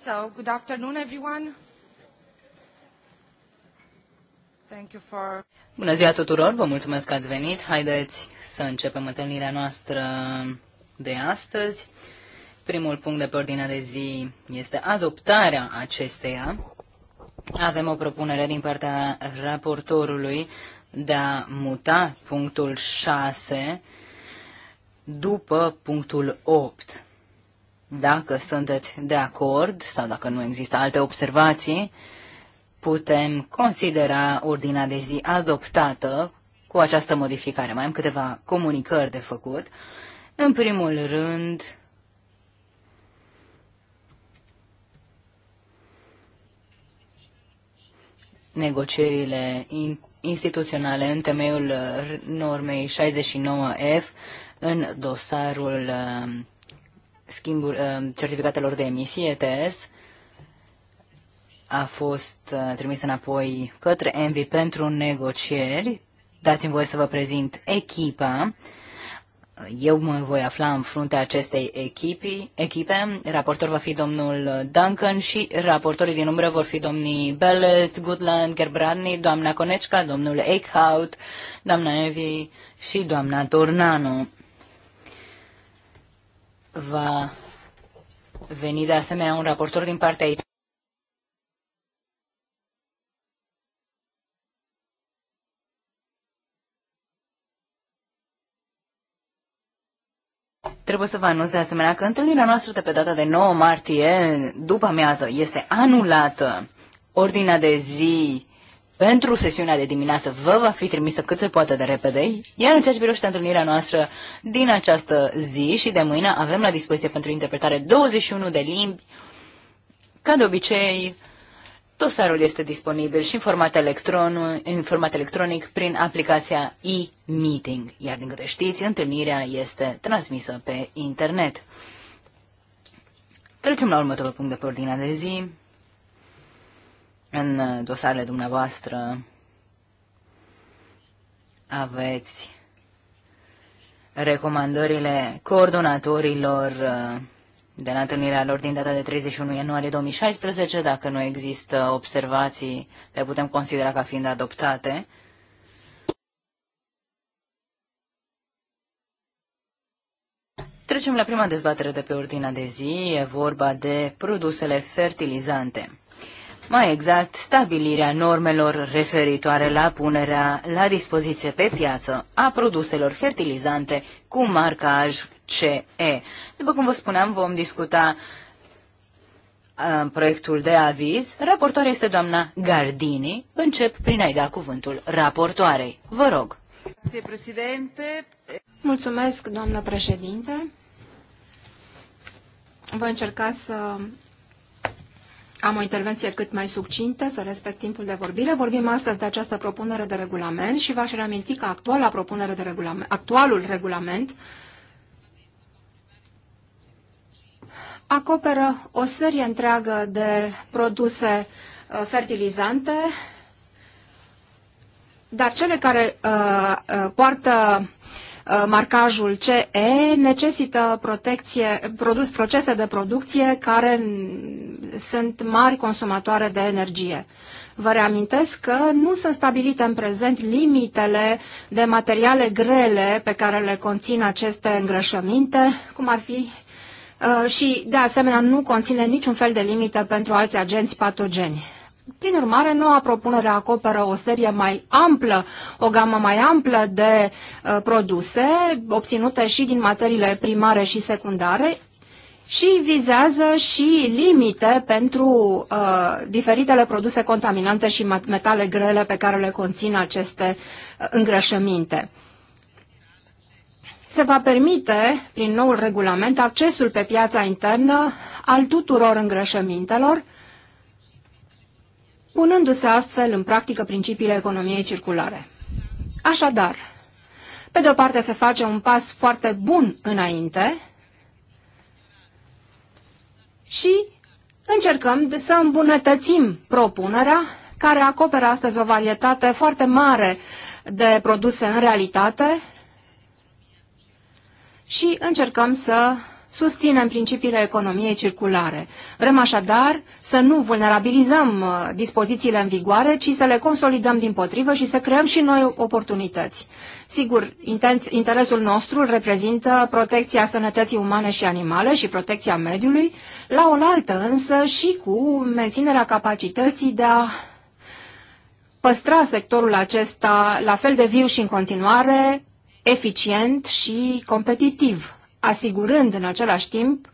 So, good afternoon, everyone. Thank you for... Bună ziua tuturor, vă mulțumesc că ați venit. Haideți să începem întâlnirea noastră de astăzi. Primul punct de pe ordinea de zi este adoptarea acesteia. Avem o propunere din partea raportorului de a muta punctul 6 după punctul 8. Dacă sunteți de acord sau dacă nu există alte observații, putem considera ordinea de zi adoptată cu această modificare. Mai am câteva comunicări de făcut. În primul rând, negocierile instituționale în temeiul normei 69F în dosarul uh, schimbul, uh, certificatelor de emisie, ETS, a fost uh, trimis înapoi către Envi pentru negocieri. Dați-mi voie să vă prezint echipa. Eu mă voi afla în fruntea acestei echipi, echipe. Raportor va fi domnul Duncan și raportorii din umbră vor fi domnii Bellet, Goodland, Gerbradny, doamna Conecica, domnul Eichhout, doamna Evi și doamna Tornanu. Va veni de asemenea un raportor din partea Italiei. Trebuie să vă anunț de asemenea că întâlnirea noastră de pe data de 9 martie, după amiază, este anulată. Ordinea de zi pentru sesiunea de dimineață vă va fi trimisă cât se poate de repede, iar în ceea ce privește întâlnirea noastră din această zi și de mâine avem la dispoziție pentru interpretare 21 de limbi. Ca de obicei, dosarul este disponibil și în format, electron, în format electronic prin aplicația e-meeting, iar din câte știți, întâlnirea este transmisă pe internet. Trecem la următorul punct de pe ordinea de zi în uh, dosarele dumneavoastră aveți recomandările coordonatorilor uh, de la întâlnirea lor din data de 31 ianuarie 2016, dacă nu există observații, le putem considera ca fiind adoptate. Trecem la prima dezbatere de pe ordinea de zi, e vorba de produsele fertilizante mai exact stabilirea normelor referitoare la punerea la dispoziție pe piață a produselor fertilizante cu marcaj CE. După cum vă spuneam, vom discuta uh, proiectul de aviz. Raportoarea este doamna Gardini. Încep prin a-i da cuvântul raportoarei. Vă rog. Mulțumesc, doamnă președinte. Voi încerca să am o intervenție cât mai succintă, să respect timpul de vorbire. Vorbim astăzi de această propunere de regulament și v-aș reaminti că actuala propunere de regulament, actualul regulament acoperă o serie întreagă de produse uh, fertilizante, dar cele care uh, uh poartă uh, Uh, marcajul CE necesită protecție, produs, procese de producție care sunt mari consumatoare de energie. Vă reamintesc că nu sunt stabilite în prezent limitele de materiale grele pe care le conțin aceste îngrășăminte, cum ar fi uh, și, de asemenea, nu conține niciun fel de limită pentru alți agenți patogeni. Prin urmare, noua propunere acoperă o serie mai amplă, o gamă mai amplă de uh, produse obținute și din materiile primare și secundare, și vizează și limite pentru uh, diferitele produse contaminante și metale grele pe care le conțin aceste uh, îngrășăminte. Se va permite, prin noul regulament, accesul pe piața internă al tuturor îngrășămintelor, punându-se astfel în practică principiile economiei circulare. Așadar, pe de o parte se face un pas foarte bun înainte și încercăm să îmbunătățim propunerea care acoperă astăzi o varietate foarte mare de produse în realitate și încercăm să susținem principiile economiei circulare. Vrem așadar să nu vulnerabilizăm uh, dispozițiile în vigoare, ci să le consolidăm din potrivă și să creăm și noi oportunități. Sigur, interesul nostru reprezintă protecția sănătății umane și animale și protecția mediului, la oaltă însă și cu menținerea capacității de a păstra sectorul acesta la fel de viu și în continuare, eficient și competitiv asigurând în același timp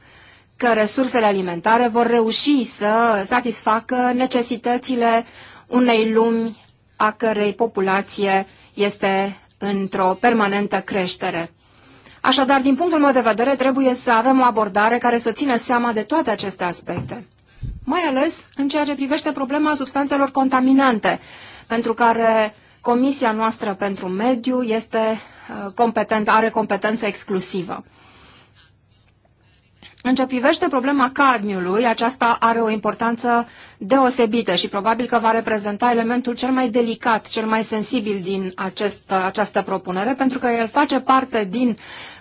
că resursele alimentare vor reuși să satisfacă necesitățile unei lumi a cărei populație este într-o permanentă creștere. Așadar, din punctul meu de vedere, trebuie să avem o abordare care să țină seama de toate aceste aspecte, mai ales în ceea ce privește problema substanțelor contaminante, pentru care Comisia noastră pentru Mediu este uh, competent, are competență exclusivă. În ce privește problema cadmiului, aceasta are o importanță deosebită și probabil că va reprezenta elementul cel mai delicat, cel mai sensibil din acest, această propunere, pentru că el face parte din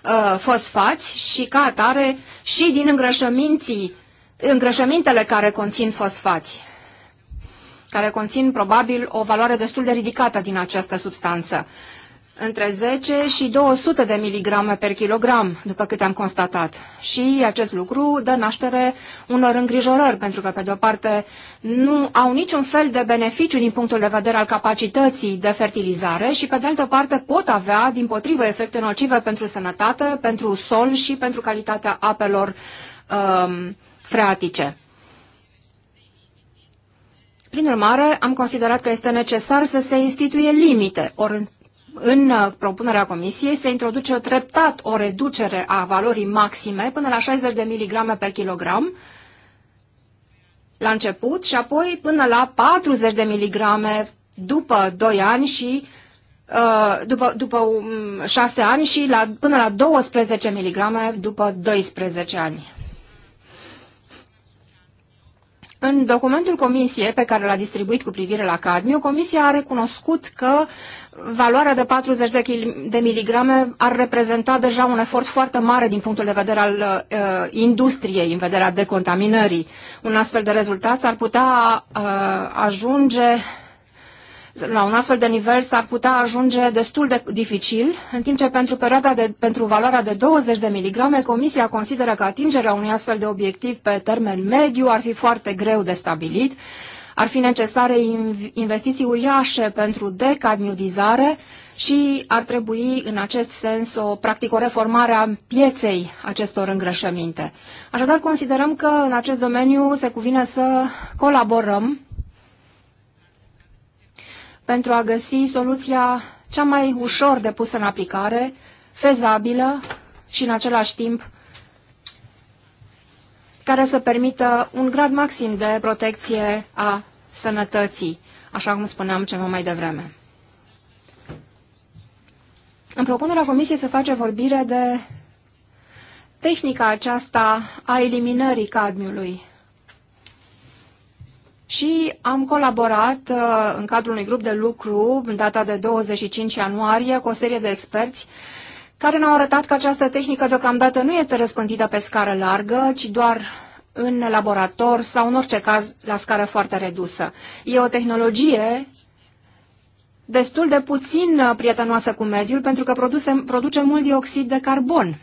uh, fosfați și ca atare și din îngrășămintele care conțin fosfați care conțin probabil o valoare destul de ridicată din această substanță. Uh, între 10 și 200 de miligrame per kilogram, după câte am constatat. Și acest lucru dă naștere unor îngrijorări, pentru că, pe de-o parte, nu au niciun fel de beneficiu din punctul de vedere al capacității de fertilizare și, pe de altă parte, pot avea, din potrivă, efecte nocive pentru sănătate, pentru sol și pentru calitatea apelor um, freatice. Prin urmare, am considerat că este necesar să se instituie limite, ori în uh, propunerea comisiei se introduce treptat o reducere a valorii maxime până la 60 de miligrame per kilogram la început și apoi până la 40 de miligrame după 2 ani și uh, după, după 6 um, ani și la, până la 12 miligrame după 12 ani. În documentul comisiei pe care l-a distribuit cu privire la cadmiu, comisia a recunoscut că valoarea de 40 de, de miligrame ar reprezenta deja un efort foarte mare din punctul de vedere al uh, industriei, în vederea decontaminării. Un astfel de rezultat ar putea uh, ajunge la un astfel de nivel s-ar putea ajunge destul de dificil, în timp ce pentru perioada de, pentru valoarea de 20 de miligrame, Comisia consideră că atingerea unui astfel de obiectiv pe termen mediu ar fi foarte greu de stabilit, ar fi necesare investiții uriașe pentru decadmiodizare și ar trebui în acest sens o, practic o reformare a pieței acestor îngrășăminte. Așadar, considerăm că în acest domeniu se cuvine să colaborăm pentru a găsi soluția cea mai ușor de pusă în aplicare, fezabilă și în același timp care să permită un grad maxim de protecție a sănătății, așa cum spuneam ceva mai devreme. În propunerea Comisiei se face vorbire de tehnica aceasta a eliminării cadmiului și am colaborat uh, în cadrul unui grup de lucru în data de 25 ianuarie cu o serie de experți care ne-au arătat că această tehnică deocamdată nu este răspândită pe scară largă, ci doar în laborator sau, în orice caz, la scară foarte redusă. E o tehnologie destul de puțin uh, prietenoasă cu mediul, pentru că produce, produce mult dioxid de carbon.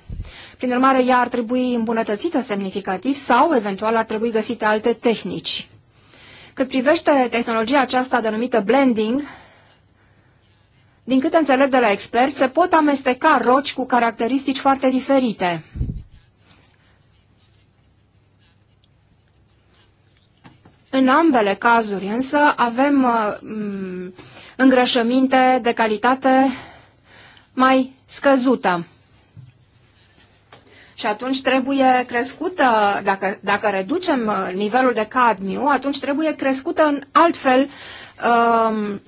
Prin urmare, ea ar trebui îmbunătățită semnificativ sau, eventual, ar trebui găsite alte tehnici. Cât privește tehnologia aceasta denumită blending, din câte înțeleg de la experți, se pot amesteca roci cu caracteristici foarte diferite. În ambele cazuri însă avem um, îngrășăminte de calitate mai scăzută. Și atunci trebuie crescută, dacă, dacă reducem uh, nivelul de cadmiu, atunci trebuie crescută în altfel um,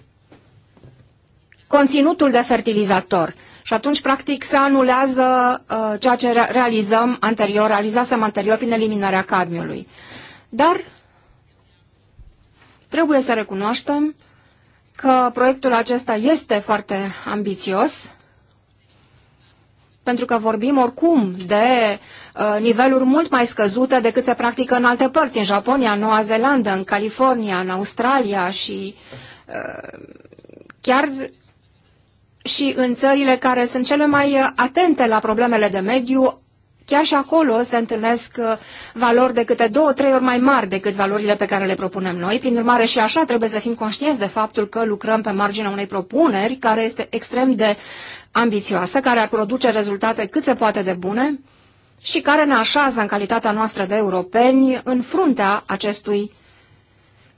conținutul de fertilizator. Și atunci, practic, se anulează uh, ceea ce realizăm anterior, realizasem anterior prin eliminarea cadmiului. Dar trebuie să recunoaștem că proiectul acesta este foarte ambițios pentru că vorbim oricum de uh, niveluri mult mai scăzute decât se practică în alte părți, în Japonia, în Noua Zeelandă, în California, în Australia și uh, chiar și în țările care sunt cele mai atente la problemele de mediu, Chiar și acolo se întâlnesc uh, valori de câte două, trei ori mai mari decât valorile pe care le propunem noi. Prin urmare, și așa trebuie să fim conștienți de faptul că lucrăm pe marginea unei propuneri care este extrem de ambițioasă, care ar produce rezultate cât se poate de bune și care ne așează în calitatea noastră de europeni în fruntea acestui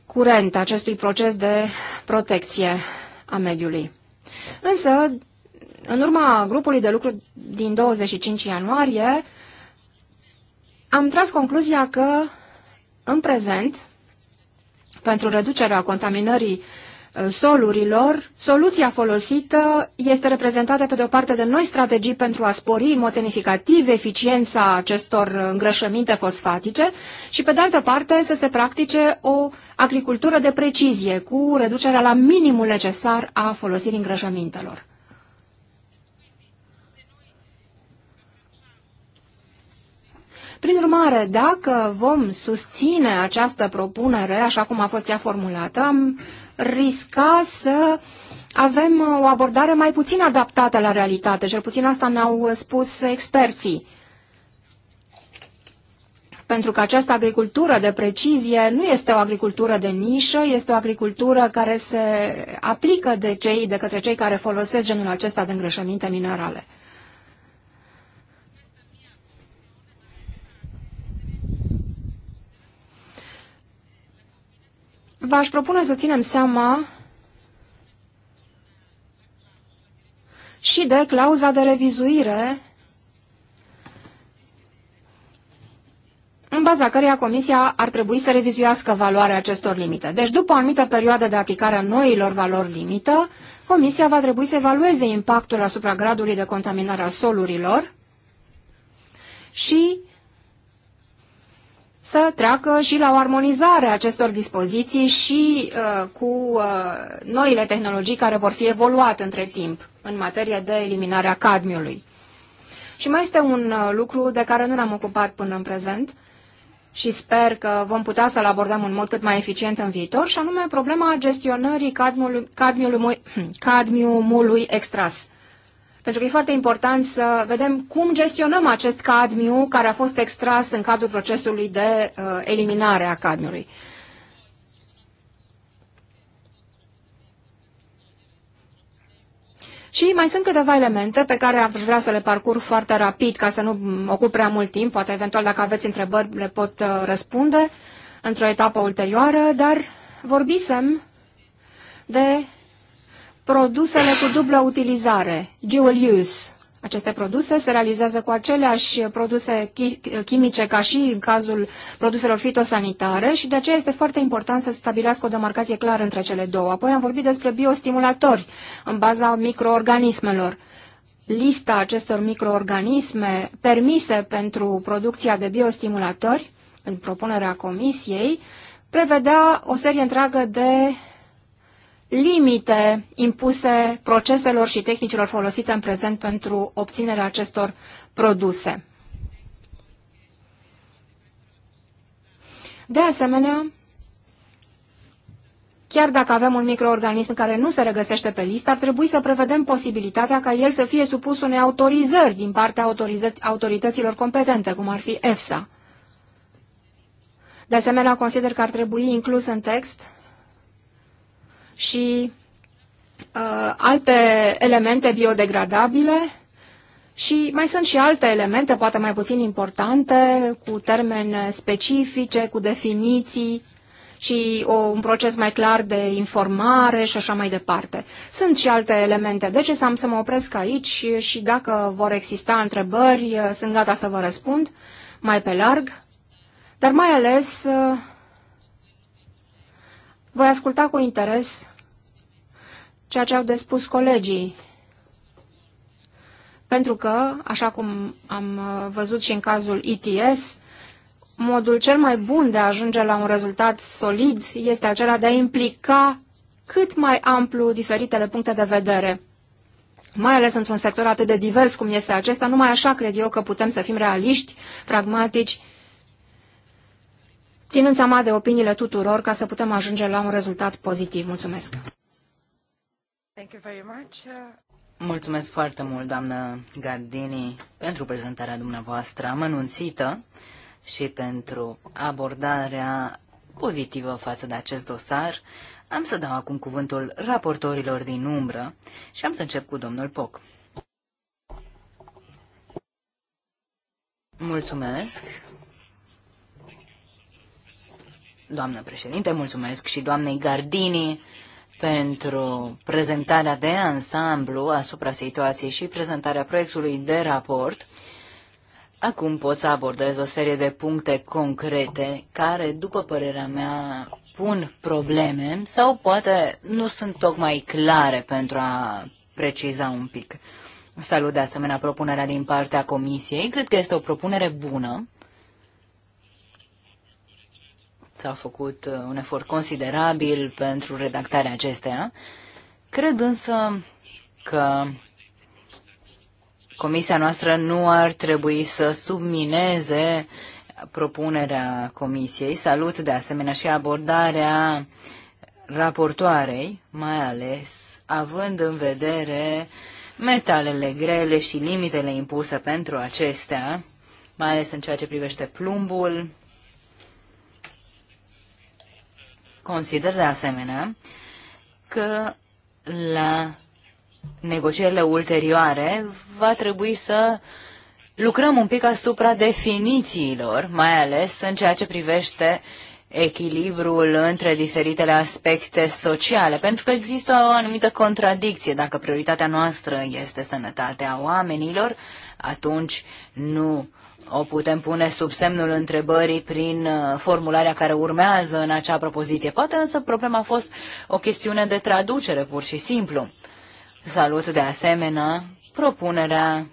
curent, acestui proces de protecție a mediului. Însă, în urma grupului de lucru din 25 ianuarie, am tras concluzia că, în prezent, pentru reducerea contaminării ă, solurilor, soluția folosită este reprezentată pe de o parte de noi strategii pentru a spori în mod semnificativ eficiența acestor îngrășăminte fosfatice și pe de altă parte să se practice o agricultură de precizie cu reducerea la minimul necesar a folosirii îngrășămintelor. Prin urmare, dacă vom susține această propunere, așa cum a fost ea formulată, am risca să avem o abordare mai puțin adaptată la realitate, cel puțin asta ne-au spus experții pentru că această agricultură de precizie nu este o agricultură de nișă, este o agricultură care se aplică de, cei, de către cei care folosesc genul acesta de îngrășăminte minerale. v-aș propune să ținem seama și de clauza de revizuire în baza căreia Comisia ar trebui să revizuiască valoarea acestor limite. Deci, după o anumită perioadă de aplicare a noilor valori limită, Comisia va trebui să evalueze impactul asupra gradului de contaminare a solurilor și să treacă și la o armonizare a acestor dispoziții și uh, cu uh, noile tehnologii care vor fi evoluate între timp în materie de eliminarea cadmiului. Și mai este un uh, lucru de care nu ne-am ocupat până în prezent și sper că vom putea să-l abordăm în mod cât mai eficient în viitor, și anume problema gestionării cadmiului, cadmiului cadmiumului extras. Pentru că e foarte important să vedem cum gestionăm acest cadmiu care a fost extras în cadrul procesului de uh, eliminare a cadmiului. Și mai sunt câteva elemente pe care aș vrea să le parcurg foarte rapid ca să nu ocup prea mult timp. Poate eventual dacă aveți întrebări le pot uh, răspunde într-o etapă ulterioară, dar vorbisem de produsele cu dublă utilizare, dual use. Aceste produse se realizează cu aceleași produse chimice ca și în cazul produselor fitosanitare și de aceea este foarte important să stabilească o demarcație clară între cele două. Apoi am vorbit despre biostimulatori în baza microorganismelor. Lista acestor microorganisme permise pentru producția de biostimulatori, în propunerea comisiei, prevedea o serie întreagă de limite impuse proceselor și tehnicilor folosite în prezent pentru obținerea acestor produse. De asemenea, Chiar dacă avem un microorganism care nu se regăsește pe listă, ar trebui să prevedem posibilitatea ca el să fie supus unei autorizări din partea autorităților competente, cum ar fi EFSA. De asemenea, consider că ar trebui inclus în text și uh, alte elemente biodegradabile și mai sunt și alte elemente, poate mai puțin importante, cu termene specifice, cu definiții și o, un proces mai clar de informare și așa mai departe. Sunt și alte elemente, deci am să mă opresc aici și dacă vor exista întrebări, uh, sunt gata să vă răspund mai pe larg, dar mai ales uh, voi asculta cu interes ceea ce au de spus colegii, pentru că, așa cum am uh, văzut și în cazul ETS, modul cel mai bun de a ajunge la un rezultat solid este acela de a implica cât mai amplu diferitele puncte de vedere. Mai ales într-un sector atât de divers cum este acesta, numai așa cred eu că putem să fim realiști, pragmatici ținând seama de opiniile tuturor ca să putem ajunge la un rezultat pozitiv. Mulțumesc! Thank you very much. Mulțumesc foarte mult, doamnă Gardini, pentru prezentarea dumneavoastră amănunțită și pentru abordarea pozitivă față de acest dosar. Am să dau acum cuvântul raportorilor din umbră și am să încep cu domnul Poc. Mulțumesc, doamnă președinte, mulțumesc și doamnei Gardini pentru prezentarea de ansamblu asupra situației și prezentarea proiectului de raport. Acum pot să abordez o serie de puncte concrete care, după părerea mea, pun probleme sau poate nu sunt tocmai clare pentru a preciza un pic. Salut de asemenea propunerea din partea Comisiei. Cred că este o propunere bună S-a făcut uh, un efort considerabil pentru redactarea acesteia. Cred însă că comisia noastră nu ar trebui să submineze propunerea comisiei. Salut de asemenea și abordarea raportoarei, mai ales având în vedere metalele grele și limitele impuse pentru acestea, mai ales în ceea ce privește plumbul, Consider de asemenea că la negocierile ulterioare va trebui să lucrăm un pic asupra definițiilor, mai ales în ceea ce privește echilibrul între diferitele aspecte sociale, pentru că există o anumită contradicție. Dacă prioritatea noastră este sănătatea oamenilor, atunci nu o putem pune sub semnul întrebării prin uh, formularea care urmează în acea propoziție. Poate însă problema a fost o chestiune de traducere pur și simplu. Salut de asemenea propunerea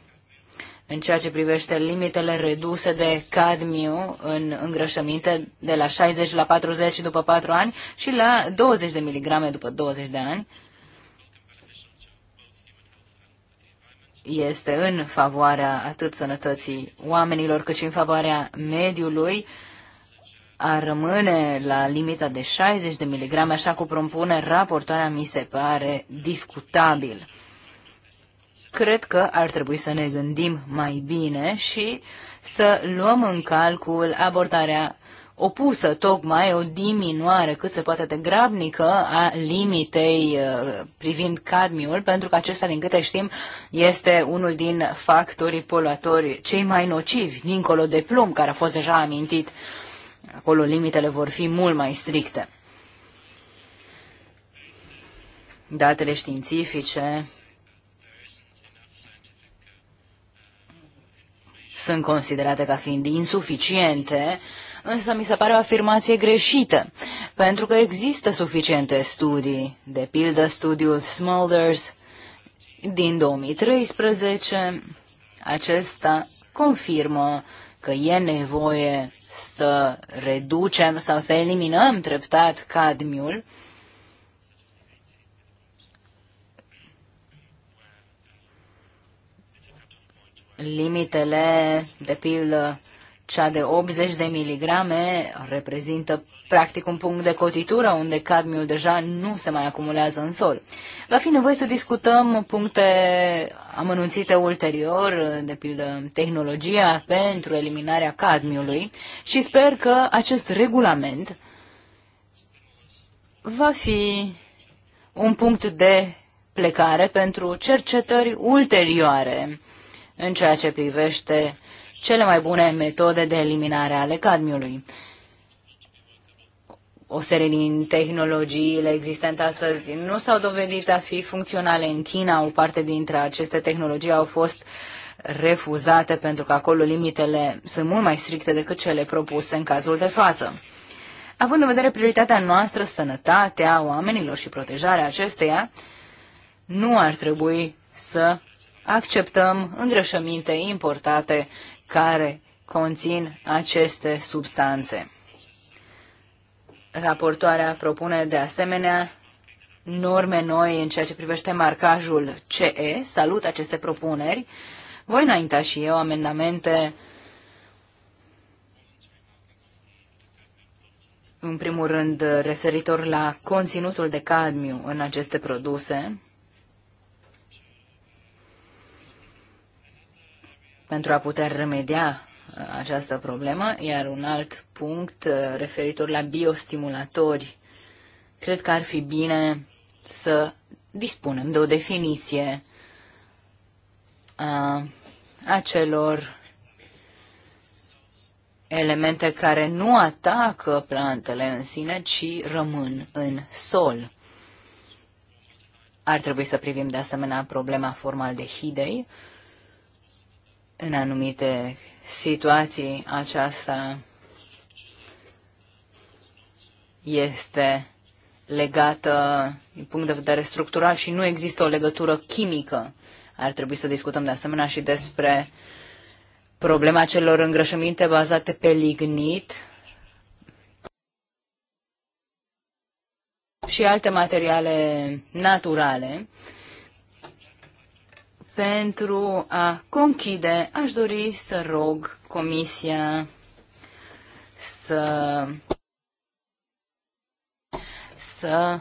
în ceea ce privește limitele reduse de cadmiu în îngrășăminte de la 60 la 40 după 4 ani și la 20 de miligrame după 20 de ani. este în favoarea atât sănătății oamenilor cât și în favoarea mediului ar rămâne la limita de 60 de miligrame, așa cum propune raportoarea, mi se pare discutabil. Cred că ar trebui să ne gândim mai bine și să luăm în calcul abordarea opusă, tocmai o diminuare cât se poate de grabnică a limitei uh, privind cadmiul, pentru că acesta, din câte știm, este unul din factorii poluatori cei mai nocivi, dincolo de plumb, care a fost deja amintit. Acolo limitele vor fi mult mai stricte. Datele științifice sunt considerate ca fiind insuficiente însă mi se pare o afirmație greșită, pentru că există suficiente studii, de pildă studiul Smulders din 2013, acesta confirmă că e nevoie să reducem sau să eliminăm treptat cadmiul, limitele, de pildă, cea de 80 de miligrame reprezintă practic un punct de cotitură unde cadmiul deja nu se mai acumulează în sol. Va fi nevoie să discutăm puncte amănunțite ulterior, de pildă tehnologia pentru eliminarea cadmiului și sper că acest regulament va fi un punct de plecare pentru cercetări ulterioare în ceea ce privește cele mai bune metode de eliminare ale cadmiului. O serie din tehnologiile existente astăzi nu s-au dovedit a fi funcționale în China. O parte dintre aceste tehnologii au fost refuzate pentru că acolo limitele sunt mult mai stricte decât cele propuse în cazul de față. Având în vedere prioritatea noastră, sănătatea oamenilor și protejarea acesteia, nu ar trebui să acceptăm îngrășăminte importate care conțin aceste substanțe. Raportoarea propune de asemenea norme noi în ceea ce privește marcajul CE. Salut aceste propuneri. Voi înainta și eu amendamente în primul rând referitor la conținutul de cadmiu în aceste produse, pentru a putea remedia uh, această problemă, iar un alt punct uh, referitor la biostimulatori. Cred că ar fi bine să dispunem de o definiție a acelor elemente care nu atacă plantele în sine, ci rămân în sol. Ar trebui să privim de asemenea problema formaldehidei, în anumite situații aceasta este legată din punct de vedere structural și nu există o legătură chimică. Ar trebui să discutăm de asemenea și despre problema celor îngrășăminte bazate pe lignit și alte materiale naturale pentru a conchide, aș dori să rog Comisia să, să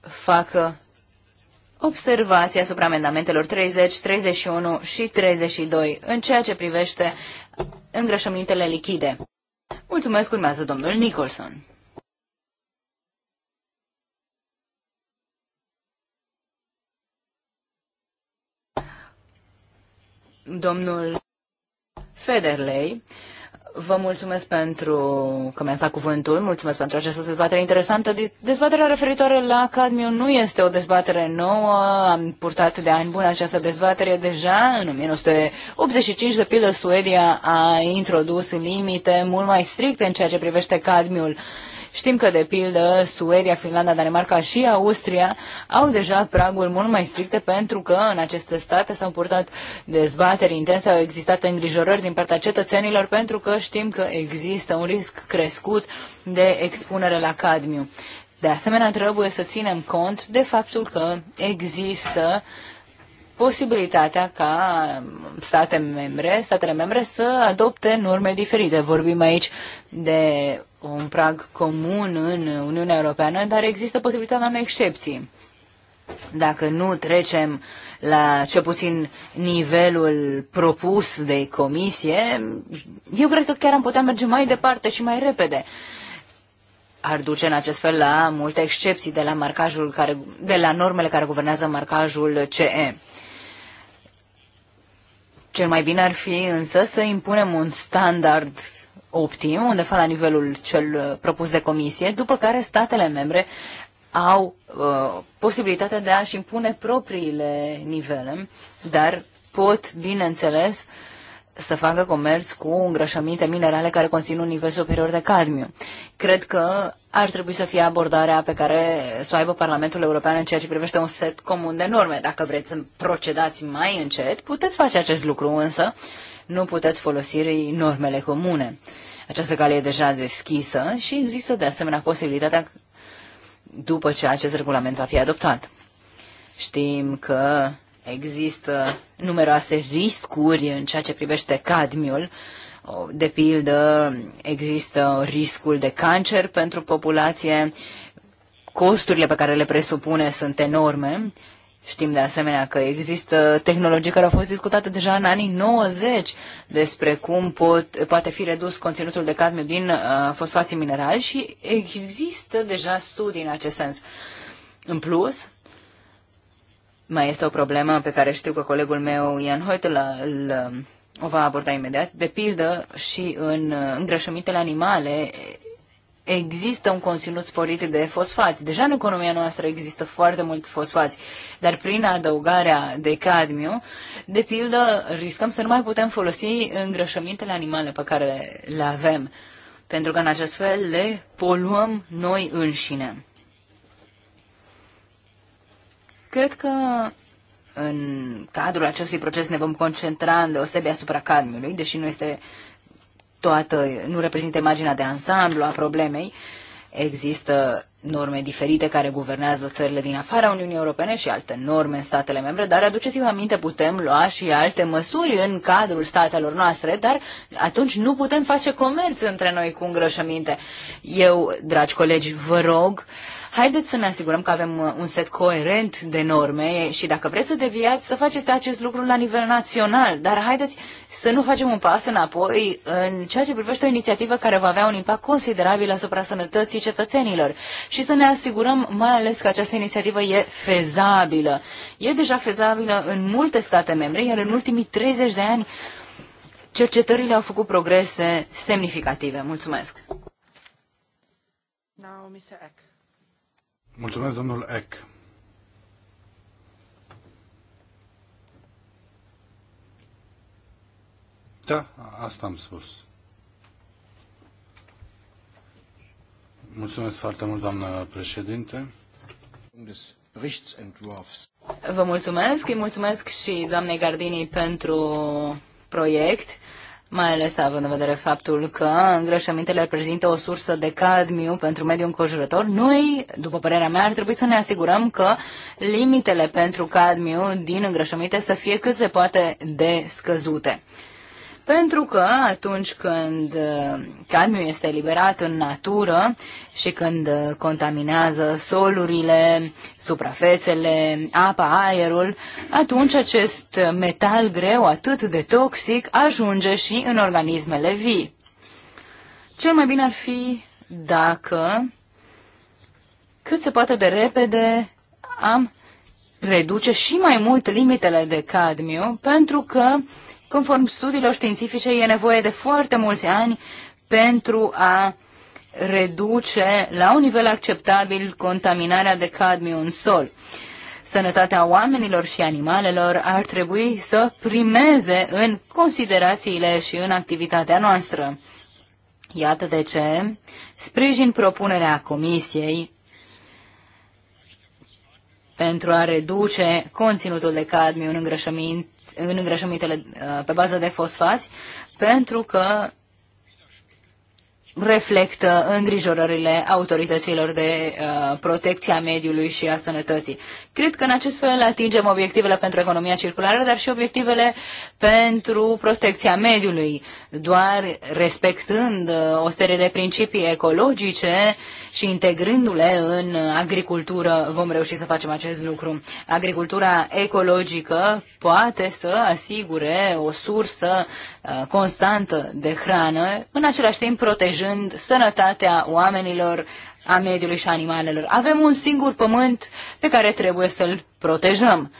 facă observații asupra amendamentelor 30, 31 și 32 în ceea ce privește îngrășămintele lichide. Mulțumesc, urmează domnul Nicholson. domnul Federley. Vă mulțumesc pentru că mi-ați dat cuvântul, mulțumesc pentru această dezbatere interesantă. Dezbaterea referitoare la cadmiu nu este o dezbatere nouă, am purtat de ani buni această dezbatere deja. În 1985, de pildă, Suedia a introdus limite mult mai stricte în ceea ce privește cadmiul. Știm că, de pildă, Suedia, Finlanda, Danemarca și Austria au deja praguri mult mai stricte pentru că în aceste state s-au purtat dezbateri intense, au existat îngrijorări din partea cetățenilor pentru că știm că există un risc crescut de expunere la cadmiu. De asemenea, trebuie să ținem cont de faptul că există uh, posibilitatea ca state membre, statele membre să adopte norme diferite. Vorbim aici de un prag comun în Uniunea Europeană, dar există posibilitatea unei excepții. Dacă nu trecem la ce puțin nivelul propus de comisie, eu cred că chiar am putea merge mai departe și mai repede ar duce în acest fel la multe excepții de la, marcajul care, de la normele care guvernează marcajul CE. Cel mai bine ar fi însă să impunem un standard optim, undeva la nivelul cel uh, propus de comisie, după care statele membre au uh, posibilitatea de a-și impune propriile nivele, dar pot, bineînțeles, să facă comerț cu îngrășăminte minerale care conțin un nivel superior de cadmiu. Cred că ar trebui să fie abordarea pe care să o aibă Parlamentul European în ceea ce privește un set comun de norme. Dacă vreți să procedați mai încet, puteți face acest lucru, însă nu puteți folosi normele comune. Această cale e deja deschisă și există de asemenea posibilitatea după ce acest regulament va fi adoptat. Știm că Există numeroase riscuri în ceea ce privește cadmiul. De pildă, există riscul de cancer pentru populație, costurile pe care le presupune sunt enorme. Știm de asemenea că există tehnologii care au fost discutate deja în anii 90 despre cum pot, poate fi redus conținutul de cadmiu din uh, fosfații minerali și există deja studii în acest sens. În plus, mai este o problemă pe care știu că colegul meu, Ian Hoitela, îl, um, o va aborda imediat. De pildă, și în uh, îngrășămintele animale există un conținut sporit de fosfați. Deja în economia noastră există foarte mult fosfați, dar prin adăugarea de cadmiu, de pildă, riscăm să nu mai putem folosi îngrășămintele animale pe care le avem, pentru că în acest fel le poluăm noi înșine. Cred că în cadrul acestui proces ne vom concentra în deosebi asupra cadmiului, deși nu este toată, nu reprezintă imaginea de ansamblu a problemei. Există norme diferite care guvernează țările din afara Uniunii Europene și alte norme în statele membre, dar aduceți-vă aminte, putem lua și alte măsuri în cadrul statelor noastre, dar atunci nu putem face comerț între noi cu îngrășăminte. Eu, dragi colegi, vă rog, uh, Haideți să ne asigurăm că avem uh, un set coerent de norme și dacă vreți să deviați, să faceți acest lucru la nivel național, dar haideți să nu facem un pas înapoi în ceea ce privește o inițiativă care va avea un impact considerabil asupra sănătății cetățenilor și să ne asigurăm mai ales că această inițiativă e fezabilă. E deja fezabilă în multe state membre, iar în ultimii 30 de ani cercetările au făcut progrese semnificative. Mulțumesc! Now, Mr. Eck. Mulțumesc, domnul Eck. Da, asta am spus. Mulțumesc foarte mult, doamnă președinte. Vă mulțumesc, îi mulțumesc și doamnei Gardini pentru proiect mai ales având în vedere faptul că îngrășămintele reprezintă o sursă de cadmiu pentru mediul înconjurător, noi, după părerea mea, ar trebui să ne asigurăm că limitele pentru cadmiu din îngrășăminte să fie cât se poate de scăzute pentru că atunci când uh, cadmiu este eliberat în natură și când uh, contaminează solurile, suprafețele, apa, aerul, atunci acest metal greu atât de toxic ajunge și în organismele vii. Cel mai bine ar fi dacă cât se poate de repede am reduce și mai mult limitele de cadmiu, pentru că uh, Conform studiilor științifice, e nevoie de foarte mulți ani pentru a reduce la un nivel acceptabil contaminarea de cadmiu în sol. Sănătatea oamenilor și animalelor ar trebui să primeze în considerațiile și în activitatea noastră. Iată de ce sprijin propunerea Comisiei pentru a reduce conținutul de cadmiu în îngrășăminte în îngrășămintele pe bază de fosfați, pentru că reflectă îngrijorările autorităților de uh, protecție a mediului și a sănătății. Cred că în acest fel atingem obiectivele pentru economia circulară, dar și obiectivele pentru protecția mediului. Doar respectând uh, o serie de principii ecologice și integrându-le în agricultură vom reuși să facem acest lucru. Agricultura ecologică poate să asigure o sursă Uh, constantă de hrană, în același timp protejând sănătatea oamenilor, a mediului și animalelor. Avem un singur pământ pe care trebuie să-l protejăm.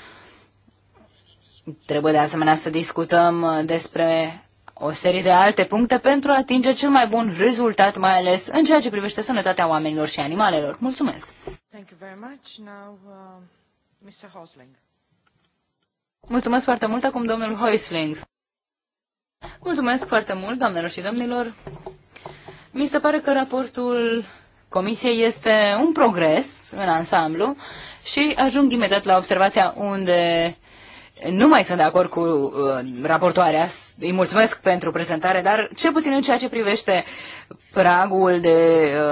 Trebuie de asemenea să discutăm uh, despre o serie de alte puncte pentru a atinge cel mai bun rezultat, mai ales în ceea ce privește sănătatea oamenilor și animalelor. Mulțumesc! Thank you very much. Now, uh, Mr. Mulțumesc foarte mult acum domnul Hoisling. Mulțumesc foarte mult, doamnelor și domnilor. Mi se pare că raportul Comisiei este un progres în ansamblu și ajung imediat la observația unde nu mai sunt de acord cu uh, raportoarea, îi mulțumesc pentru prezentare, dar cel puțin în ceea ce privește pragul de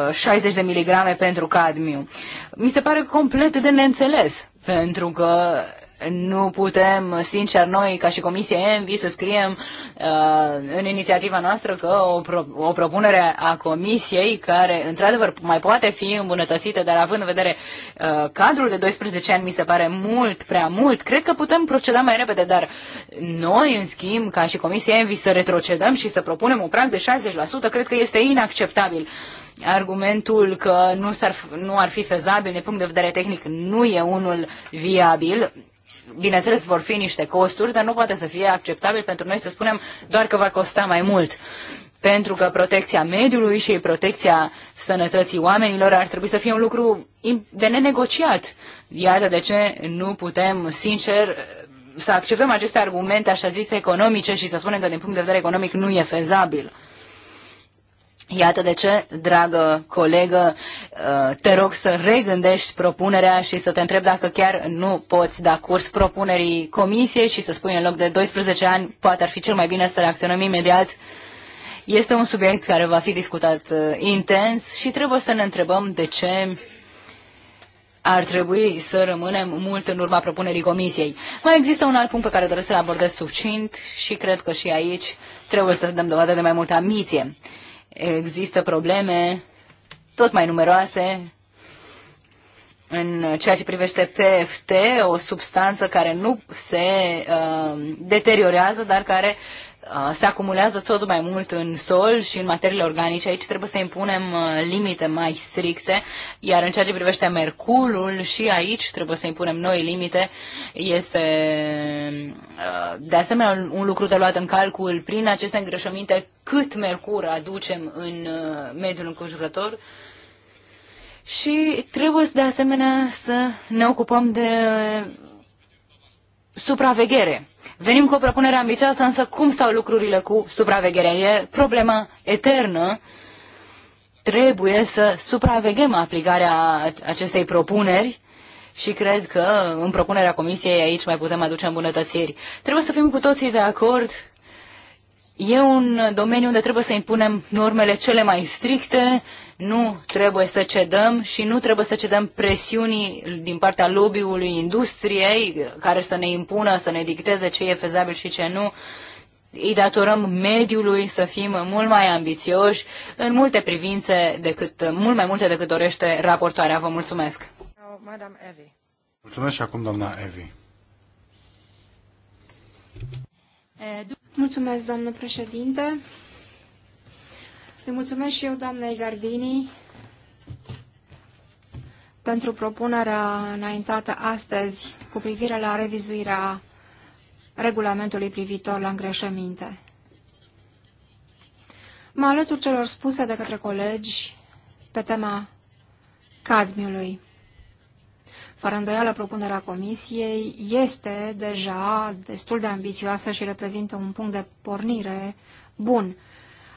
uh, 60 de miligrame pentru cadmiu. Mi se pare complet de neînțeles, pentru că nu putem, sincer, noi, ca și Comisie ENVI, să scriem uh, în inițiativa noastră că o, pro- o propunere a Comisiei, care, într-adevăr, mai poate fi îmbunătățită, dar având în vedere uh, cadrul de 12 ani, mi se pare mult, prea mult, cred că putem proceda mai repede, dar noi, în schimb, ca și Comisie ENVI, să retrocedăm și să propunem un prag de 60%, cred că este inacceptabil argumentul că nu, ar nu ar fi fezabil din punct de vedere tehnic nu e unul viabil bineînțeles, vor fi niște costuri, dar nu poate să fie acceptabil pentru noi să spunem doar că va costa mai mult. Pentru că protecția mediului și protecția sănătății oamenilor ar trebui să fie un lucru de nenegociat. Iată de ce nu putem, sincer, să acceptăm aceste argumente, așa zise, economice și să spunem că din punct de vedere economic nu e fezabil. Iată de ce, dragă colegă, uh, te rog să regândești propunerea și să te întreb dacă chiar nu poți da curs propunerii comisiei și să spui în loc de 12 ani, poate ar fi cel mai bine să reacționăm imediat. Este un subiect care va fi discutat uh, intens și trebuie să ne întrebăm de ce ar trebui să rămânem mult în urma propunerii comisiei. Mai există un alt punct pe care doresc să-l abordez succint și cred că și aici trebuie să dăm dovadă de mai multă ambiție. Există probleme tot mai numeroase în ceea ce privește PFT, o substanță care nu se uh, deteriorează, dar care se acumulează tot mai mult în sol și în materiile organice. Aici trebuie să impunem limite mai stricte, iar în ceea ce privește mercurul și aici trebuie să impunem noi limite. Este de asemenea un lucru de luat în calcul prin aceste îngrășăminte cât mercur aducem în mediul înconjurător. Și trebuie de asemenea să ne ocupăm de supraveghere. Venim cu o propunere ambițioasă, însă cum stau lucrurile cu supravegherea? E problema eternă. Trebuie să supraveghem aplicarea acestei propuneri și cred că în propunerea comisiei aici mai putem aduce îmbunătățiri. Trebuie să fim cu toții de acord. E un domeniu unde trebuie să impunem normele cele mai stricte, nu trebuie să cedăm și nu trebuie să cedăm presiunii din partea lobby-ului industriei care să ne impună, să ne dicteze ce e fezabil și ce nu. Îi datorăm mediului să fim mult mai ambițioși în multe privințe, decât, mult mai multe decât dorește raportoarea. Vă mulțumesc! Mulțumesc și acum doamna Evi. Eh, mulțumesc, doamnă președinte. Îi mulțumesc și eu, doamnei Gardini, pentru propunerea înaintată astăzi cu privire la revizuirea regulamentului privitor la îngreșăminte. Mă alătur celor spuse de către colegi pe tema cadmiului. Fără îndoială, propunerea comisiei este deja destul de ambițioasă și reprezintă un punct de pornire bun.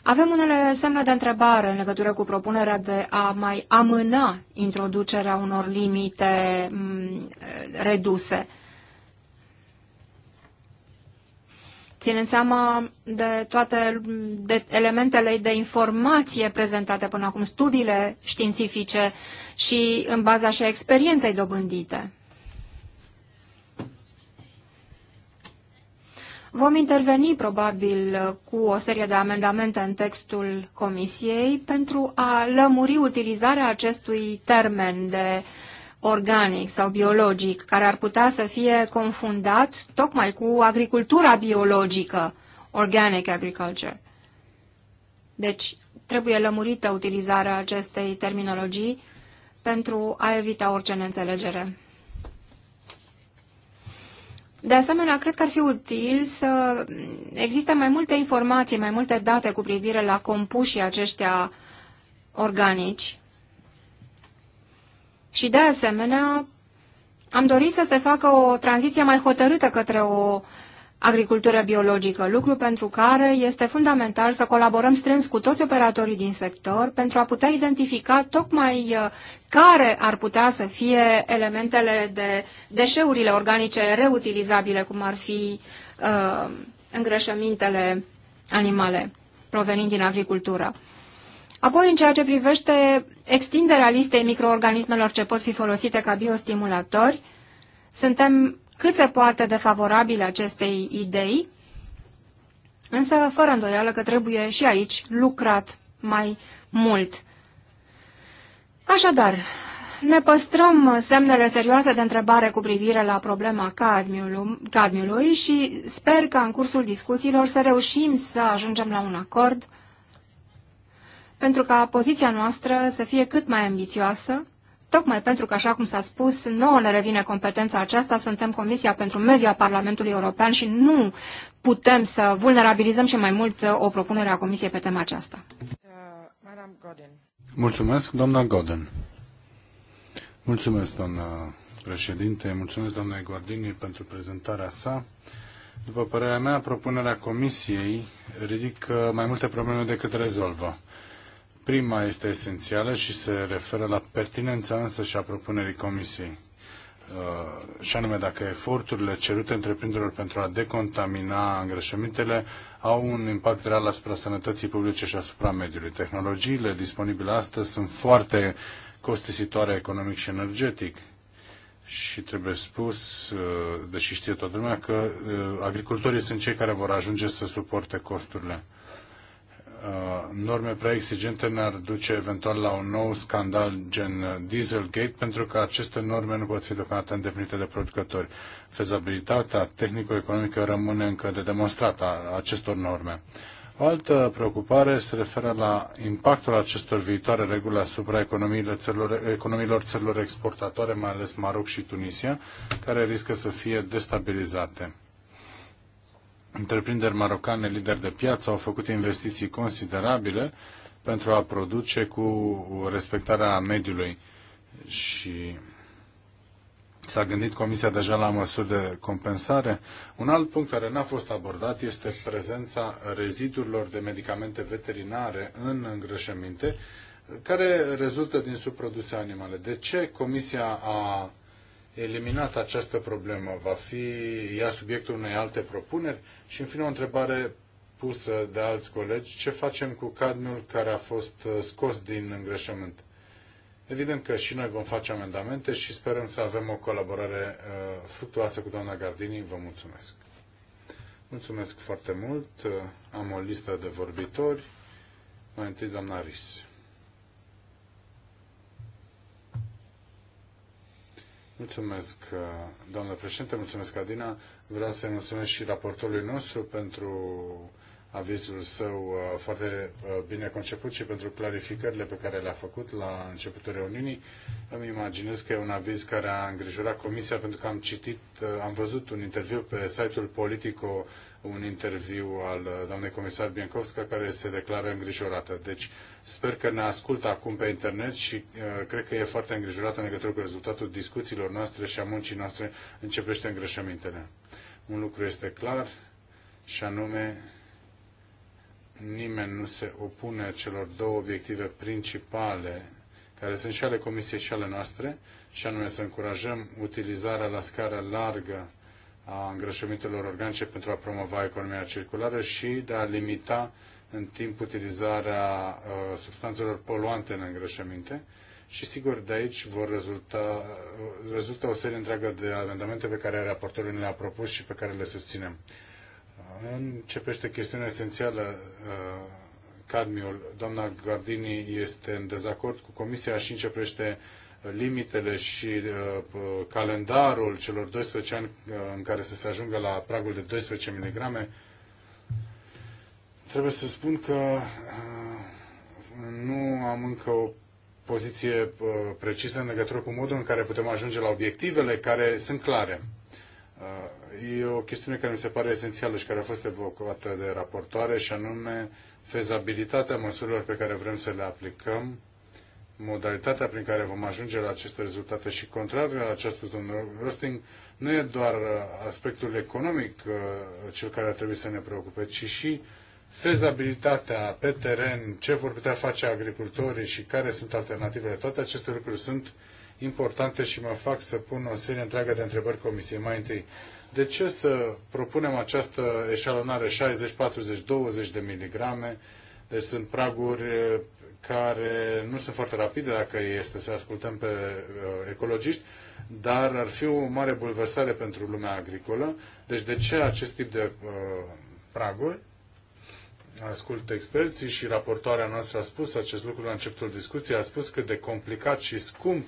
Avem unele semne de întrebare în legătură cu propunerea de a mai amâna introducerea unor limite mm, reduse. Ținând seama de toate de elementele de informație prezentate până acum, studiile științifice și în baza și experienței dobândite. Vom interveni probabil cu o serie de amendamente în textul Comisiei pentru a lămuri utilizarea acestui termen de organic sau biologic, care ar putea să fie confundat tocmai cu agricultura biologică, organic agriculture. Deci, trebuie lămurită utilizarea acestei terminologii pentru a evita orice neînțelegere. De asemenea, cred că ar fi util să existe mai multe informații, mai multe date cu privire la compușii aceștia organici. Și de asemenea, am dorit să se facă o tranziție mai hotărâtă către o agricultură biologică, lucru pentru care este fundamental să colaborăm strâns cu toți operatorii din sector pentru a putea identifica tocmai uh, care ar putea să fie elementele de deșeurile organice reutilizabile, cum ar fi uh, îngrășămintele animale provenind din agricultură. Apoi, în ceea ce privește extinderea listei microorganismelor ce pot fi folosite ca biostimulatori, suntem cât se poate de favorabile acestei idei, însă fără îndoială că trebuie și aici lucrat mai mult. Așadar, ne păstrăm semnele serioase de întrebare cu privire la problema cadmiului, cadmiului și sper că în cursul discuțiilor să reușim să ajungem la un acord pentru ca poziția noastră să fie cât mai ambițioasă Tocmai pentru că, așa cum s-a spus, nouă ne revine competența aceasta, suntem Comisia pentru Mediu a Parlamentului European și nu putem să vulnerabilizăm și mai mult uh, o propunere a Comisiei pe tema aceasta. Uh, mulțumesc, doamna Godin. Mulțumesc, doamna președinte. Mulțumesc, doamna Guardini, pentru prezentarea sa. După părerea mea, propunerea Comisiei ridică mai multe probleme decât rezolvă. Prima este esențială și se referă la pertinența însă și a propunerii Comisiei. Uh, și anume, dacă eforturile cerute întreprinderilor pentru a decontamina îngrășămintele au un impact real asupra sănătății publice și asupra mediului. Tehnologiile disponibile astăzi sunt foarte costisitoare economic și energetic. Și trebuie spus, uh, deși știe toată lumea, că uh, agricultorii sunt cei care vor ajunge să suporte costurile Uh, norme prea exigente ne-ar duce eventual la un nou scandal gen Dieselgate, pentru că aceste norme nu pot fi deocamdată îndeplinite de producători. Fezabilitatea tehnico-economică rămâne încă de demonstrat a acestor norme. O altă preocupare se referă la impactul acestor viitoare reguli asupra economiilor țărilor, economiilor țărilor exportatoare, mai ales Maroc și Tunisia, care riscă să fie destabilizate întreprinderi marocane lideri de piață au făcut investiții considerabile pentru a produce cu respectarea mediului și S-a gândit Comisia deja la măsuri de compensare? Un alt punct care n-a fost abordat este prezența rezidurilor de medicamente veterinare în îngrășăminte, care rezultă din subproduse animale. De ce Comisia a eliminat această problemă? Va fi ea subiectul unei alte propuneri? Și în fine o întrebare pusă de alți colegi, ce facem cu cadmiul care a fost uh, scos din îngrășământ? Evident că și noi vom face amendamente și sperăm să avem o colaborare uh, fructuoasă cu doamna Gardini. Vă mulțumesc! Mulțumesc foarte mult! Uh, am o listă de vorbitori. Mai întâi doamna Ris. Mulțumesc, uh, doamnă președinte, mulțumesc, Adina. Vreau să-i mulțumesc și raportorului nostru pentru avizul său uh, foarte uh, bine conceput și pentru clarificările pe care le-a făcut la începutul reuniunii. Îmi imaginez că e un aviz care a îngrijorat Comisia pentru că am citit, am văzut un interviu pe site-ul Politico un interviu al uh, doamnei comisar Biencovska care se declară îngrijorată. Deci sper că ne ascultă acum pe internet și uh, cred că e foarte îngrijorată în legătură cu rezultatul discuțiilor noastre și a muncii noastre începește îngrășămintele. Un lucru este clar și anume nimeni nu se opune celor două obiective principale care sunt și ale Comisiei și ale noastre, și anume să încurajăm utilizarea la scară largă a îngrășămintelor organice pentru a promova economia circulară și de a limita în timp utilizarea uh, substanțelor poluante în îngrășăminte. Și sigur, de aici vor rezulta, uh, rezultă o serie întreagă de amendamente pe care raportorul ne le-a propus și pe care le susținem. Uh, începește chestiunea esențială, cadmiul. Doamna Gardini este în dezacord cu Comisia și începește limitele și uh, calendarul celor 12 ani uh, în care să se ajungă la pragul de 12 mg, trebuie să spun că uh, nu am încă o poziție precisă în legătură cu modul în care putem ajunge la obiectivele care sunt clare. E o chestiune care mi se pare esențială și care a fost evocată de raportoare și anume fezabilitatea măsurilor pe care vrem să le aplicăm modalitatea prin care vom ajunge la aceste rezultate și contrar la ce a spus domnul Rosting, nu e doar uh, aspectul economic uh, cel care ar trebui să ne preocupe, ci și fezabilitatea pe teren, ce vor putea face agricultorii și care sunt alternativele. Toate aceste lucruri sunt importante și mă fac să pun o serie întreagă de întrebări comisiei. Mai întâi, de ce să propunem această eșalonare 60, 40, 20 de miligrame? Deci sunt praguri eh, care nu sunt foarte rapide dacă este să ascultăm pe eh, ecologiști, dar ar fi o mare bulversare pentru lumea agricolă. Deci de ce acest tip de eh, praguri? ascult experții și raportoarea noastră a spus acest lucru la începutul discuției, a spus cât de complicat și scump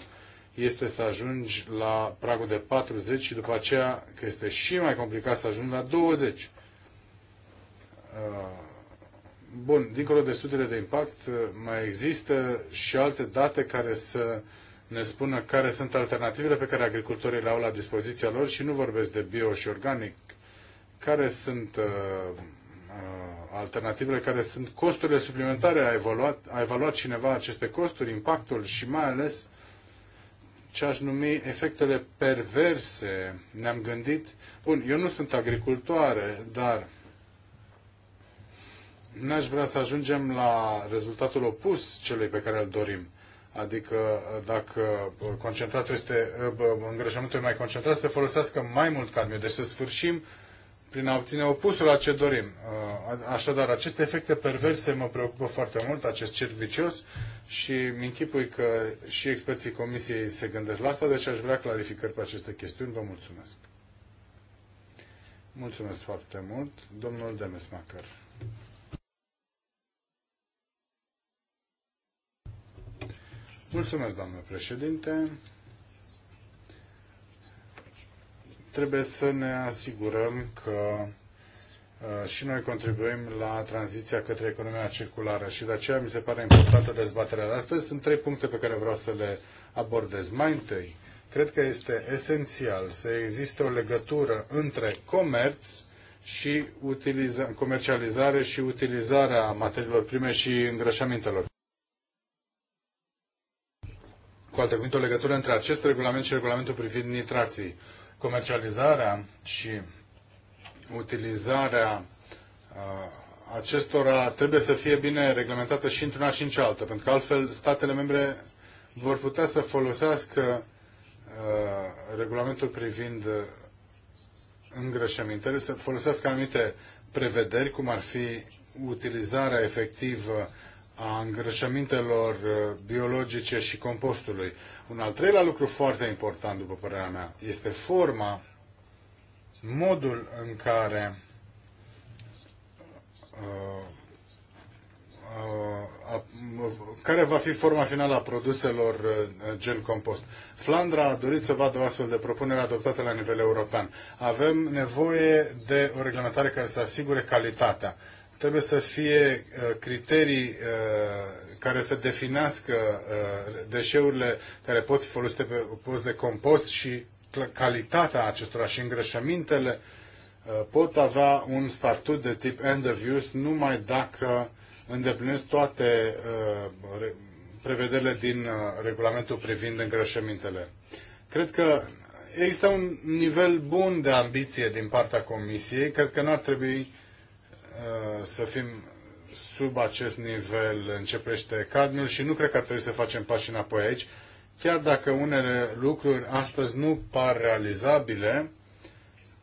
este să ajungi la pragul de 40 și după aceea că este și mai complicat să ajungi la 20. Uh, Bun, dincolo de studiile de impact, mai există și alte date care să ne spună care sunt alternativele pe care agricultorii le au la dispoziția lor și nu vorbesc de bio și organic. Care sunt uh, uh alternativele, care sunt costurile suplimentare? A evaluat, a evaluat cineva aceste costuri, impactul și mai ales ce aș numi efectele perverse. Ne-am gândit, bun, eu nu sunt agricultoare, dar n-aș vrea să ajungem la rezultatul opus celui pe care îl dorim. Adică dacă concentratul este, îngrășământul e mai concentrat, să folosească mai mult cadmiu. Deci să sfârșim prin a obține opusul la ce dorim. Așadar, aceste efecte perverse mă preocupă foarte mult, acest cerc vicios și mi închipui că și experții comisiei se gândesc la asta, deci aș vrea clarificări pe aceste chestiuni. Vă mulțumesc. Mulțumesc foarte mult, domnul Demesmacher. Mulțumesc, doamnă președinte. Trebuie să ne asigurăm că uh, și noi contribuim la tranziția către economia circulară și de aceea mi se pare importantă dezbaterea de astăzi. Sunt trei puncte pe care vreau să le abordez. Mai întâi, cred că este esențial să existe o legătură între comerț și utiliza- comercializare și utilizarea materiilor prime și îngrășămintelor cu alte cuvinte, o legătură între acest regulament și regulamentul privind nitrații. Comercializarea și utilizarea uh, acestora trebuie să fie bine reglementată și într-una și în cealaltă, pentru că altfel statele membre vor putea să folosească uh, regulamentul privind îngrășămintele, să folosească anumite prevederi, cum ar fi utilizarea efectivă a îngrășămintelor uh, biologice și compostului. Un al treilea lucru foarte important, după părerea mea, este forma, modul în care uh, uh, care va fi forma finală a produselor gel compost. Flandra a dorit să vadă o astfel de propunere adoptată la nivel european. Avem nevoie de o reglementare care să asigure calitatea trebuie să fie uh, criterii uh, care să definească uh, deșeurile care pot fi folosite pe post de compost și calitatea acestora și îngrășămintele pot avea un statut de tip end of use numai dacă îndeplinesc toate prevederile din regulamentul privind îngrășămintele. Cred că există un nivel bun de ambiție din partea Comisiei. Cred că n-ar trebui Uh, să fim sub acest nivel începește cadmiul și nu cred că ar trebui să facem pași înapoi aici, chiar dacă unele lucruri astăzi nu par realizabile,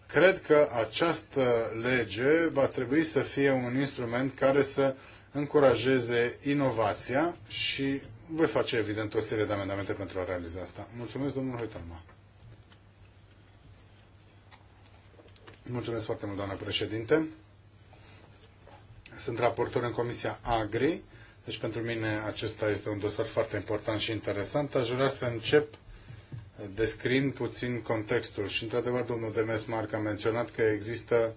cred că această lege va trebui să fie un instrument care să încurajeze inovația și voi face, evident, o serie de amendamente pentru a realiza asta. Mulțumesc, domnul Hoitalma. Mulțumesc foarte mult, doamna președinte. Sunt raportor în Comisia Agri, deci pentru mine acesta este un dosar foarte important și interesant. Aș vrea să încep descriind puțin contextul. Și într-adevăr, domnul Demesmarc a menționat că există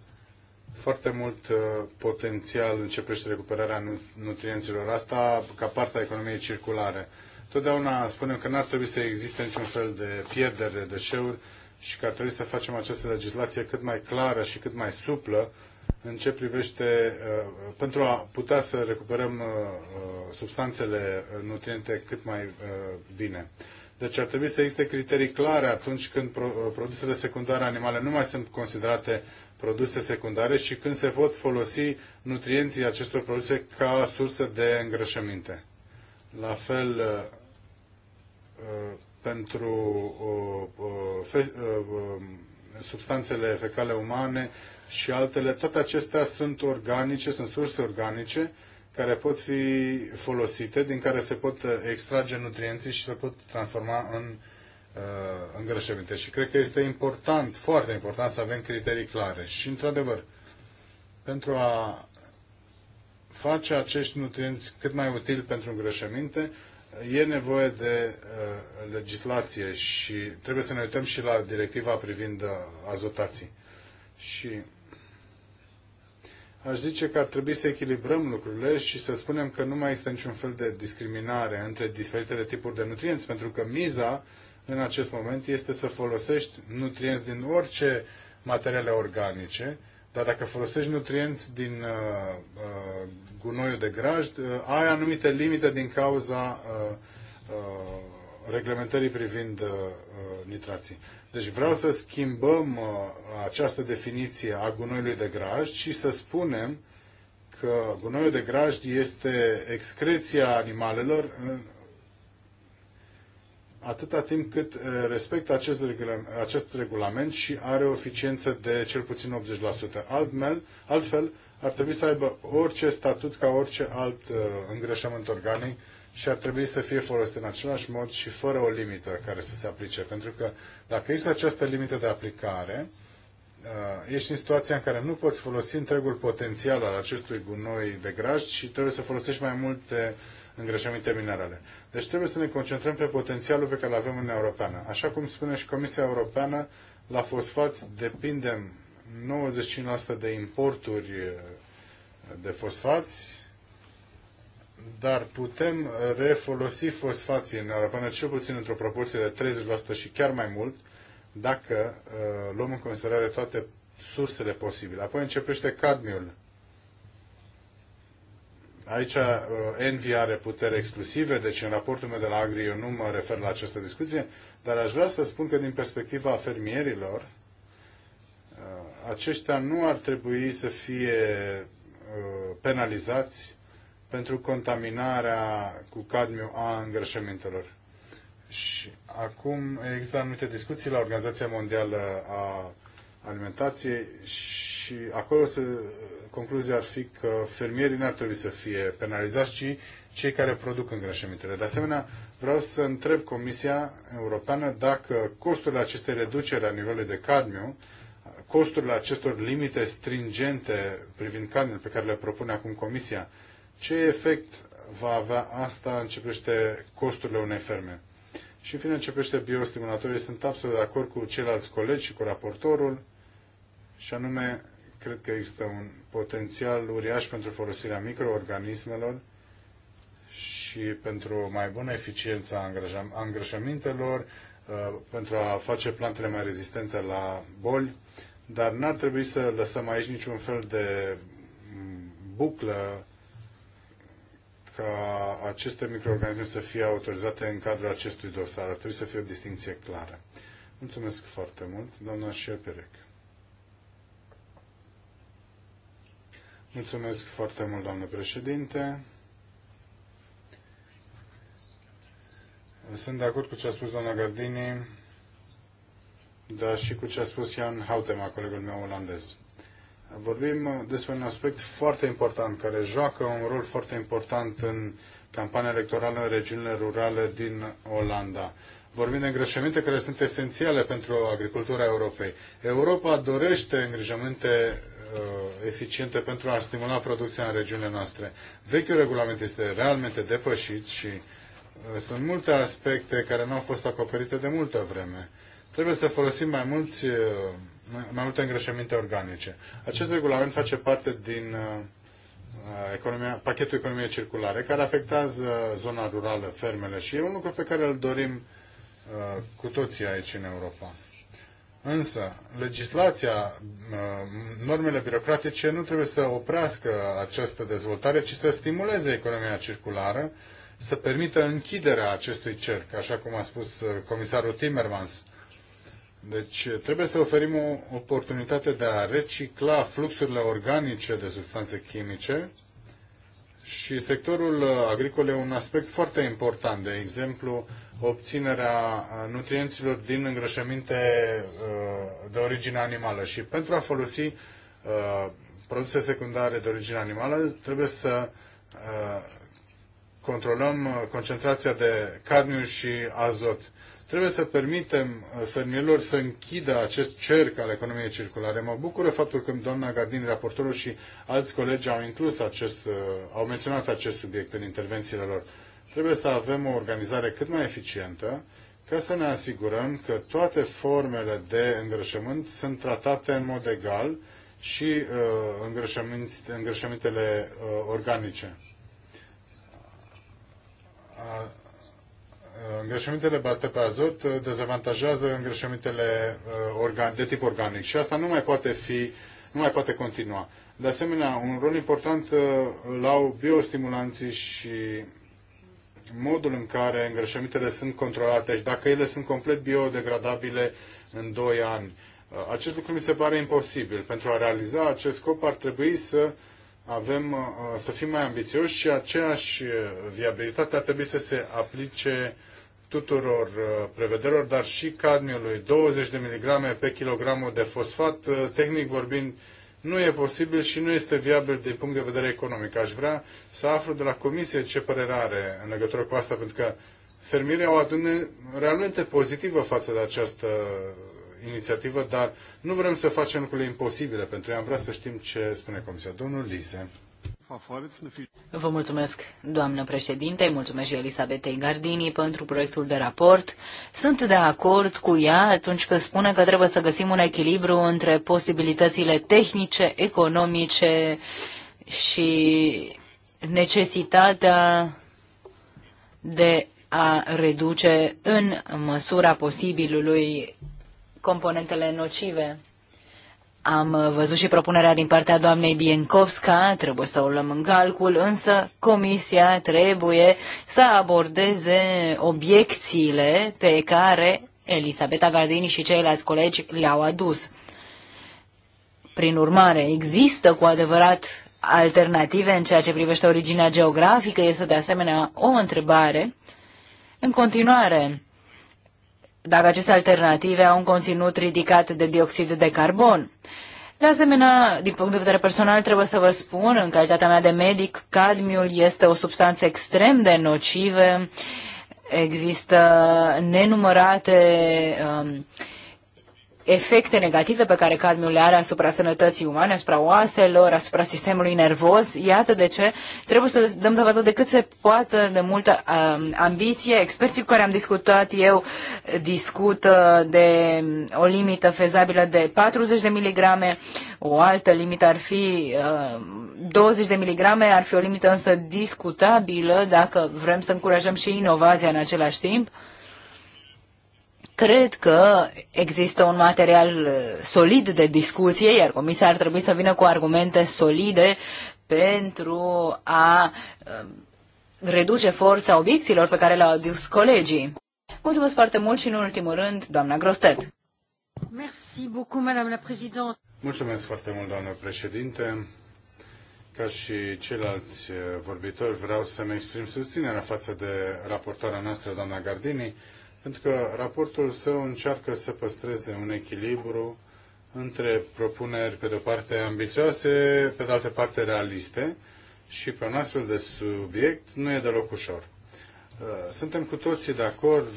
foarte mult uh, potențial în ce privește recuperarea nutrienților. Asta ca parte a economiei circulare. Totdeauna spunem că n-ar trebui să existe niciun fel de pierdere de deșeuri și că ar trebui să facem această legislație cât mai clară și cât mai suplă în ce privește uh, pentru a putea să recuperăm uh, uh, substanțele nutriente cât mai bine. Deci ar trebui să existe criterii clare atunci când produsele secundare animale nu mai sunt considerate produse secundare și când se pot folosi nutrienții acestor produse ca sursă de îngrășăminte. La fel, pentru substanțele fecale umane și altele, toate acestea sunt organice, sunt surse organice care pot fi folosite, din care se pot uh, extrage nutrienții și se pot transforma în uh, îngrășăminte. Și cred că este important, foarte important să avem criterii clare. Și, într-adevăr, pentru a face acești nutrienți cât mai util pentru îngrășăminte, e nevoie de uh, legislație și trebuie să ne uităm și la directiva privind uh, azotații. Și aș zice că ar trebui să echilibrăm lucrurile și să spunem că nu mai este niciun fel de discriminare între diferitele tipuri de nutrienți, pentru că miza în acest moment este să folosești nutrienți din orice materiale organice, dar dacă folosești nutrienți din uh, uh, gunoiul de grajd, uh, ai anumite limite din cauza uh, uh, reglementării privind uh, uh nitrații. Deci vreau să schimbăm uh, această definiție a gunoiului de grajd și să spunem că gunoiul de grajd este excreția animalelor atâta timp cât uh, respectă acest, regulament, acest regulament și are o eficiență de cel puțin 80%. Altmel, altfel, ar trebui să aibă orice statut ca orice alt uh, îngrășământ organic și ar trebui să fie folosit în același mod și fără o limită care să se aplice. Pentru că dacă există această limită de aplicare, uh, ești în situația în care nu poți folosi întregul potențial al acestui gunoi de graj și trebuie să folosești mai multe îngrășăminte minerale. Deci trebuie să ne concentrăm pe potențialul pe care îl avem în Europeană. Așa cum spune și Comisia Europeană, la fosfați depindem 95% de importuri de fosfați dar putem refolosi fosfații în până cel puțin într-o proporție de 30% și chiar mai mult, dacă uh, luăm în considerare toate sursele posibile. Apoi începește cadmiul. Aici uh, Envy are putere exclusive, deci în raportul meu de la Agri eu nu mă refer la această discuție, dar aș vrea să spun că din perspectiva fermierilor, uh, aceștia nu ar trebui să fie uh, penalizați pentru contaminarea cu cadmiu a îngrășămintelor. Și acum există anumite discuții la Organizația Mondială a Alimentației și acolo se, concluzia ar fi că fermierii n-ar trebui să fie penalizați, ci cei care produc îngrășămintele. De asemenea, vreau să întreb Comisia Europeană dacă costurile acestei reduceri a nivelului de cadmiu, costurile acestor limite stringente privind cadmiul pe care le propune acum Comisia, ce efect va avea asta în ce privește costurile unei ferme. Și în fine, în ce privește biostimulatorii, sunt absolut de acord cu ceilalți colegi și cu raportorul, și anume, cred că există un potențial uriaș pentru folosirea microorganismelor și pentru o mai bună eficiență a îngrășămintelor, uh, pentru a face plantele mai rezistente la boli, dar n-ar trebui să lăsăm aici niciun fel de buclă ca aceste microorganisme să fie autorizate în cadrul acestui dosar. Ar trebui să fie o distinție clară. Mulțumesc foarte mult, doamna Șerperec. Mulțumesc foarte mult, doamnă președinte. Sunt de acord cu ce a spus doamna Gardini, dar și cu ce a spus Jan Hautema, colegul meu olandez vorbim despre un aspect foarte important, care joacă un rol foarte important în campania electorală în regiunile rurale din Olanda. Vorbim de îngrășăminte care sunt esențiale pentru agricultura Europei. Europa dorește îngrijăminte uh, eficiente pentru a stimula producția în regiunile noastre. Vechiul regulament este realmente depășit și uh, sunt multe aspecte care nu au fost acoperite de multă vreme. Trebuie să folosim mai mulți uh, mai multe îngrășăminte organice. Acest regulament face parte din uh, uh, economia, pachetul economiei circulare, care afectează zona rurală, fermele și e un lucru pe care îl dorim uh, cu toții aici în Europa. Însă, legislația, normele birocratice nu trebuie să oprească această dezvoltare, ci să stimuleze economia circulară, să permită închiderea acestui cerc, așa cum a spus comisarul Timmermans deci eh, trebuie să oferim o oportunitate de a recicla fluxurile organice de substanțe chimice și sectorul eh, agricol e un aspect foarte important. De exemplu, obținerea eh, nutrienților din îngrășăminte de origine animală. Și pentru a folosi produse secundare de origine animală, trebuie să controlăm concentrația de cadmiu și azot Trebuie să permitem uh, fermierilor să închidă acest cerc al economiei circulare. Mă bucură faptul că doamna Gardini, raportorul și alți colegi au inclus acest, uh, au menționat acest subiect în intervențiile lor. Trebuie să avem o organizare cât mai eficientă ca să ne asigurăm că toate formele de îngrășământ sunt tratate în mod egal și uh, îngrășămintele uh, organice. Îngrășămintele bazate pe azot uh, dezavantajează îngrășămintele uh, de tip organic și asta nu mai poate fi, nu mai poate continua. De asemenea, un rol important uh, îl au biostimulanții și modul în care îngrășămintele sunt controlate și dacă ele sunt complet biodegradabile în 2 ani. Acest lucru mi se pare imposibil. Pentru a realiza acest scop ar trebui să avem, să fim mai ambițioși și aceeași viabilitate ar trebui să se aplice tuturor uh, prevederilor, dar și cadmiului, 20 de miligrame pe kilogramul de fosfat, uh, tehnic vorbind, nu e posibil și nu este viabil din punct de vedere economic. Aș vrea să aflu de la Comisie ce părere are în legătură cu asta, pentru că fermierii au realmente pozitivă față de această inițiativă, dar nu vrem să facem lucrurile imposibile pentru ei. Am vrea să știm ce spune Comisia. Domnul Lise. Vă mulțumesc, doamnă președinte, mulțumesc și Elisabetei Gardini pentru proiectul de raport. Sunt de acord cu ea atunci când spune că trebuie să găsim un echilibru între posibilitățile tehnice, economice și necesitatea de a reduce în măsura posibilului componentele nocive. Am uh, văzut și propunerea din partea doamnei Biencovska, trebuie să o luăm în calcul, însă comisia trebuie să abordeze obiecțiile pe care Elisabeta Gardini și ceilalți colegi le-au adus. Prin urmare, există cu adevărat alternative în ceea ce privește originea geografică? Este de asemenea o întrebare. În continuare, dacă aceste alternative au un conținut ridicat de dioxid de carbon. De asemenea, din punct de vedere personal, trebuie să vă spun, în calitatea mea de medic, cadmiul este o substanță extrem de nocivă. Există nenumărate um, uh, efecte negative pe care cadmiul le are asupra sănătății umane, asupra oaselor, asupra sistemului nervos. Iată de ce trebuie să dăm dovadă de cât se poate de multă um, ambiție. Experții cu care am discutat eu discută de o limită fezabilă de 40 de miligrame, o altă limită ar fi uh, um, 20 de miligrame, ar fi o limită însă discutabilă dacă vrem să încurajăm și inovația în același timp. Cred că există un material uh, solid de discuție, iar comisia ar trebui să vină cu argumente solide pentru a uh, reduce forța obiecțiilor pe care le-au adus colegii. Mulțumesc foarte mult și în ultimul rând, doamna Grostet. Merci beaucoup, madame la présidente. Mulțumesc foarte mult, doamnă președinte. Ca și ceilalți uh, vorbitori, vreau să-mi exprim susținerea față de raportoarea noastră, doamna Gardini, pentru că raportul său încearcă să păstreze un echilibru între propuneri, pe de-o parte, ambițioase, pe de altă parte, realiste și pe un astfel de subiect nu e deloc ușor. Uh, suntem cu toții de acord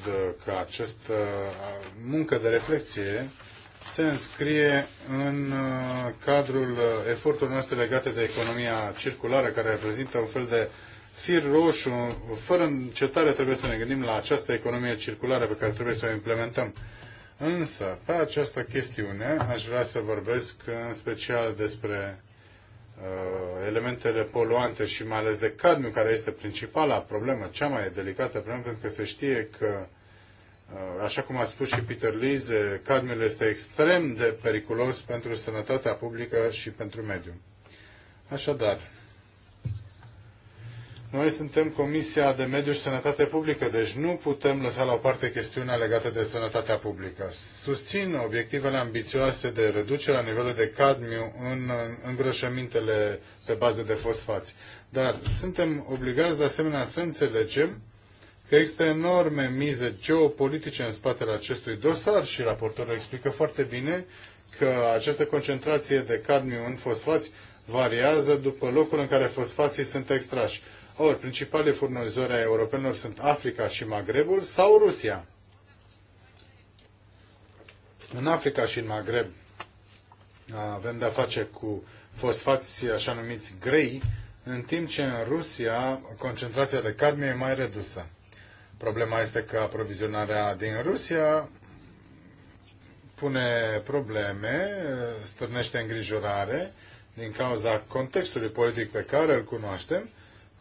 că această uh, muncă de reflexie se înscrie în uh, cadrul eforturilor noastre legate de economia circulară, care reprezintă un fel de uh, fir roșu, fără încetare trebuie să ne gândim la această economie circulară pe care trebuie să o implementăm. Însă, pe această chestiune, aș vrea să vorbesc în special despre uh, elementele poluante și mai ales de cadmiu, care este principala problemă, cea mai delicată problemă, pentru că se știe că, uh, așa cum a spus și Peter Lise, cadmiul este extrem de periculos pentru sănătatea publică și pentru mediu. Așadar, noi suntem Comisia de Mediu și Sănătate Publică, deci nu putem lăsa la o parte chestiunea legată de sănătatea publică. Susțin obiectivele ambițioase de reducere a nivelului de cadmiu în îngrășămintele pe bază de fosfați. Dar suntem obligați de asemenea să înțelegem că există enorme mize geopolitice în spatele acestui dosar și raportorul explică foarte bine că această concentrație de cadmiu în fosfați variază după locul în care fosfații sunt extrași. Ori, principalii furnizori ai europenilor sunt Africa și Maghrebul sau Rusia. În Africa și în Maghreb, avem de-a face cu fosfați așa numiți grei, în timp ce în Rusia concentrația de cadmiu e mai redusă. Problema este că aprovizionarea din Rusia pune probleme, stârnește îngrijorare din cauza contextului politic pe care îl cunoaștem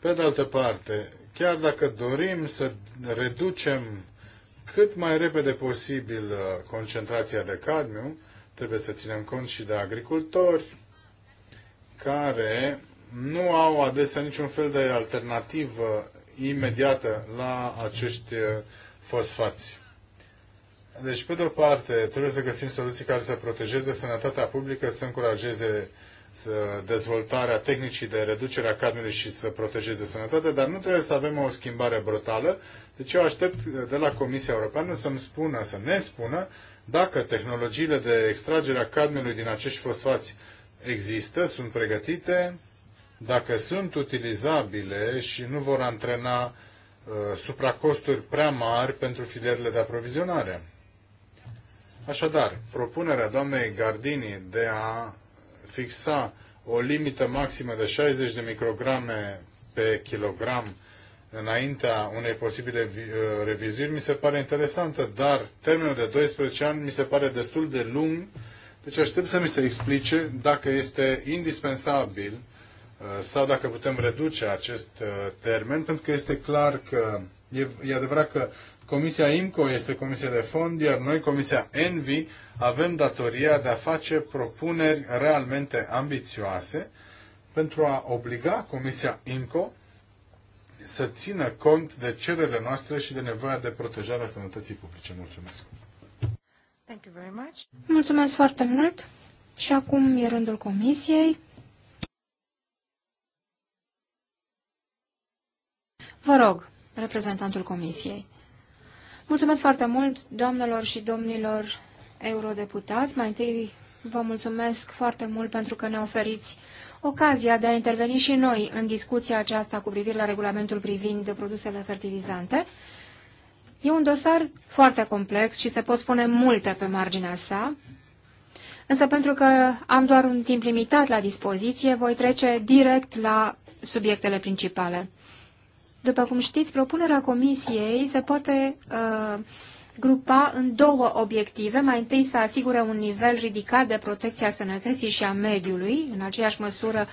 pe de altă parte, chiar dacă dorim să reducem cât mai repede posibil uh, concentrația de cadmiu, trebuie să ținem cont și de agricultori care nu au adesea niciun fel de alternativă imediată la acești uh, fosfați. Deci, pe de-o parte, trebuie să găsim soluții care să protejeze sănătatea publică, să încurajeze dezvoltarea tehnicii de reducere a cadmiului și să protejeze sănătatea, dar nu trebuie să avem o schimbare brutală. Deci eu aștept de la Comisia Europeană să-mi spună, să ne spună, dacă tehnologiile de extragere a cadmiului din acești fosfați există, sunt pregătite, dacă sunt utilizabile și nu vor antrena uh, supracosturi prea mari pentru filierele de aprovizionare. Așadar, propunerea doamnei Gardini de a fixa o limită maximă de 60 de micrograme pe kilogram înaintea unei posibile uh, revizuiri mi se pare interesantă, dar termenul de 12 ani mi se pare destul de lung, deci aștept să mi se explice dacă este indispensabil uh, sau dacă putem reduce acest uh, termen, pentru că este clar că e, e adevărat că Comisia IMCO este Comisia de Fond, iar noi, Comisia ENVI, avem datoria de a face propuneri realmente ambițioase pentru a obliga Comisia IMCO să țină cont de cererile noastre și de nevoia de protejare a sănătății publice. Mulțumesc! Thank you very much. Mulțumesc foarte mult! Și acum e rândul Comisiei. Vă rog, reprezentantul Comisiei. Mulțumesc foarte mult, doamnelor și domnilor eurodeputați. Mai întâi vă mulțumesc foarte mult pentru că ne oferiți ocazia de a interveni și noi în discuția aceasta cu privire la regulamentul privind produsele fertilizante. E un dosar foarte complex și se pot spune multe pe marginea sa, însă pentru că am doar un timp limitat la dispoziție, voi trece direct la subiectele principale. După cum știți, propunerea comisiei se poate uh, grupa în două obiective. Mai întâi să asigure un nivel ridicat de protecție a sănătății și a mediului, în aceeași măsură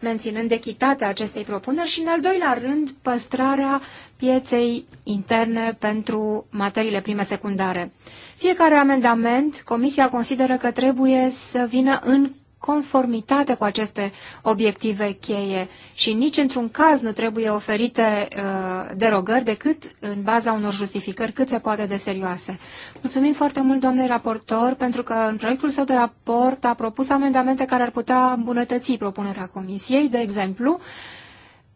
menținând echitatea acestei propuneri și, în al doilea rând, păstrarea pieței interne pentru materiile prime secundare. Fiecare amendament, Comisia consideră că trebuie să vină în conformitate cu aceste obiective cheie și nici într-un caz nu trebuie oferite uh, derogări decât în baza unor justificări cât se poate de serioase. Mulțumim foarte mult, domnului raportor, pentru că în proiectul său de raport a propus amendamente care ar putea îmbunătăți propunerea comisiei, de exemplu,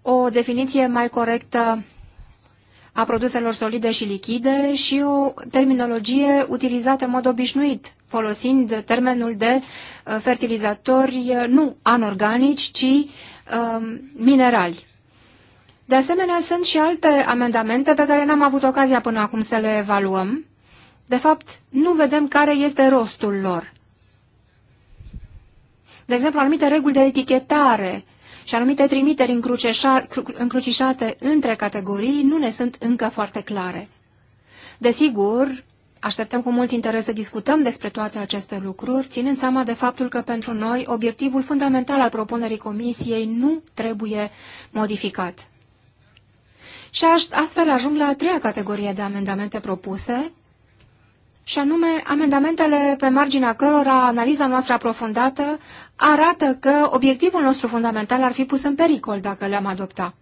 o definiție mai corectă a produselor solide și lichide și o terminologie utilizată în mod obișnuit, folosind termenul de uh, fertilizatori uh, nu anorganici, ci um, minerali. De asemenea, sunt și alte amendamente pe care n-am avut ocazia până acum să le evaluăm. De fapt, nu vedem care este rostul lor. De exemplu, anumite reguli de etichetare și anumite trimiteri încrucișate între categorii nu ne sunt încă foarte clare. Desigur, Așteptăm cu mult interes să discutăm despre toate aceste lucruri, ținând seama de faptul că pentru noi obiectivul fundamental al propunerii comisiei nu trebuie modificat. Și astfel ajung la a treia categorie de amendamente propuse, și anume amendamentele pe marginea cărora analiza noastră aprofundată arată că obiectivul nostru fundamental ar fi pus în pericol dacă le-am adopta.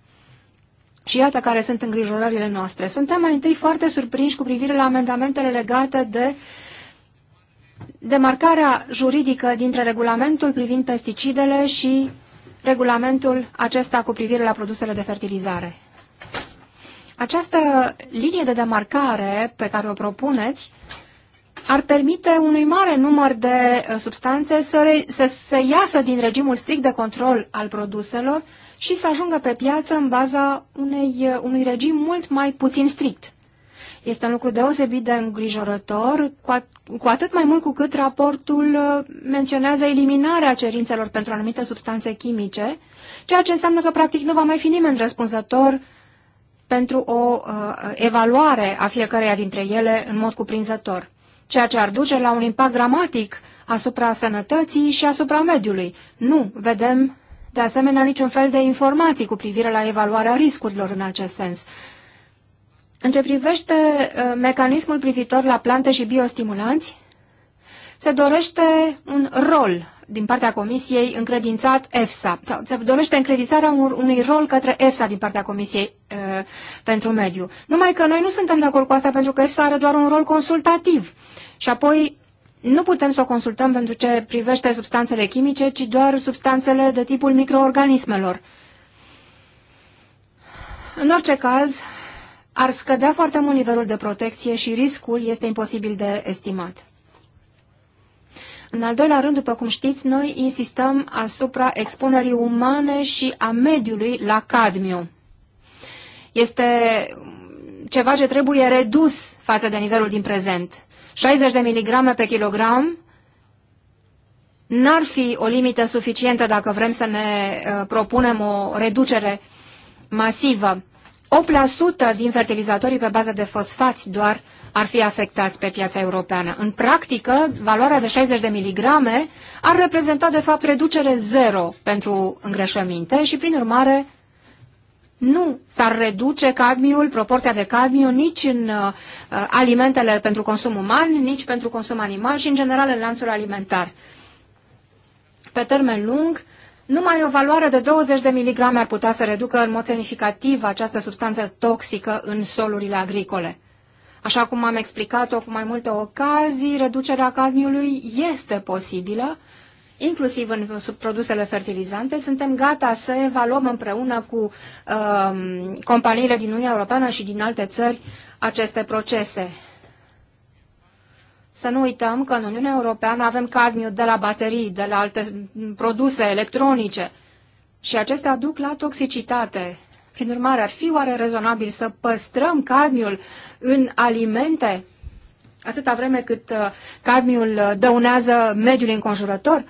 Și iată care sunt îngrijorările noastre. Suntem mai întâi foarte surprinși cu privire la amendamentele legate de demarcarea juridică dintre regulamentul privind pesticidele și regulamentul acesta cu privire la produsele de fertilizare. Această linie de demarcare pe care o propuneți ar permite unui mare număr de uh, substanțe să, re, să, să iasă din regimul strict de control al produselor și să ajungă pe piață în baza unei, uh, unui regim mult mai puțin strict. Este un lucru deosebit de îngrijorător, cu, at cu atât mai mult cu cât raportul uh, menționează eliminarea cerințelor pentru anumite substanțe chimice, ceea ce înseamnă că practic nu va mai fi nimeni răspunzător pentru o uh, evaluare a fiecăreia dintre ele în mod cuprinzător ceea ce ar duce la un impact dramatic asupra sănătății și asupra mediului. Nu vedem, de asemenea, niciun fel de informații cu privire la evaluarea riscurilor în acest sens. În ce privește uh, mecanismul privitor la plante și biostimulanți, se dorește un rol din partea Comisiei încredințat EFSA. Sau se dorește încredințarea unui rol către EFSA din partea Comisiei e, pentru Mediu. Numai că noi nu suntem de acord cu asta pentru că EFSA are doar un rol consultativ. Și apoi nu putem să o consultăm pentru ce privește substanțele chimice, ci doar substanțele de tipul microorganismelor. În orice caz, ar scădea foarte mult nivelul de protecție și riscul este imposibil de estimat. În al doilea rând, după cum știți, noi insistăm asupra expunerii umane și a mediului la cadmiu. Este ceva ce trebuie redus față de nivelul din prezent. 60 de miligrame pe kilogram n-ar fi o limită suficientă dacă vrem să ne uh, propunem o reducere masivă. 8% din fertilizatorii pe bază de fosfați doar ar fi afectați pe piața europeană. În practică, valoarea de 60 de miligrame ar reprezenta, de fapt, reducere zero pentru îngrășăminte și, prin urmare, nu s-ar reduce cadmiul, proporția de cadmiu, nici în uh, alimentele pentru consum uman, nici pentru consum animal și, în general, în lanțul alimentar. Pe termen lung, uh, numai o valoare de 20 de miligrame ar putea să reducă în mod semnificativ această substanță toxică în solurile agricole. Așa cum am explicat-o cu mai multe ocazii, reducerea cadmiului este posibilă, inclusiv în produsele fertilizante. Suntem gata să evaluăm împreună cu uh, companiile din Uniunea Europeană și din alte țări aceste procese. Să nu uităm că în Uniunea Europeană avem cadmiu de la baterii, de la alte produse electronice și acestea duc la toxicitate. Prin urmare, ar fi oare rezonabil să păstrăm cadmiul în alimente atâta vreme cât uh, cadmiul uh, dăunează mediul înconjurător?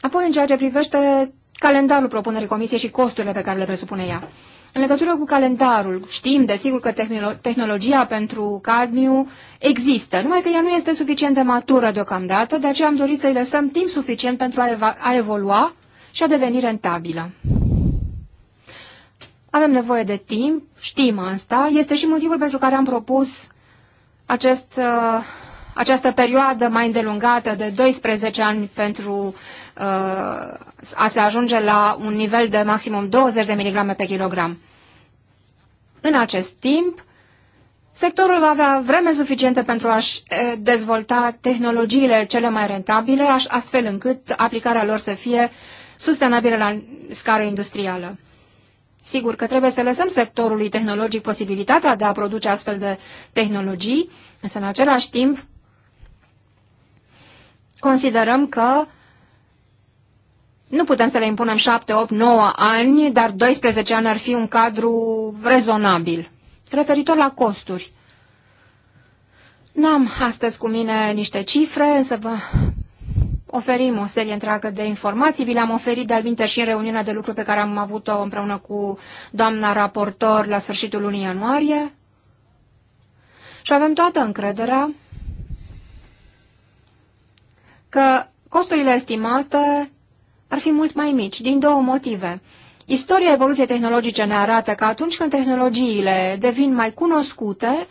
Apoi, în ceea ce privește calendarul propunerii Comisiei și costurile pe care le presupune ea. În legătură cu calendarul, știm desigur că tehnologia pentru cadmiu există, numai că ea nu este suficient de matură deocamdată, de aceea am dorit să-i lăsăm timp suficient pentru a, a evolua și a deveni rentabilă. Avem nevoie de timp, știm asta, este și motivul pentru care am propus acest, uh, această perioadă mai îndelungată de 12 ani pentru uh, a se ajunge la un nivel de maximum 20 de miligrame pe kilogram. În acest timp, sectorul va avea vreme suficientă pentru a-și dezvolta tehnologiile cele mai rentabile, astfel încât aplicarea lor să fie sustenabilă la scară industrială. Sigur că trebuie să lăsăm sectorului tehnologic posibilitatea de a produce astfel de tehnologii, însă în același timp considerăm că nu putem să le impunem 7, 8, 9 ani, dar 12 ani ar fi un cadru rezonabil. Referitor la costuri. N-am astăzi cu mine niște cifre, să vă oferim o serie întreagă de informații. Vi le-am oferit de-al și în reuniunea de lucru pe care am avut-o împreună cu doamna raportor la sfârșitul lunii ianuarie. Și avem toată încrederea că costurile estimate ar fi mult mai mici, din două motive. Istoria evoluției tehnologice ne arată că atunci când tehnologiile devin mai cunoscute,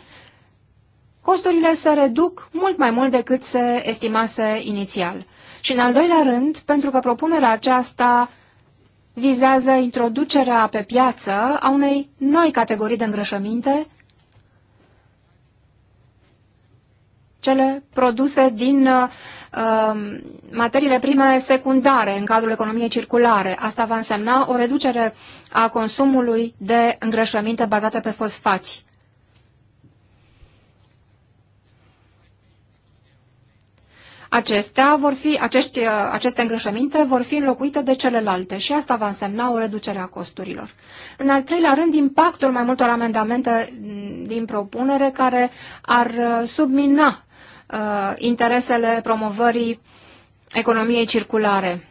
costurile se reduc mult mai mult decât se estimase inițial. Și în al doilea rând, pentru că propunerea aceasta vizează introducerea pe piață a unei noi categorii de îngrășăminte, cele produse din uh, Um, materiile prime secundare în cadrul economiei circulare. Asta va însemna o reducere a consumului de îngrășăminte bazate pe fosfați. Acestea vor fi, acești, uh, aceste îngrășăminte vor fi înlocuite de celelalte și asta va însemna o reducere a costurilor. În al treilea rând, impactul mai multor amendamente mm, din propunere care ar uh, submina Uh, interesele promovării economiei circulare.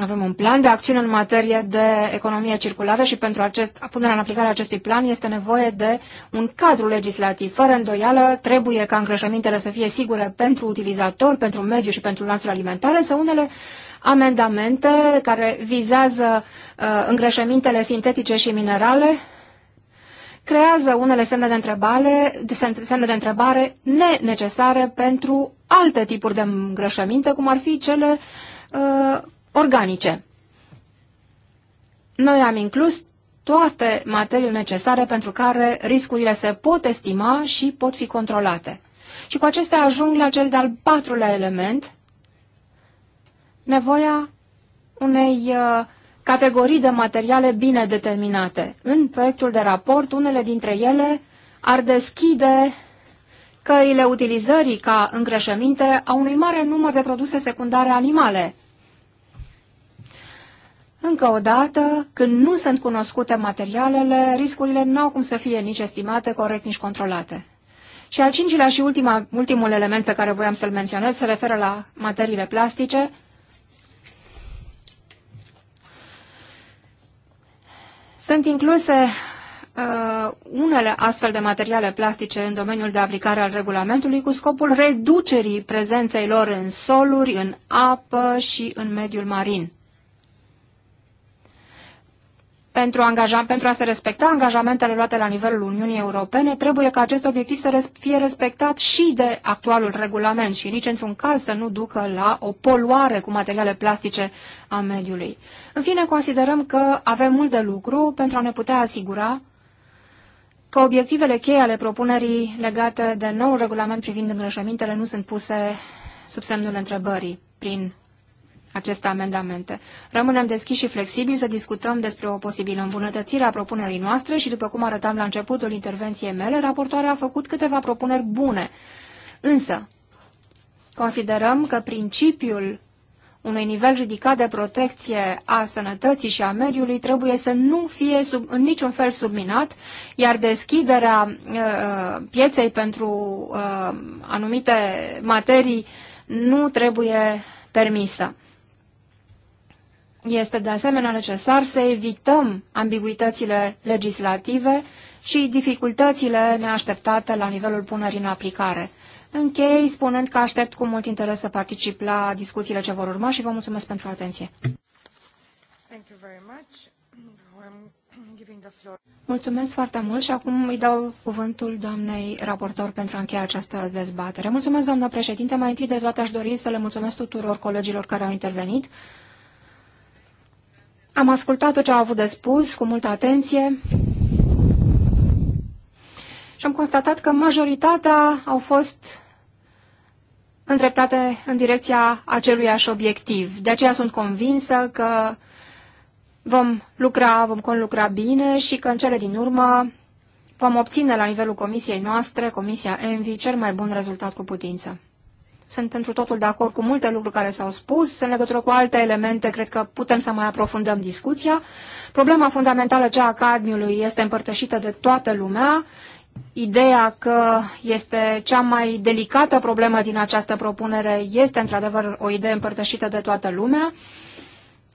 Avem un plan de acțiune în materie de economie circulară și pentru acest, punerea în aplicare a acestui plan este nevoie de un cadru legislativ. Fără îndoială, trebuie ca îngrășămintele să fie sigure pentru utilizator, pentru mediu și pentru lanțul alimentar, să unele amendamente care vizează uh, îngrășămintele sintetice și minerale creează unele semne de întrebare, semne de întrebare nenecesare pentru alte tipuri de îngrășăminte, cum ar fi cele uh, organice. Noi am inclus toate materiile necesare pentru care riscurile se pot estima și pot fi controlate. Și cu acestea ajung la cel de-al patrulea element, nevoia unei uh, categorii de materiale bine determinate. În proiectul de raport, unele dintre ele ar deschide căile utilizării ca îngrășăminte a unui mare număr de produse secundare animale. Încă o dată, când nu sunt cunoscute materialele, riscurile nu au cum să fie nici estimate corect, nici controlate. Și al cincilea și ultima, ultimul element pe care voiam să-l menționez se referă la materiile plastice, Sunt incluse uh, unele astfel de materiale plastice în domeniul de aplicare al regulamentului cu scopul reducerii prezenței lor în soluri, în apă și în mediul marin pentru, angaja, pentru a se respecta angajamentele luate la nivelul Uniunii Europene, trebuie ca acest obiectiv să fie respectat și de actualul regulament și nici într-un caz să nu ducă la o poluare cu materiale plastice a mediului. În fine, considerăm că avem mult de lucru pentru a ne putea asigura că obiectivele cheie ale propunerii legate de noul regulament privind îngrășămintele nu sunt puse sub semnul întrebării prin aceste amendamente. Rămânem deschiși și flexibili să discutăm despre o posibilă îmbunătățire a propunerii noastre și, după cum arătam la începutul intervenției mele, raportoarea a făcut câteva propuneri bune. Însă, considerăm că principiul unui nivel ridicat de protecție a sănătății și a mediului trebuie să nu fie sub, în niciun fel subminat, iar deschiderea uh, uh pieței pentru uh, anumite materii nu trebuie permisă. Este de asemenea necesar să evităm ambiguitățile legislative și dificultățile neașteptate la nivelul punerii în aplicare. Închei spunând că aștept cu mult interes să particip la discuțiile ce vor urma și vă mulțumesc pentru atenție. Mulțumesc foarte mult și acum îi dau cuvântul doamnei raportor pentru a încheia această dezbatere. Mulțumesc, doamna președinte. Mai întâi de toate aș dori să le mulțumesc tuturor colegilor care au intervenit. Am ascultat tot ce au avut de spus cu multă atenție și am constatat că majoritatea au fost îndreptate în direcția aceluiași obiectiv. De aceea sunt convinsă că vom lucra, vom conlucra bine și că în cele din urmă vom obține la nivelul comisiei noastre, Comisia Envi, cel mai bun rezultat cu putință. Sunt întru totul de acord cu multe lucruri care s-au spus. În legătură cu alte elemente, cred că putem să mai aprofundăm discuția. Problema fundamentală, cea a cadmiului, este împărtășită de toată lumea. Ideea că este cea mai delicată problemă din această propunere este într-adevăr o idee împărtășită de toată lumea.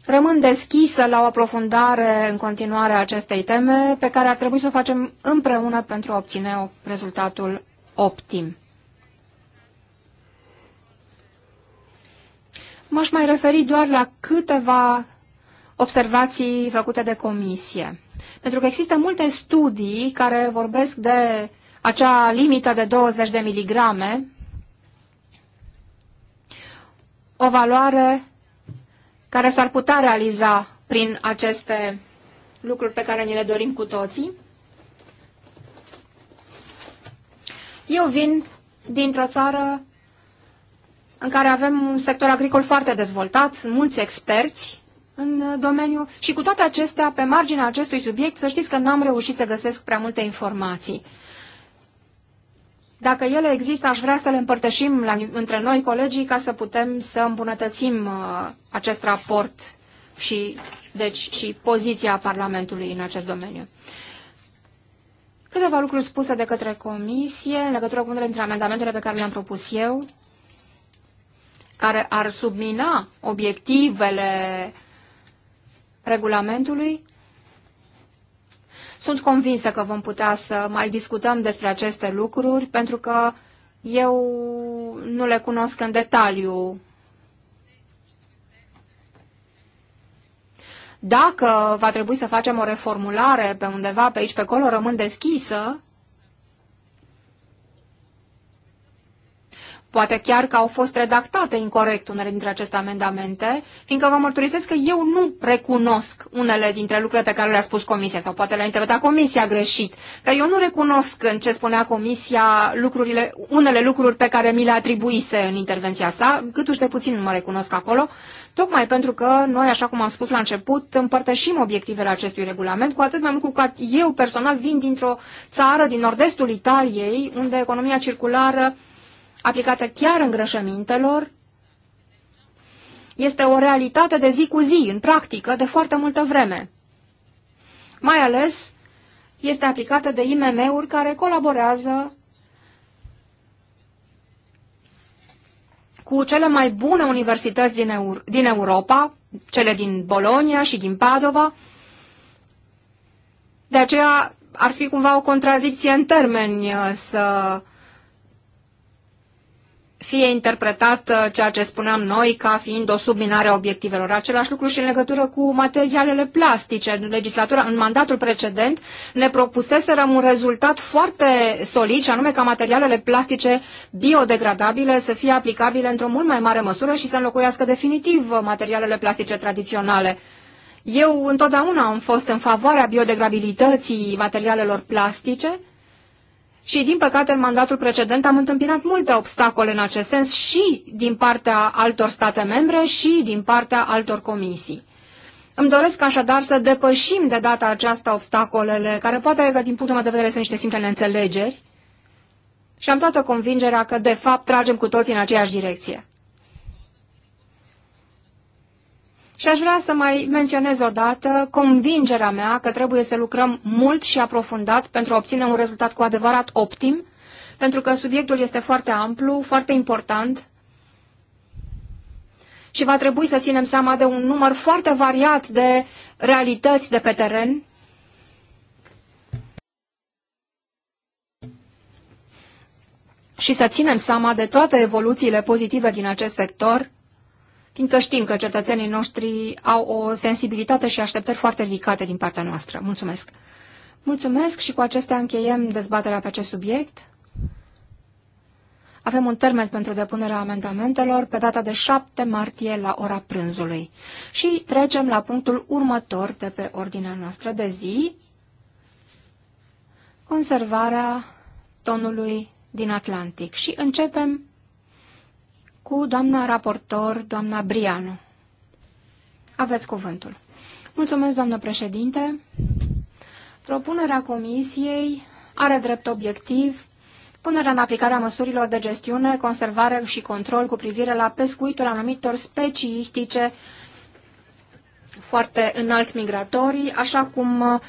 Rămân deschisă la o aprofundare în continuare a acestei teme pe care ar trebui să o facem împreună pentru a obține rezultatul optim. M-aș mai referi doar la câteva observații făcute de comisie. Pentru că există multe studii care vorbesc de acea limită de 20 de miligrame, o valoare care s-ar putea realiza prin aceste lucruri pe care ni le dorim cu toții. Eu vin dintr-o țară în care avem un sector agricol foarte dezvoltat, mulți experți în uh, domeniu și cu toate acestea, pe marginea acestui subiect, să știți că n-am reușit să găsesc prea multe informații. Dacă ele există, aș vrea să le împărtășim la, între noi, colegii, ca să putem să îmbunătățim uh, acest raport și, deci, și poziția Parlamentului în acest domeniu. Câteva lucruri spuse de către Comisie în legătură cu unele dintre amendamentele pe care le-am propus eu care ar submina obiectivele regulamentului? Sunt convinsă că vom putea să mai discutăm despre aceste lucruri, pentru că eu nu le cunosc în detaliu. Dacă va trebui să facem o reformulare pe undeva, pe aici, pe acolo, rămân deschisă, Poate chiar că au fost redactate incorrect unele dintre aceste amendamente, fiindcă vă mărturisesc că eu nu recunosc unele dintre lucrurile pe care le-a spus Comisia, sau poate le-a interpretat Comisia greșit, că eu nu recunosc în ce spunea Comisia lucrurile, unele lucruri pe care mi le atribuise în intervenția sa, uși de puțin mă recunosc acolo, tocmai pentru că noi, așa cum am spus la început, împărtășim obiectivele acestui regulament, cu atât mai mult cu cât eu personal vin dintr-o țară din nord-estul Italiei, unde economia circulară aplicată chiar îngrășămintelor, este o realitate de zi cu zi, în practică, de foarte multă vreme. Mai ales este aplicată de IMM-uri care colaborează cu cele mai bune universități din, Eur din Europa, cele din Bolonia și din Padova. De aceea ar fi cumva o contradicție în termeni uh, să fie interpretat uh, ceea ce spuneam noi ca fiind o subminare a obiectivelor. Același lucru și în legătură cu materialele plastice. În legislatura, în mandatul precedent, ne propuseserăm un rezultat foarte solid, și anume ca materialele plastice biodegradabile să fie aplicabile într-o mult mai mare măsură și să înlocuiască definitiv materialele plastice tradiționale. Eu întotdeauna am fost în favoarea biodegradabilității materialelor plastice, și, din păcate, în mandatul precedent am întâmpinat multe obstacole în acest sens și din partea altor state membre și din partea altor comisii. Îmi doresc așadar să depășim de data aceasta obstacolele, care poate că din punctul meu de vedere sunt niște simple neînțelegeri, și am toată convingerea că, de fapt, tragem cu toții în aceeași direcție. Și aș vrea să mai menționez o dată convingerea mea că trebuie să lucrăm mult și aprofundat pentru a obține un rezultat cu adevărat optim, pentru că subiectul este foarte amplu, foarte important și va trebui să ținem seama de un număr foarte variat de realități de pe teren. Și să ținem seama de toate evoluțiile pozitive din acest sector, fiindcă știm că cetățenii noștri au o sensibilitate și așteptări foarte ridicate din partea noastră. Mulțumesc! Mulțumesc și cu acestea încheiem dezbaterea pe acest subiect. Avem un termen pentru depunerea amendamentelor pe data de 7 martie la ora prânzului. Și trecem la punctul următor de pe ordinea noastră de zi, conservarea tonului din Atlantic. Și începem cu doamna raportor, doamna Brianu. Aveți cuvântul. Mulțumesc, doamnă președinte. Propunerea comisiei are drept obiectiv punerea în aplicare a măsurilor de gestiune, conservare și control cu privire la pescuitul anumitor specii ictice foarte înalt migratorii, așa cum uh,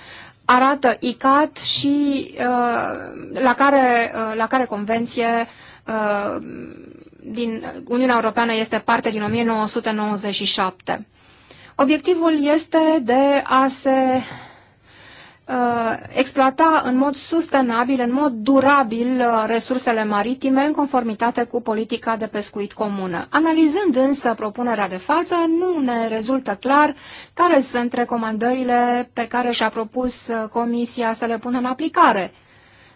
arată ICAT și uh, la, care, uh, la care convenție uh, din Uniunea Europeană este parte din 1997. Obiectivul este de a se uh, exploata în mod sustenabil, în mod durabil uh, resursele maritime în conformitate cu politica de pescuit comună. Analizând însă propunerea de față, nu ne rezultă clar care sunt recomandările pe care și-a propus uh, Comisia să le pună în aplicare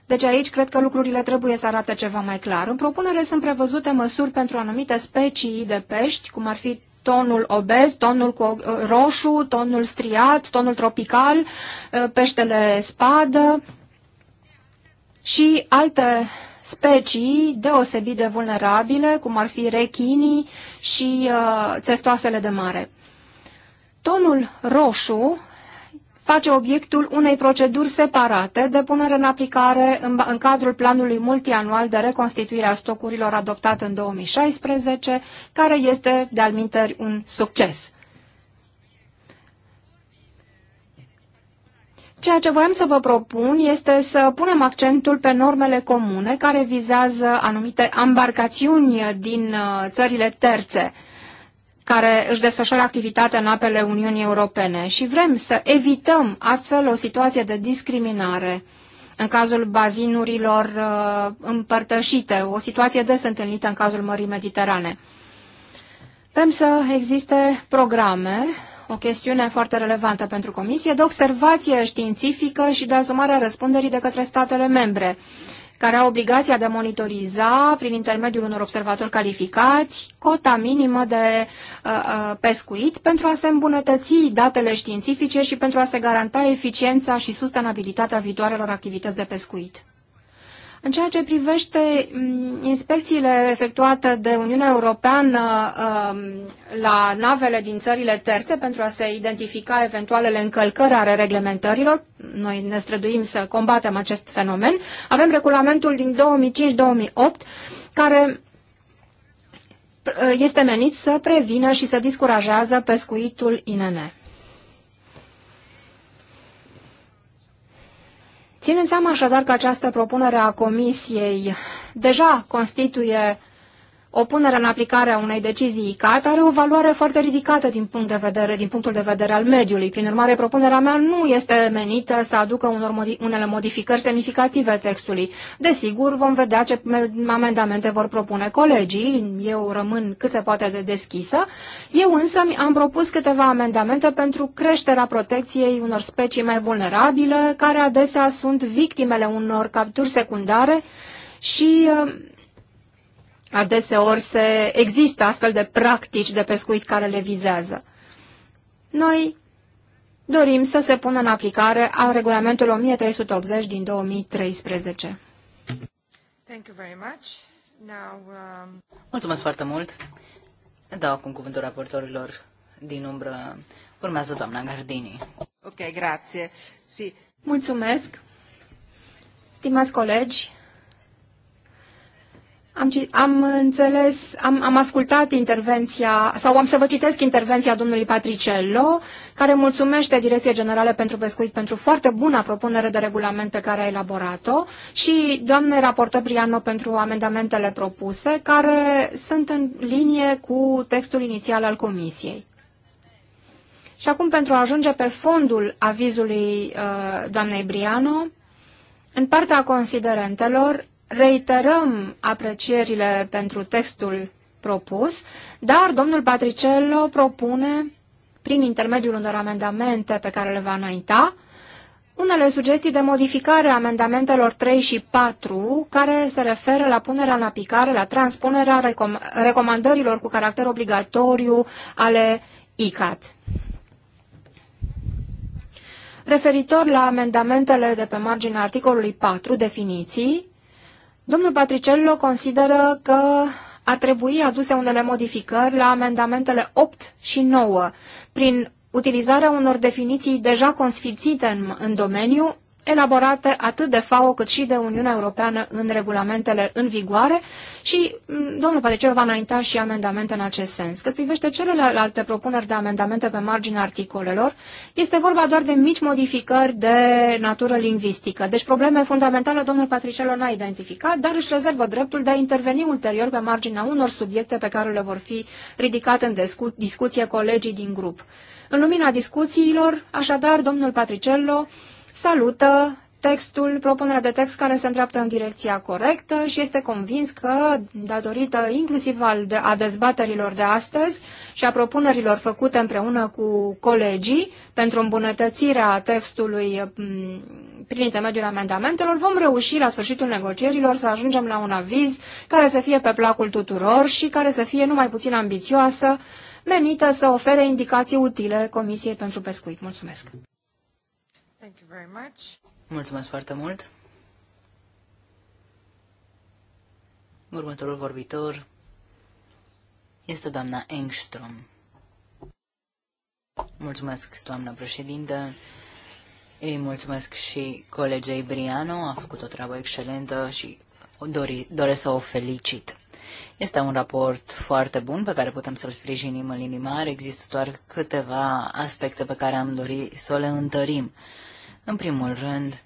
deci aici cred că lucrurile trebuie să arate ceva mai clar. În propunere sunt prevăzute măsuri pentru anumite specii de pești, cum ar fi tonul obez, tonul cu uh, roșu, tonul striat, tonul tropical, uh, peștele spadă și alte specii deosebit de vulnerabile, cum ar fi rechinii și uh, țestoasele de mare. Tonul roșu face obiectul unei proceduri separate de punere în aplicare în, în cadrul planului multianual de reconstituire a stocurilor adoptat în 2016, care este, de-al un succes. Ceea ce voiam să vă propun este să punem accentul pe normele comune care vizează anumite ambarcațiuni din uh, țările terțe care își desfășoară activitatea în apele Uniunii Europene și vrem să evităm astfel o situație de discriminare în cazul bazinurilor uh, împărtășite, o situație des întâlnită în cazul Mării Mediterane. Vrem să existe programe, o chestiune foarte relevantă pentru Comisie, de observație științifică și de asumarea răspunderii de către statele membre care au obligația de a monitoriza, prin intermediul unor observatori calificați, cota minimă de uh, uh, pescuit pentru a se îmbunătăți datele științifice și pentru a se garanta eficiența și sustenabilitatea viitoarelor activități de pescuit. În ceea ce privește mm, inspecțiile efectuate de Uniunea Europeană um, la navele din țările terțe pentru a se identifica eventualele încălcări ale reglementărilor, noi ne străduim să combatem acest fenomen, avem regulamentul din 2005-2008 care uh, este menit să prevină și să discurajează pescuitul INN. Ținând seama așadar că această propunere a Comisiei deja constituie o punere în aplicare a unei decizii ICAT are o valoare foarte ridicată din, punct de vedere, din punctul de vedere al mediului. Prin urmare, propunerea mea nu este menită să aducă unor, unele modificări semnificative textului. Desigur, vom vedea ce amendamente vor propune colegii. Eu rămân cât se poate de deschisă. Eu însă am propus câteva amendamente pentru creșterea protecției unor specii mai vulnerabile, care adesea sunt victimele unor capturi secundare și uh, Adeseori se există astfel de practici de pescuit care le vizează. Noi dorim să se pună în aplicare a regulamentul 1380 din 2013. Thank you very much. Now, um... Mulțumesc foarte mult. Dau acum cuvântul raportorilor din umbră. Urmează doamna Gardini. Ok, grație. Si. Mulțumesc. Stimați colegi, am, am înțeles, am, am ascultat intervenția, sau am să vă citesc intervenția domnului Patricello, care mulțumește Direcției Generale pentru Pescuit pentru foarte bună propunere de regulament pe care a elaborat-o și doamnei raportor Briano pentru amendamentele propuse, care sunt în linie cu textul inițial al Comisiei. Și acum, pentru a ajunge pe fondul avizului uh, doamnei Briano, în partea considerentelor, reiterăm aprecierile pentru textul propus, dar domnul Patricello propune, prin intermediul unor amendamente pe care le va înainta, unele sugestii de modificare a amendamentelor 3 și 4, care se referă la punerea în aplicare, la transpunerea recom recomandărilor cu caracter obligatoriu ale ICAT. Referitor la amendamentele de pe marginea articolului 4, definiții, Domnul Patricello consideră că ar trebui aduse unele modificări la amendamentele 8 și 9, prin utilizarea unor definiții deja consfințite în, în domeniu, elaborate atât de FAO cât și de Uniunea Europeană în regulamentele în vigoare și mm, domnul Padeceu va înainta și amendamente în acest sens. Cât privește celelalte propuneri de amendamente pe marginea articolelor, este vorba doar de mici modificări de natură lingvistică. Deci probleme fundamentale domnul Patricelo n-a identificat, dar își rezervă dreptul de a interveni ulterior pe marginea unor subiecte pe care le vor fi ridicate în discu discuție colegii din grup. În lumina discuțiilor, așadar, domnul Patricello salută textul, propunerea de text care se îndreaptă în direcția corectă și este convins că, datorită inclusiv al de, a dezbaterilor de astăzi și a propunerilor făcute împreună cu colegii pentru îmbunătățirea textului mm, prin intermediul amendamentelor, vom reuși la sfârșitul negocierilor să ajungem la un aviz care să fie pe placul tuturor și care să fie numai puțin ambițioasă, menită să ofere indicații utile Comisiei pentru Pescuit. Mulțumesc! Thank you very much. Mulțumesc foarte mult. Următorul vorbitor este doamna Engström. Mulțumesc, doamna președintă. Îi mulțumesc și colegei Briano, a făcut o treabă excelentă și dori, doresc să o felicit. Este un raport foarte bun pe care putem să-l sprijinim în linii mari. Există doar câteva aspecte pe care am dorit să le întărim. În primul rând,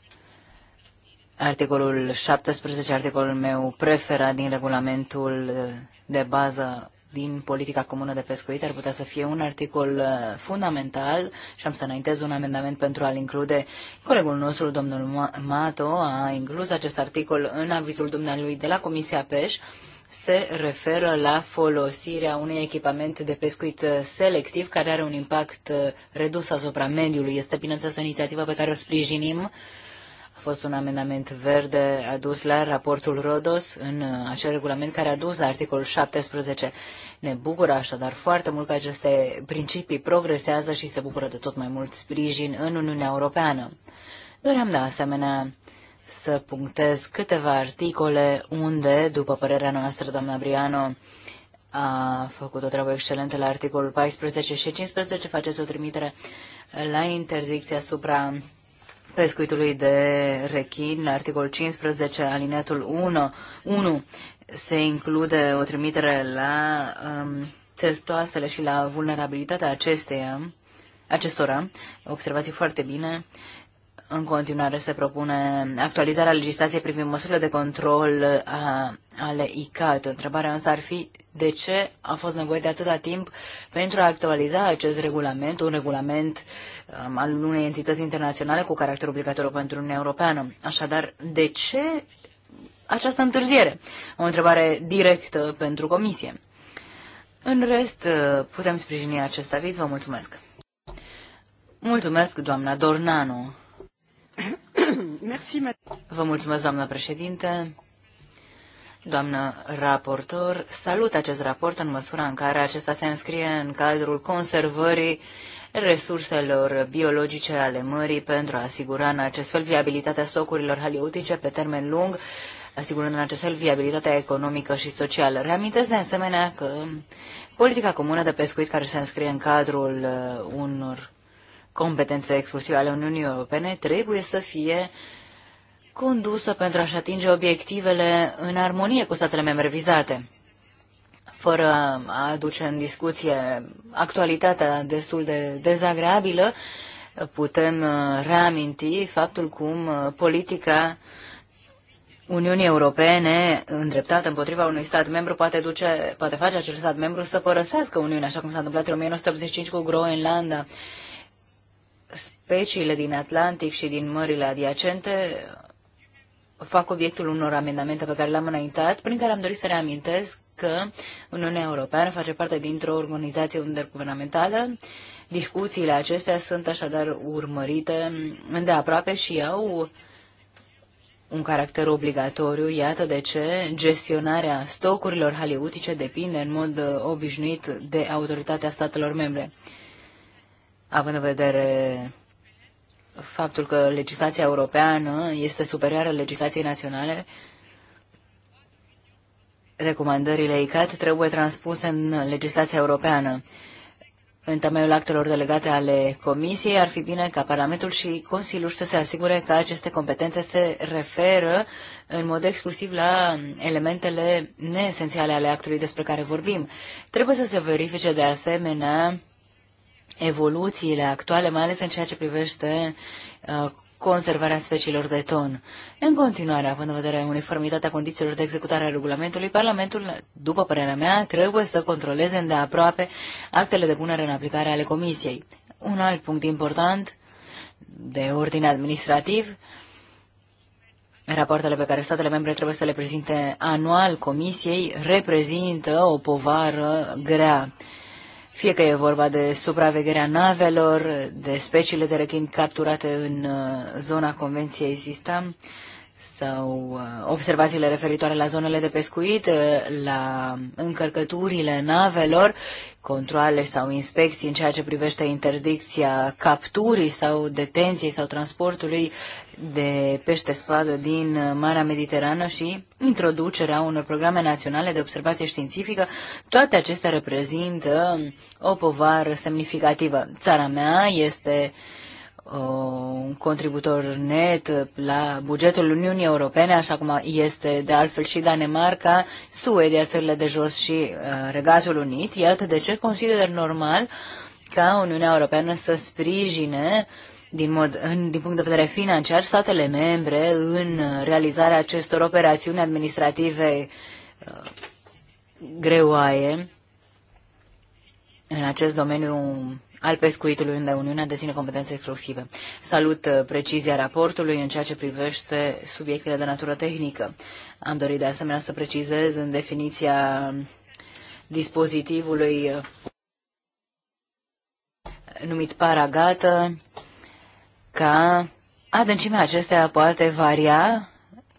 articolul 17, articolul meu preferat din regulamentul de bază din politica comună de pescuit ar putea să fie un articol uh, fundamental și am să înaintez un amendament pentru a-l include. Colegul nostru, domnul Mato, a inclus acest articol în avizul dumnealui de la Comisia PEș se referă la folosirea unui echipament de pescuit uh, selectiv care are un impact uh, redus asupra mediului. Este, bineînțeles, o inițiativă pe care o sprijinim. A fost un amendament verde adus la raportul Rodos în uh, acel regulament care a dus la articolul 17. Ne bucură așadar foarte mult că aceste principii progresează și se bucură de tot mai mult sprijin în Uniunea Europeană. Doream de asemenea să punctez câteva articole unde, după părerea noastră, doamna Briano a făcut o treabă excelentă la articolul 14 și 15, faceți o trimitere la interdicția asupra pescuitului de rechin, la articolul 15, alineatul 1, 1 se include o trimitere la um, testoasele și la vulnerabilitatea acesteia, acestora, Observați foarte bine, uh, în continuare se propune actualizarea legislației privind măsurile de control a, ale ICAT. Întrebarea însă ar fi de ce a fost nevoie de atâta timp pentru a actualiza acest regulament, un regulament um, al unei entități internaționale cu caracter obligatoriu pentru Uniunea Europeană. Așadar, de ce această întârziere? O întrebare directă pentru Comisie. În rest, uh, putem sprijini acest aviz. Vă mulțumesc. Mulțumesc, doamna Dornanu. Vă mulțumesc, doamnă președinte. Doamnă raportor, salut acest raport în măsura în care acesta se înscrie în cadrul conservării resurselor biologice ale mării pentru a asigura în acest fel viabilitatea stocurilor haliotice pe termen lung, asigurând în acest fel viabilitatea economică și socială. Reamintesc de asemenea că politica comună de pescuit care se înscrie în cadrul uh, unor competențe exclusive ale Uniunii Europene trebuie să fie condusă pentru a-și atinge obiectivele în armonie cu statele membre vizate, fără a aduce în discuție actualitatea destul de dezagreabilă, putem uh, reaminti faptul cum uh, politica Uniunii Europene îndreptată împotriva unui stat membru poate, duce, poate face acel stat membru să părăsească Uniunea, așa cum s-a întâmplat în 1985 cu Groenlanda speciile din Atlantic și din mările adiacente fac obiectul unor amendamente pe care le-am înaintat, prin care am dorit să reamintesc că Uniunea Europeană face parte dintr-o organizație interguvernamentală. Discuțiile acestea sunt așadar urmărite îndeaproape și au un caracter obligatoriu, iată de ce gestionarea stocurilor haliutice depinde în mod obișnuit de autoritatea statelor membre având în vedere faptul că legislația europeană este superioară legislației naționale, recomandările ICAT trebuie transpuse în legislația europeană. În temeiul actelor delegate ale Comisiei, ar fi bine ca Parlamentul și Consiliul să se asigure că aceste competențe se referă în mod exclusiv la elementele neesențiale ale actului despre care vorbim. Trebuie să se verifice de asemenea evoluțiile actuale, mai ales în ceea ce privește uh, conservarea speciilor de ton. În continuare, având în vedere uniformitatea condițiilor de executare a regulamentului, Parlamentul, după părerea mea, trebuie să controleze îndeaproape actele de punere în aplicare ale Comisiei. Un alt punct important de ordin administrativ, rapoartele pe care statele membre trebuie să le prezinte anual Comisiei reprezintă o povară grea fie că e vorba de supravegherea navelor, de speciile de rechin capturate în uh, zona Convenției Sistam, sau uh, observațiile referitoare la zonele de pescuit, uh, la încărcăturile navelor, controle sau inspecții în ceea ce privește interdicția capturii sau detenției sau transportului de pește spadă din Marea Mediterană și introducerea unor programe naționale de observație științifică, toate acestea reprezintă o povară semnificativă. Țara mea este uh, Uh, un contributor net la bugetul Uniunii Europene, așa cum este de altfel și Danemarca, Suedia, țările de jos și uh, Regatul Unit. Iată de ce consider normal ca Uniunea Europeană să sprijine din, mod, în, din punct de vedere financiar statele membre în realizarea acestor operațiuni administrative uh, greoaie în acest domeniu al pescuitului, unde Uniunea deține competențe exclusive. Salut uh, precizia raportului în ceea ce privește subiectele de natură tehnică. Am dorit de asemenea să precizez în definiția dispozitivului uh, numit paragată ca adâncimea acestea poate varia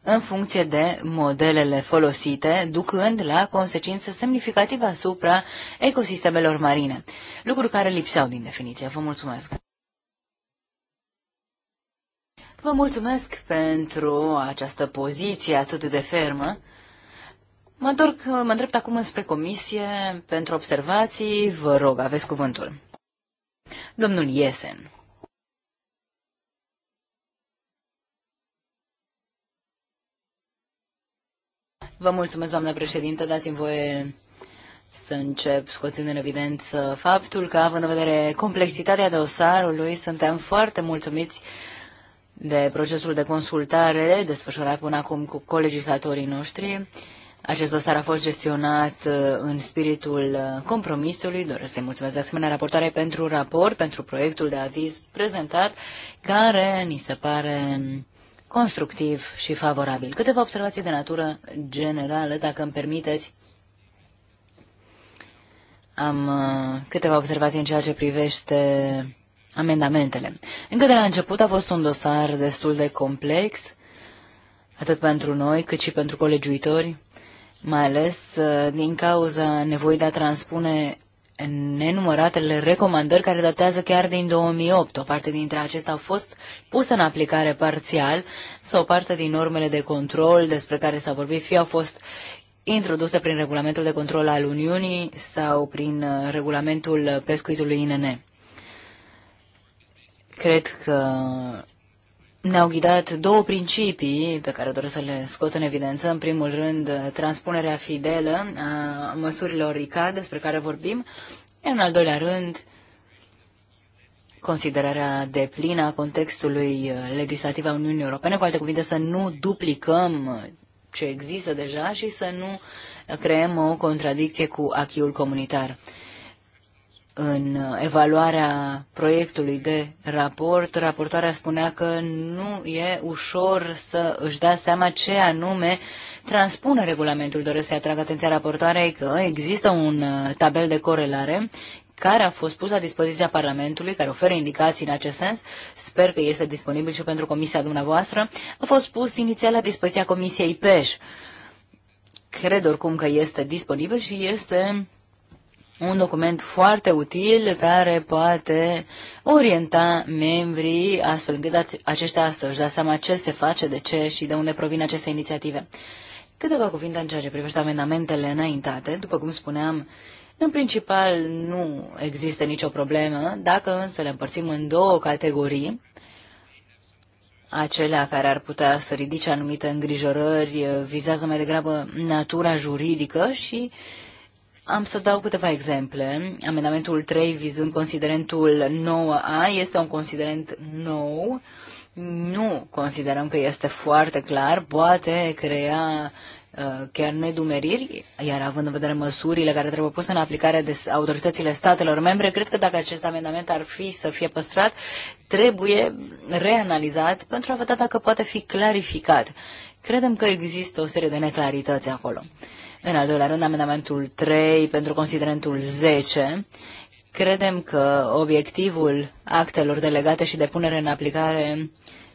în funcție de modelele folosite, ducând la consecințe semnificative asupra ecosistemelor marine lucruri care lipseau din definiție. Vă mulțumesc! Vă mulțumesc pentru această poziție atât de fermă. Mă întorc, mă îndrept acum înspre comisie pentru observații. Vă rog, aveți cuvântul. Domnul Iesen. Vă mulțumesc, doamnă președinte. Dați-mi voie să încep scoțând în evidență faptul că, având în vedere complexitatea dosarului, suntem foarte mulțumiți de procesul de consultare desfășurat până acum cu colegislatorii noștri. Acest dosar a fost gestionat uh, în spiritul uh, compromisului. Doresc să-i mulțumesc de asemenea raportare pentru raport, pentru proiectul de aviz prezentat, care ni se pare um, constructiv și favorabil. Câteva observații de natură generală, dacă îmi permiteți, am uh, câteva observații în ceea ce privește amendamentele. Încă de la început a fost un dosar destul de complex, atât pentru noi cât și pentru colegiuitori, mai ales uh, din cauza nevoii de a transpune nenumăratele recomandări care datează chiar din 2008. O parte dintre acestea au fost puse în aplicare parțial sau o parte din normele de control despre care s-a vorbit fie au fost introduse prin regulamentul de control al Uniunii sau prin uh, regulamentul pescuitului INN. Cred că ne-au ghidat două principii pe care doresc să le scot în evidență. În primul rând, transpunerea fidelă a măsurilor ICA despre care vorbim. Iar în al doilea rând, considerarea plină a contextului uh, legislativ al Uniunii Europene, cu alte cuvinte să nu duplicăm ce există deja și să nu creăm o contradicție cu achiul comunitar. În evaluarea proiectului de raport, raportoarea spunea că nu e ușor să își dea seama ce anume transpune regulamentul. Doresc să atrag atenția raportoarei că există un tabel de corelare care a fost pus la dispoziția Parlamentului, care oferă indicații în acest sens, sper că este disponibil și pentru comisia dumneavoastră, a fost pus inițial la dispoziția comisiei PEș. Cred oricum că este disponibil și este un document foarte util care poate orienta membrii astfel încât aceștia să își dea seama ce se face, de ce și de unde provin aceste inițiative. Câteva cuvinte în ceea ce privește amendamentele înaintate. După cum spuneam, în principal, nu există nicio problemă, dacă însă le împărțim în două categorii, acelea care ar putea să ridice anumite îngrijorări vizează mai degrabă natura juridică și am să dau câteva exemple. Amendamentul 3 vizând considerentul 9A este un considerent nou. Nu considerăm că este foarte clar, poate crea Uh, chiar nedumeriri, iar având în vedere măsurile care trebuie puse în aplicare de autoritățile statelor membre, cred că dacă acest amendament ar fi să fie păstrat, trebuie reanalizat pentru a vedea dacă poate fi clarificat. Credem că există o serie de neclarități acolo. În al doilea rând, amendamentul 3 pentru considerentul 10. Credem că obiectivul actelor delegate și de punere în aplicare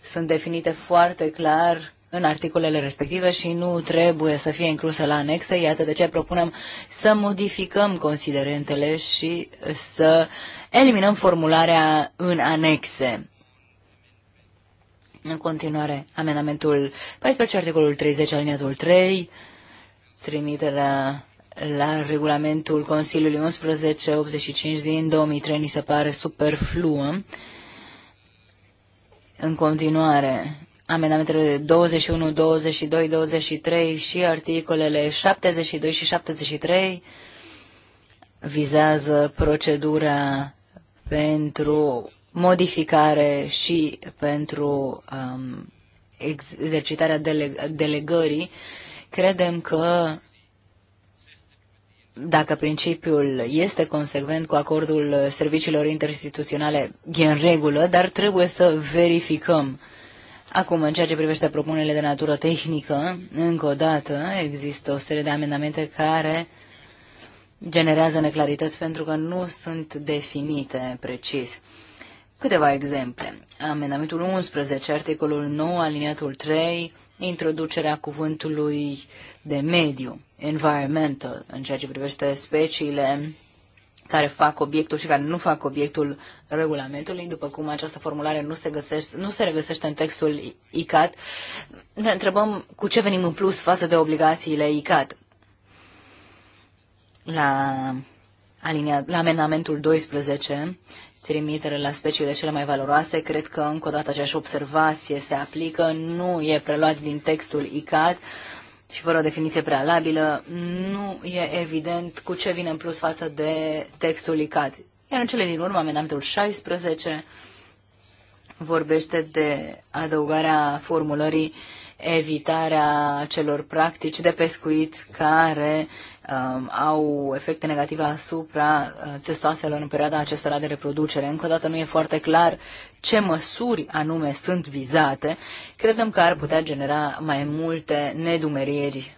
sunt definite foarte clar în articolele respective și nu trebuie să fie incluse la anexe. Iată de ce propunem să modificăm considerentele și să eliminăm formularea în anexe. În continuare, amendamentul 14, articolul 30, aliniatul 3, trimiterea la regulamentul Consiliului 1185 din 2003 ni se pare superfluă. În continuare, Amendamentele 21, 22, 23 și articolele 72 și 73 vizează procedura pentru modificare și pentru um, exercitarea deleg delegării, credem că dacă principiul este consecvent cu acordul serviciilor interinstituționale, e în regulă, dar trebuie să verificăm Acum, în ceea ce privește propunerile de natură tehnică, încă o dată există o serie de amendamente care generează neclarități pentru că nu sunt definite precis. Câteva exemple. Amendamentul 11, articolul 9, aliniatul 3, introducerea cuvântului de mediu, environmental, în ceea ce privește speciile care fac obiectul și care nu fac obiectul regulamentului, după cum această formulare nu se, găsește, nu se regăsește în textul ICAT, ne întrebăm cu ce venim în plus față de obligațiile ICAT. La, alinea, la amendamentul 12, trimitere la speciile cele mai valoroase, cred că încă o dată aceeași observație se aplică, nu e preluat din textul ICAT, uh, și fără o definiție prealabilă, nu e evident cu ce vine în plus față de textul licat. Iar în cele din urmă, amendamentul 16 vorbește de adăugarea formulării evitarea celor practici de pescuit care uh, au efecte negative asupra uh, testoaselor în perioada acestora de reproducere. Încă o dată nu e foarte clar ce măsuri anume sunt vizate. Credem că ar putea genera mai multe nedumerieri.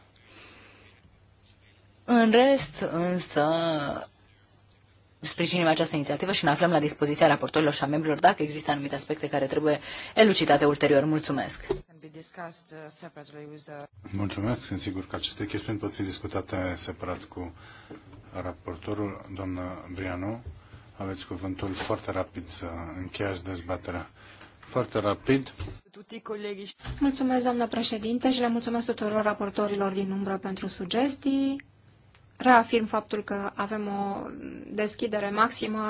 În rest, însă, sprijinim această inițiativă și ne aflăm la dispoziția raportorilor și a membrilor dacă există anumite aspecte care trebuie elucidate ulterior. Mulțumesc! Uh, mulțumesc! Sunt sigur că aceste chestiuni pot fi discutate separat cu raportorul, doamna Brianu. Aveți cuvântul foarte rapid să încheiați dezbaterea. Foarte rapid. Mulțumesc, doamna președinte, și le mulțumesc tuturor raportorilor din umbră pentru sugestii reafirm faptul că avem o deschidere maximă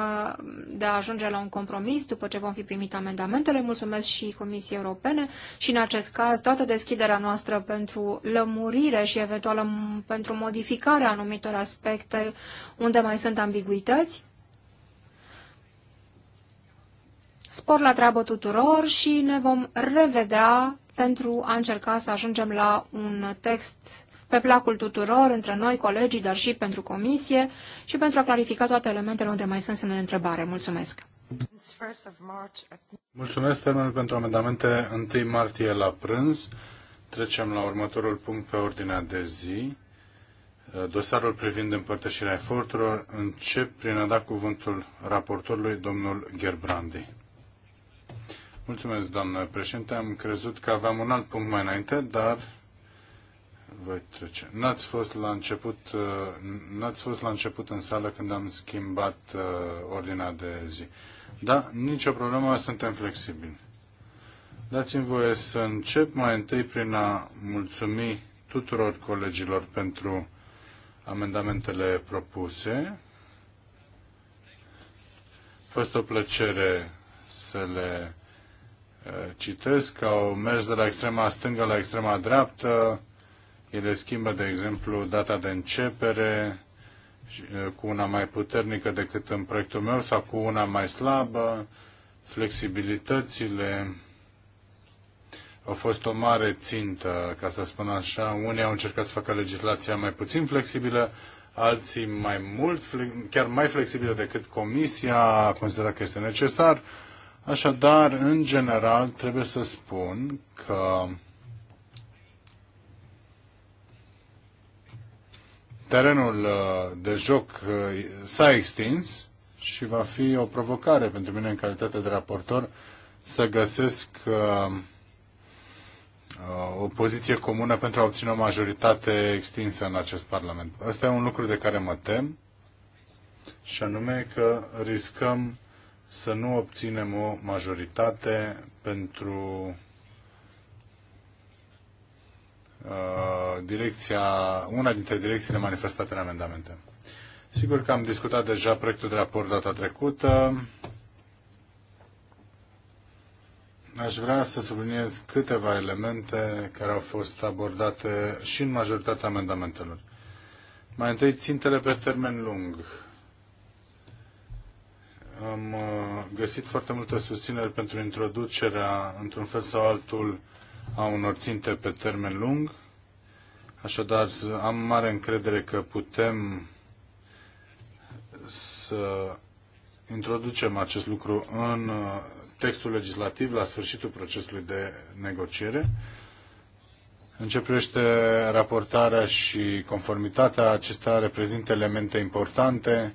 de a ajunge la un compromis după ce vom fi primit amendamentele. Mulțumesc și Comisiei Europene și în acest caz toată deschiderea noastră pentru lămurire și eventual pentru modificarea anumitor aspecte unde mai sunt ambiguități. Spor la treabă tuturor și ne vom revedea pentru a încerca să ajungem la un text pe placul tuturor, între noi, colegii, dar și pentru comisie și pentru a clarifica toate elementele unde mai sunt semne de întrebare. Mulțumesc! Mulțumesc, termenul pentru amendamente 1 martie la prânz. Trecem la următorul punct pe ordinea de zi. Dosarul privind împărtășirea eforturilor încep prin a da cuvântul raportorului domnul Gerbrandi. Mulțumesc, doamnă președinte. Am crezut că aveam un alt punct mai înainte, dar voi trece. N-ați fost la început, uh, n-ați fost la început în sală când am schimbat uh, ordinea de zi. Da, nicio problemă, suntem flexibili. Dați-mi voie să încep mai întâi prin a mulțumi tuturor colegilor pentru amendamentele propuse. A fost o plăcere să le uh, citesc, au mers de la extrema stângă la extrema dreaptă, ele schimbă, de exemplu, data de începere cu una mai puternică decât în proiectul meu sau cu una mai slabă. Flexibilitățile au fost o mare țintă, ca să spun așa. Unii au încercat să facă legislația mai puțin flexibilă, alții mai mult, chiar mai flexibilă decât Comisia a considerat că este necesar. Așadar, în general, trebuie să spun că terenul uh, de joc uh, s-a extins și va fi o provocare pentru mine în calitate de raportor să găsesc uh, o poziție comună pentru a obține o majoritate extinsă în acest Parlament. Asta e un lucru de care mă tem și anume că riscăm să nu obținem o majoritate pentru Uh, direcția, una dintre direcțiile manifestate în amendamente. Sigur că am discutat deja proiectul de raport data trecută. Aș vrea să subliniez câteva elemente care au fost abordate și în majoritatea amendamentelor. Mai întâi, țintele pe termen lung. Am uh, găsit foarte multe susțineri pentru introducerea, într-un fel sau altul, a unor ținte pe termen lung. Așadar, am mare încredere că putem să introducem acest lucru în uh, textul legislativ la sfârșitul procesului de negociere. Începește raportarea și conformitatea, acestea reprezintă elemente importante.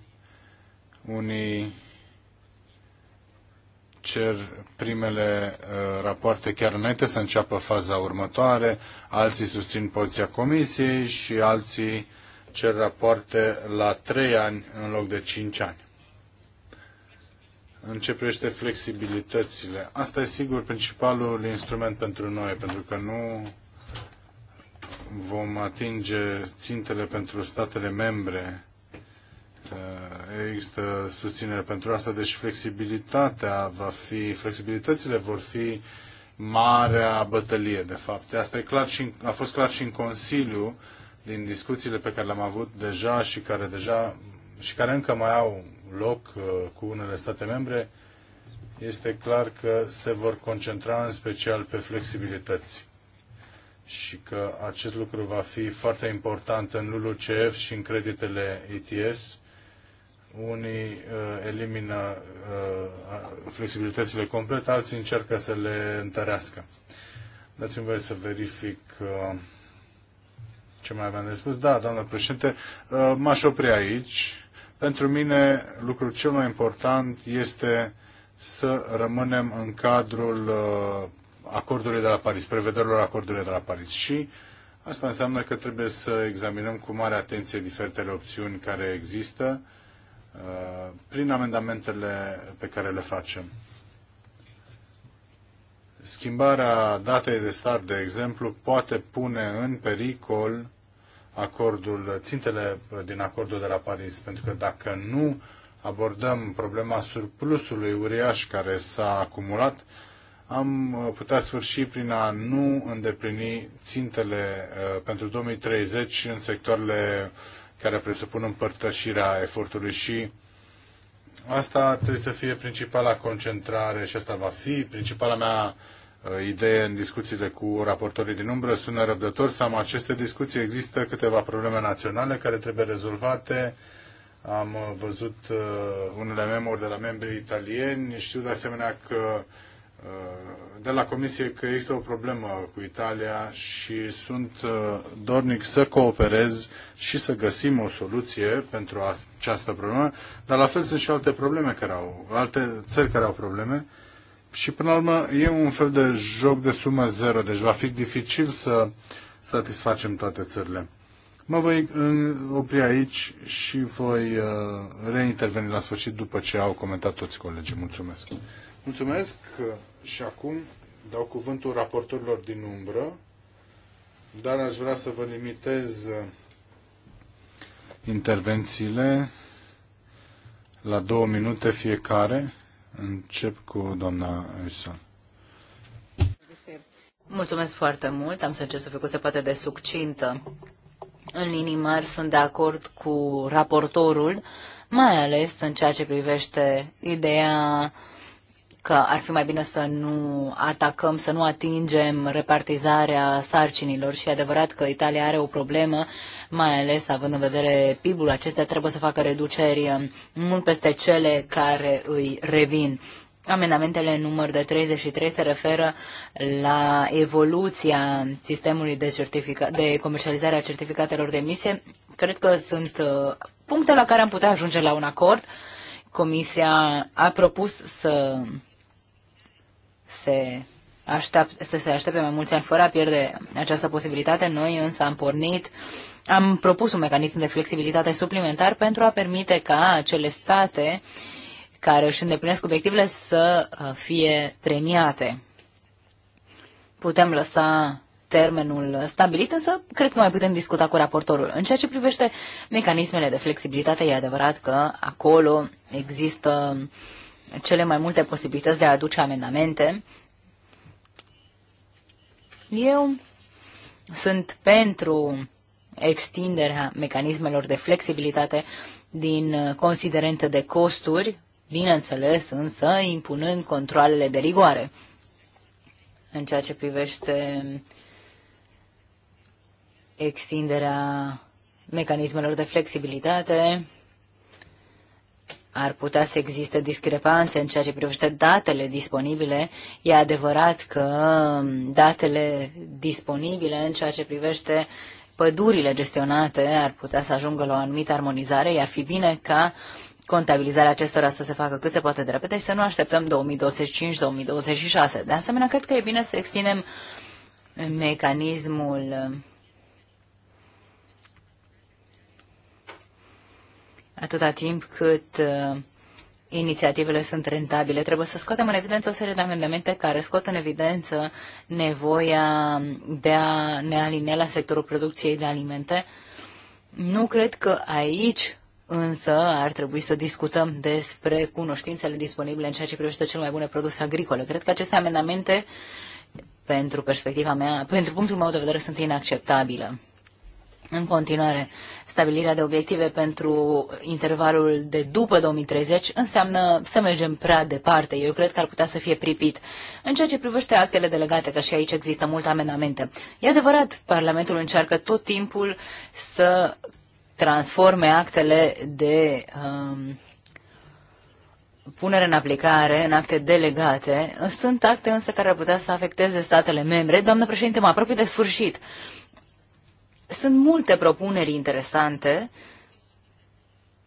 Unii cer primele uh, rapoarte chiar înainte să înceapă faza următoare, alții susțin poziția comisiei și alții cer rapoarte la 3 ani în loc de 5 ani. În ce privește flexibilitățile, asta e sigur principalul instrument pentru noi, pentru că nu vom atinge țintele pentru statele membre există susținere pentru asta, deci flexibilitatea va fi, flexibilitățile vor fi marea bătălie, de fapt. Asta e clar și, a fost clar și în Consiliu, din discuțiile pe care le-am avut deja și care deja și care încă mai au loc uh, cu unele state membre, este clar că se vor concentra în special pe flexibilități și că acest lucru va fi foarte important în LULUCF și în creditele ETS unii uh, elimină uh, flexibilitățile complet, alții încearcă să le întărească. Dați-mi voie să verific uh, ce mai aveam de spus. Da, doamnă președinte, m-aș opri aici. Pentru mine, lucrul cel mai important este să rămânem în cadrul acordului de la Paris, prevederilor acordului de la Paris. Și asta înseamnă că trebuie să examinăm cu mare atenție diferitele opțiuni care există Uh, prin amendamentele pe care le facem. Schimbarea datei de start, de exemplu, poate pune în pericol acordul, țintele din acordul de la Paris, pentru că dacă nu abordăm problema surplusului uriaș care s-a acumulat, am uh, putea sfârși prin a nu îndeplini țintele uh, pentru 2030 în sectoarele uh, care presupun împărtășirea efortului și asta trebuie să fie principala concentrare și asta va fi principala mea uh, idee în discuțiile cu raportorii din umbră. Sună răbdător să am aceste discuții. Există câteva probleme naționale care trebuie rezolvate. Am uh, văzut uh, unele memori de la membrii italieni. Știu de asemenea că de la Comisie că există o problemă cu Italia și sunt uh, dornic să cooperez și să găsim o soluție pentru această problemă, dar la fel sunt și alte probleme care au, alte țări care au probleme și până la urmă e un fel de joc de sumă zero, deci va fi dificil să satisfacem toate țările. Mă voi opri aici și voi uh, reinterveni la sfârșit după ce au comentat toți colegii. Mulțumesc! Mulțumesc și acum dau cuvântul raportorilor din umbră, dar aș vrea să vă limitez intervențiile la două minute fiecare. Încep cu doamna Ursula. Mulțumesc foarte mult. Am să încerc să fiu cât se poate de succintă. În linii mari sunt de acord cu raportorul, mai ales în ceea ce privește ideea că ar fi mai bine să nu atacăm, să nu atingem repartizarea sarcinilor și e adevărat că Italia are o problemă, mai ales având în vedere PIB-ul, acestea trebuie să facă reduceri um, mult peste cele care îi revin. Amendamentele număr de 33 se referă la evoluția sistemului de, certifica- de comercializare a certificatelor de emisie. Cred că sunt uh, puncte la care am putea ajunge la un acord. Comisia a propus să se aștept, să se aștepte mai mulți ani fără a pierde această posibilitate. Noi însă am pornit, am propus un mecanism de flexibilitate suplimentar pentru a permite ca acele state care își îndeplinesc obiectivele să uh, fie premiate. Putem lăsa termenul stabilit, însă cred că mai putem discuta cu raportorul. În ceea ce privește mecanismele de flexibilitate, e adevărat că acolo există uh, cele mai multe posibilități de a aduce amendamente. Eu sunt pentru extinderea mecanismelor de flexibilitate din considerente de costuri, bineînțeles, însă impunând controlele de rigoare. În ceea ce privește extinderea mecanismelor de flexibilitate, ar putea să existe discrepanțe în ceea ce privește datele disponibile. E adevărat că um, datele disponibile în ceea ce privește pădurile gestionate ar putea să ajungă la o anumită armonizare, iar fi bine ca contabilizarea acestora să se facă cât se poate de repede și să nu așteptăm 2025-2026. De asemenea, cred că e bine să extindem mecanismul um, atâta timp cât uh, inițiativele sunt rentabile. Trebuie să scoatem în evidență o serie de amendamente care scot în evidență nevoia de a ne alinea la sectorul producției de alimente. Nu cred că aici însă ar trebui să discutăm despre cunoștințele disponibile în ceea ce privește cel mai bune produs agricole. Cred că aceste amendamente, pentru perspectiva mea, pentru punctul meu de vedere, sunt inacceptabile. În continuare, stabilirea de obiective pentru intervalul de după 2030 înseamnă să mergem prea departe. Eu cred că ar putea să fie pripit. În ceea ce privește actele delegate, că și aici există multe amendamente. E adevărat, Parlamentul încearcă tot timpul să transforme actele de um, punere în aplicare în acte delegate. Sunt acte însă care ar putea să afecteze statele membre. Doamnă președinte, mă apropii de sfârșit. Sunt multe propuneri interesante.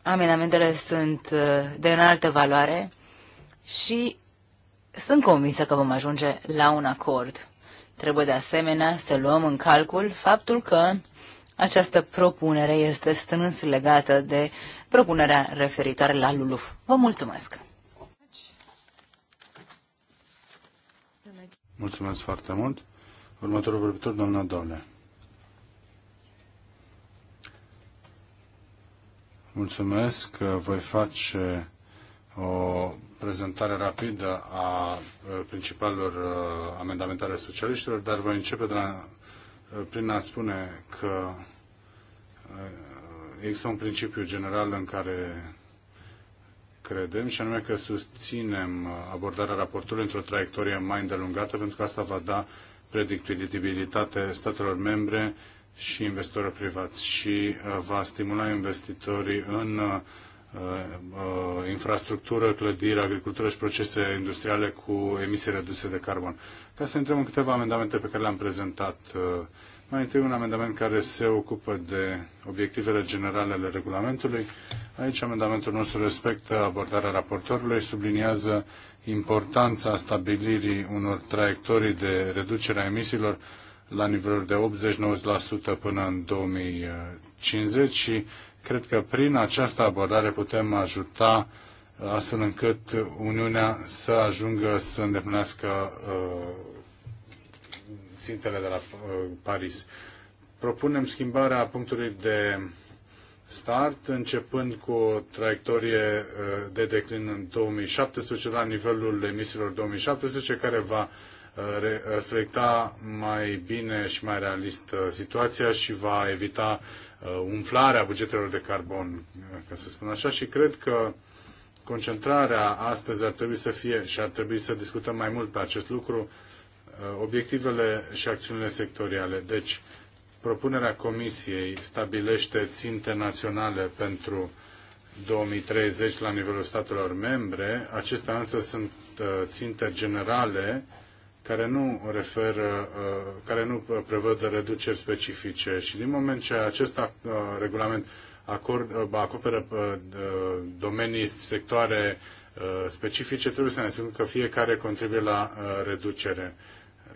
Amendamentele sunt uh, de înaltă valoare și sunt convinsă că vom ajunge la un acord. Trebuie de asemenea să luăm în calcul faptul că această propunere este strâns legată de propunerea referitoare la LULUF. Vă mulțumesc! Mulțumesc foarte mult! Următorul vorbitor, doamna Dole. Mulțumesc. Voi face o prezentare rapidă a principalelor amendamentare socialiștilor, dar voi începe de la, prin a spune că există un principiu general în care credem și anume că susținem abordarea raportului într-o traiectorie mai îndelungată pentru că asta va da predictibilitate statelor membre și investitori privați și uh, va stimula investitorii în uh, uh, infrastructură, clădiri, agricultură și procese industriale cu emisii reduse de carbon. Ca să intrăm în câteva amendamente pe care le-am prezentat, mai întâi un amendament care se ocupă de obiectivele generale ale regulamentului. Aici amendamentul nostru respectă abordarea raportorului, subliniază importanța stabilirii unor traiectorii de reducere a emisiilor la niveluri de 80-90% până în 2050 și cred că prin această abordare putem ajuta uh, astfel încât Uniunea să ajungă să îndeplinească uh, țintele de la uh, Paris. Propunem schimbarea punctului de start, începând cu o traiectorie uh, de declin în 2017 la nivelul emisiilor 2017, care va Uh, reflecta mai bine și mai realist uh, situația și va evita uh, umflarea bugetelor de carbon, ca să spun așa, și cred că concentrarea astăzi ar trebui să fie și ar trebui să discutăm mai mult pe acest lucru, obiectivele și acțiunile sectoriale. Deci, propunerea Comisiei stabilește ținte naționale pentru 2030 la nivelul statelor membre. Acestea însă sunt ținte generale care nu, referă, uh, care nu uh, prevăd reduceri specifice și din moment ce acest uh, regulament acord, acoperă domenii, sectoare specifice, trebuie să ne asigurăm că fiecare contribuie la reducere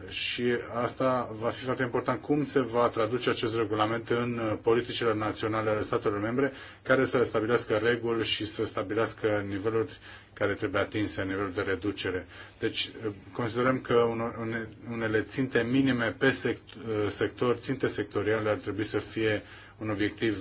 și asta va fi foarte important cum se va traduce acest regulament în uh, politicile naționale ale statelor membre care să stabilească reguli și să stabilească niveluri care trebuie atinse, nivelul de reducere. Deci uh, considerăm că unele ținte minime pe uh, sector, ținte sectoriale ar trebui să fie un obiectiv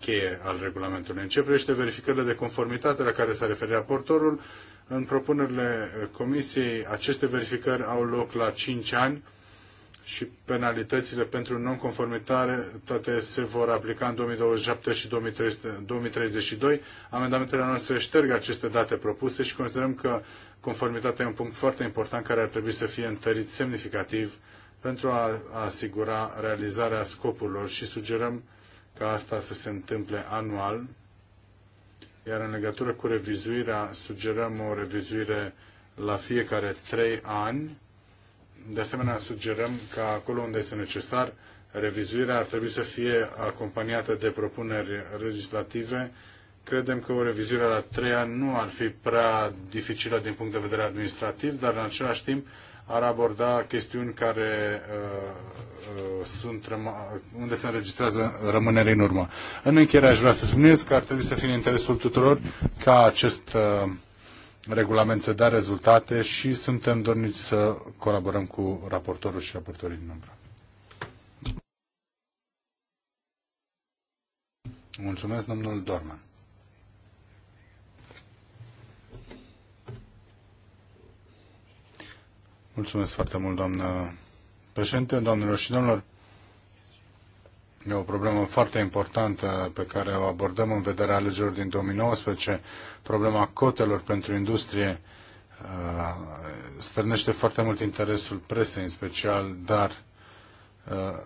cheie al regulamentului. În ce privește verificările de conformitate la care s-a referit raportorul, în propunerile Comisiei, aceste verificări au loc la 5 ani și penalitățile pentru nonconformitare toate se vor aplica în 2027 și 2032. Amendamentele noastre șterg aceste date propuse și considerăm că conformitatea e un punct foarte important care ar trebui să fie întărit semnificativ pentru a asigura realizarea scopurilor și sugerăm ca asta să se întâmple anual iar în legătură cu revizuirea, sugerăm o revizuire la fiecare trei ani. De asemenea, sugerăm că acolo unde este necesar, revizuirea ar trebui să fie acompaniată de propuneri legislative. Credem că o revizuire la trei ani nu ar fi prea dificilă din punct de vedere administrativ, dar în același timp ar aborda chestiuni care uh, uh, sunt, unde se înregistrează rămânere în urmă. În încheiere aș vrea să spunez că ar trebui să fie în interesul tuturor ca acest uh, regulament să dea rezultate și suntem dorniți să colaborăm cu raportorul și raportorii din umbră. Mulțumesc, domnul Dorman. Mulțumesc foarte mult, doamnă președinte, doamnelor și domnilor. E o problemă foarte importantă pe care o abordăm în vederea alegerilor din 2019. Problema cotelor pentru industrie uh, stârnește foarte mult interesul presei în special, dar uh,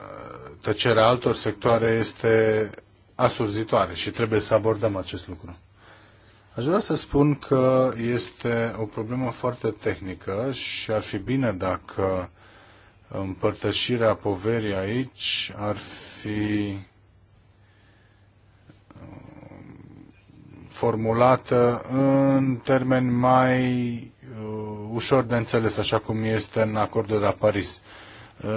tăcerea altor sectoare este asurzitoare și trebuie să abordăm acest lucru. Aș vrea să spun că este o problemă foarte tehnică și ar fi bine dacă împărtășirea poverii aici ar fi um, formulată în termeni mai uh, ușor de înțeles, așa cum este în acordul de la Paris,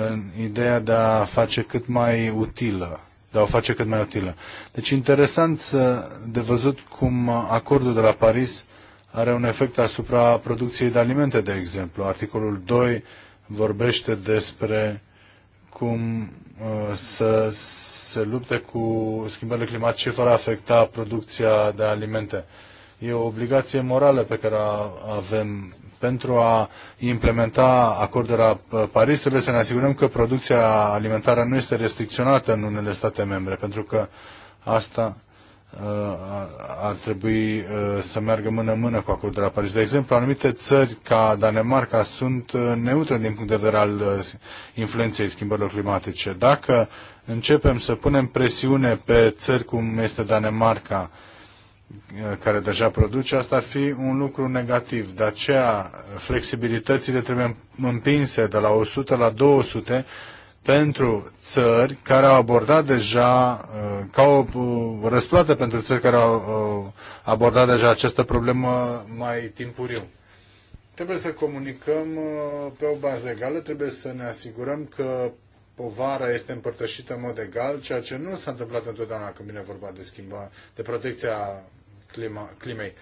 în ideea de a face cât mai utilă dar o face cât mai utilă. Deci interesant să de văzut cum acordul de la Paris are un efect asupra producției de alimente, de exemplu. Articolul 2 vorbește despre cum uh, să se lupte cu schimbările climatice fără a afecta producția de alimente. E o obligație morală pe care o avem pentru a implementa acordul de la uh, Paris, trebuie să ne asigurăm că producția alimentară nu este restricționată în unele state membre, pentru că asta uh, ar trebui uh, să meargă mână-mână cu acordul de la Paris. De exemplu, anumite țări ca Danemarca sunt neutre din punct de vedere al influenței schimbărilor climatice. Dacă începem să punem presiune pe țări cum este Danemarca, care deja produce, asta ar fi un lucru negativ. De aceea, flexibilitățile trebuie împinse de la 100 la 200 pentru țări care au abordat deja, uh, ca o uh, răsplată pentru țări care au uh, abordat deja această problemă mai timpuriu. Trebuie să comunicăm pe o bază egală, trebuie să ne asigurăm că povara este împărtășită în mod egal, ceea ce nu s-a întâmplat întotdeauna când vine vorba de schimba, de protecția clima, climei.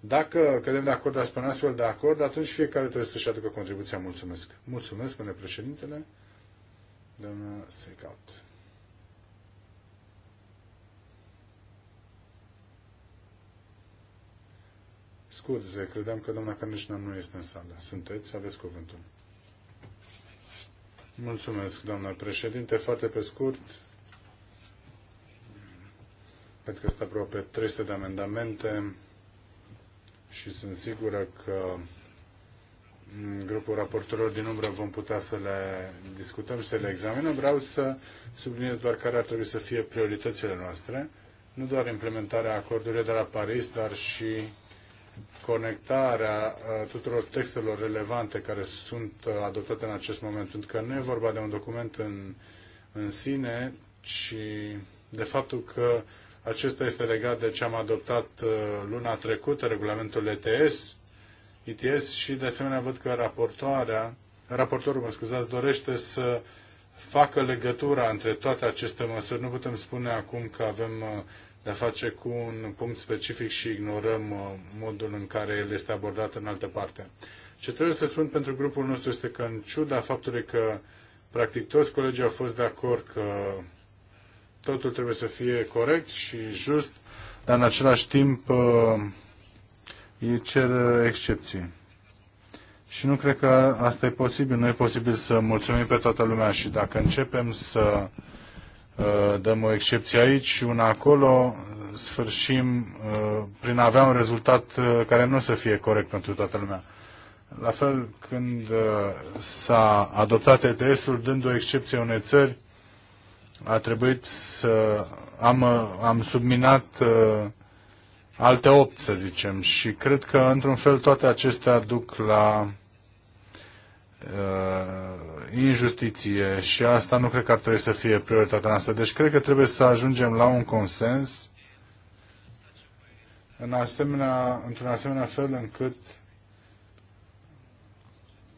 Dacă cădem de acord asupra un astfel de acord, atunci fiecare trebuie să-și aducă contribuția. Mulțumesc. Mulțumesc, domnule președintele. Doamna Secaut. Scuze, credeam că doamna Caneșna nu este în sală. Sunteți? Aveți cuvântul. Mulțumesc, doamna președinte. Foarte pe scurt, pentru că sunt aproape 300 de amendamente și sunt sigură că în grupul raportorilor din umbră vom putea să le discutăm și să le examinăm. Vreau să subliniez doar care ar trebui să fie prioritățile noastre, nu doar implementarea acordurilor de la Paris, dar și conectarea uh, tuturor textelor relevante care sunt uh, adoptate în acest moment, pentru că nu e vorba de un document în, în sine, ci de faptul că acesta este legat de ce am adoptat uh, luna trecută, regulamentul ETS, ITS și de asemenea văd că raportoarea, raportorul, mă scuzați, dorește să facă legătura între toate aceste măsuri. Nu putem spune acum că avem uh, de a face cu un punct specific și ignorăm uh, modul în care el este abordat în altă parte. Ce trebuie să spun pentru grupul nostru este că în ciuda faptului că practic toți colegii au fost de acord că totul trebuie să fie corect și just, dar în același timp uh, ei cer excepții. Și nu cred că asta e posibil. Nu e posibil să mulțumim pe toată lumea și dacă începem să uh, dăm o excepție aici și una acolo, sfârșim uh, prin a avea un rezultat care nu o să fie corect pentru toată lumea. La fel, când s-a adoptat ETS-ul, dând o excepție unei țări, a trebuit să am, am subminat uh, alte opt, să zicem, și cred că, într-un fel, toate acestea duc la uh, injustiție și asta nu cred că ar trebui să fie prioritatea noastră. Deci cred că trebuie să ajungem la un consens în asemenea, într-un asemenea fel încât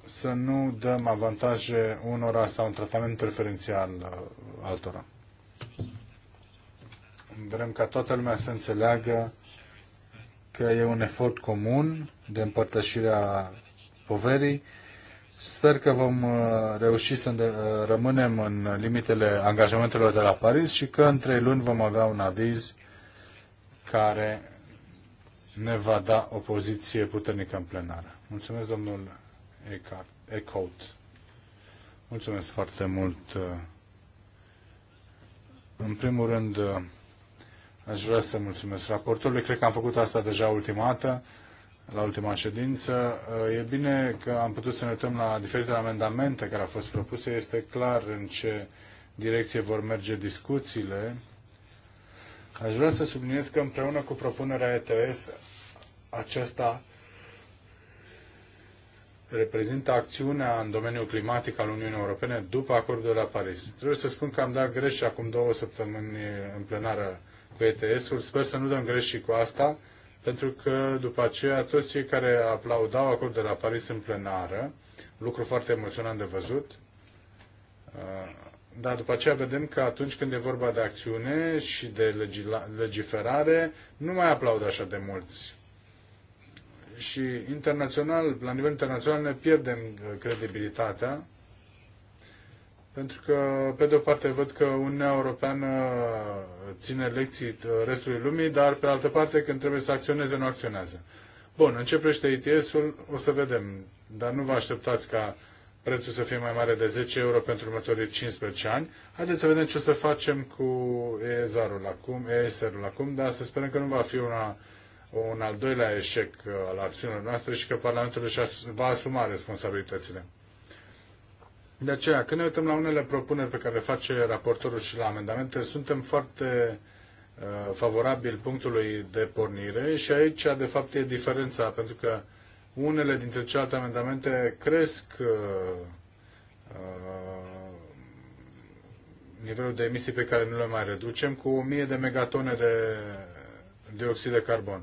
să nu dăm avantaje unora sau un tratament preferențial uh, altora. Vrem ca toată lumea să înțeleagă că e un efort comun de a poverii. Sper că vom uh, reuși să uh, rămânem în limitele angajamentelor de la Paris și că în trei luni vom avea un aviz care ne va da o poziție puternică în plenară. Mulțumesc, domnul Eckhout. Mulțumesc foarte mult. Uh, în primul rând, uh, aș vrea să mulțumesc raportorului. Cred că am făcut asta deja ultima dată, la ultima ședință. Uh, e bine că am putut să ne uităm la diferitele amendamente care au fost propuse. Este clar în ce direcție vor merge discuțiile. Aș vrea să subliniez că împreună cu propunerea ETS, aceasta reprezintă acțiunea în domeniul climatic al Uniunii Europene după acordul de la Paris. Trebuie să spun că am dat greș acum două săptămâni în plenară cu ETS-ul. Sper să nu dăm greș și cu asta, pentru că după aceea toți cei care aplaudau acordul de la Paris în plenară, lucru foarte emoționant de văzut, uh, dar după aceea vedem că atunci când e vorba de acțiune și de legiferare, nu mai aplaudă așa de mulți și internațional, la nivel internațional ne pierdem uh, credibilitatea pentru că, pe de-o parte, văd că Uniunea Europeană ține lecții uh, restului lumii, dar, pe de altă parte, când trebuie să acționeze, nu acționează. Bun, începește ETS-ul, o să vedem, dar nu vă așteptați ca prețul să fie mai mare de 10 euro pentru următorii 15 ani. Haideți să vedem ce o să facem cu ESR-ul acum, ESR-ul acum, dar să sperăm că nu va fi una un al doilea eșec uh, al acțiunilor noastre și că Parlamentul își va asuma responsabilitățile. De aceea, când ne uităm la unele propuneri pe care le face raportorul și la amendamente, suntem foarte uh, favorabili punctului de pornire și aici, de fapt, e diferența, pentru că unele dintre celelalte amendamente cresc uh, uh, nivelul de emisii pe care nu le mai reducem cu 1000 de megatone de dioxid de carbon.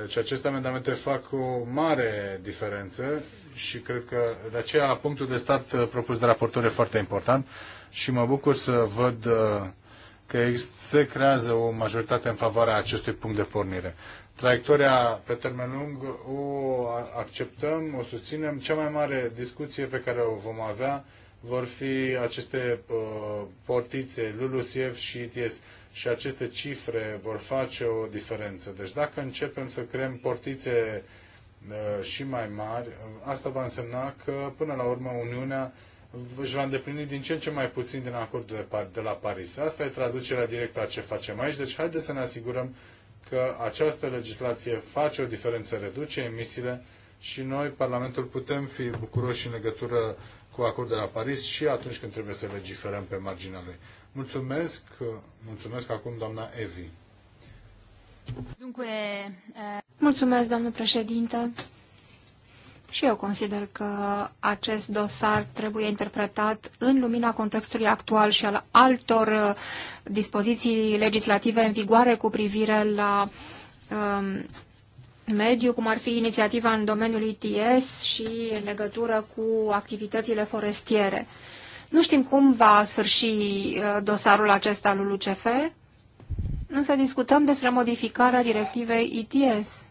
Deci aceste amendamente fac o mare diferență și cred că de aceea punctul de start uh, propus de raportor e foarte important și mă bucur să văd uh, că se creează o majoritate în favoarea acestui punct de pornire. Traiectoria pe termen lung o acceptăm, o susținem. Cea mai mare discuție pe care o vom avea vor fi aceste uh, portițe, LULUSIEF și ITS și aceste cifre vor face o diferență. Deci dacă începem să creăm portițe uh, și mai mari, uh, asta va însemna că până la urmă Uniunea își va îndeplini din ce în ce mai puțin din acordul de, de la Paris. Asta e traducerea directă a ce facem aici, deci haideți să ne asigurăm că această legislație face o diferență, reduce emisiile și noi, Parlamentul, putem fi bucuroși în legătură cu acordul de la Paris și atunci când trebuie să legiferăm pe marginea lui. Mulțumesc, mulțumesc acum doamna Evi. Eh, mulțumesc, doamnă președinte. Și eu consider că acest dosar trebuie interpretat în lumina contextului actual și al altor eh, dispoziții legislative în vigoare cu privire la um, mediu, cum ar fi inițiativa în domeniul ITS și în legătură cu activitățile forestiere. Uh, nu știm cum va sfârși uh, dosarul acesta lui LUCF, însă discutăm despre modificarea directivei ETS.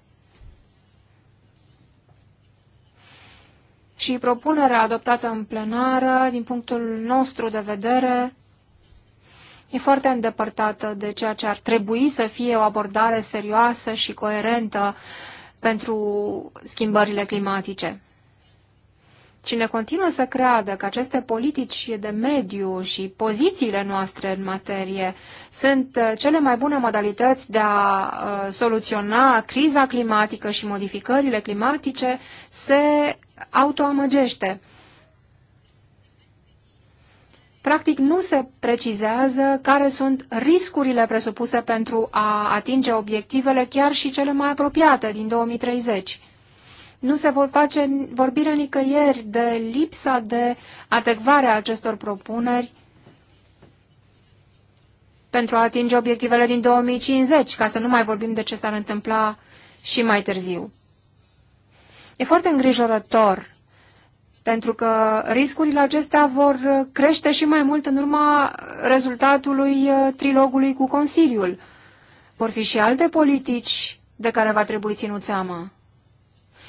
Și propunerea adoptată în plenară, din punctul nostru de vedere, e foarte îndepărtată de ceea ce ar trebui să fie o abordare serioasă și coerentă pentru schimbările climatice. Cine continuă să creadă că aceste politici de mediu și pozițiile noastre în materie sunt uh, cele mai bune modalități de a uh, soluționa criza climatică și modificările climatice, se autoamăgește. Practic nu se precizează care sunt riscurile presupuse pentru a atinge obiectivele chiar și cele mai apropiate din 2030. Nu se vor face vorbire nicăieri de lipsa de adecvare a acestor propuneri pentru a atinge obiectivele din 2050, ca să nu mai vorbim de ce s-ar întâmpla și mai târziu. E foarte îngrijorător, pentru că riscurile acestea vor crește și mai mult în urma rezultatului uh, trilogului cu Consiliul. Vor fi și alte politici de care va trebui ținut seama.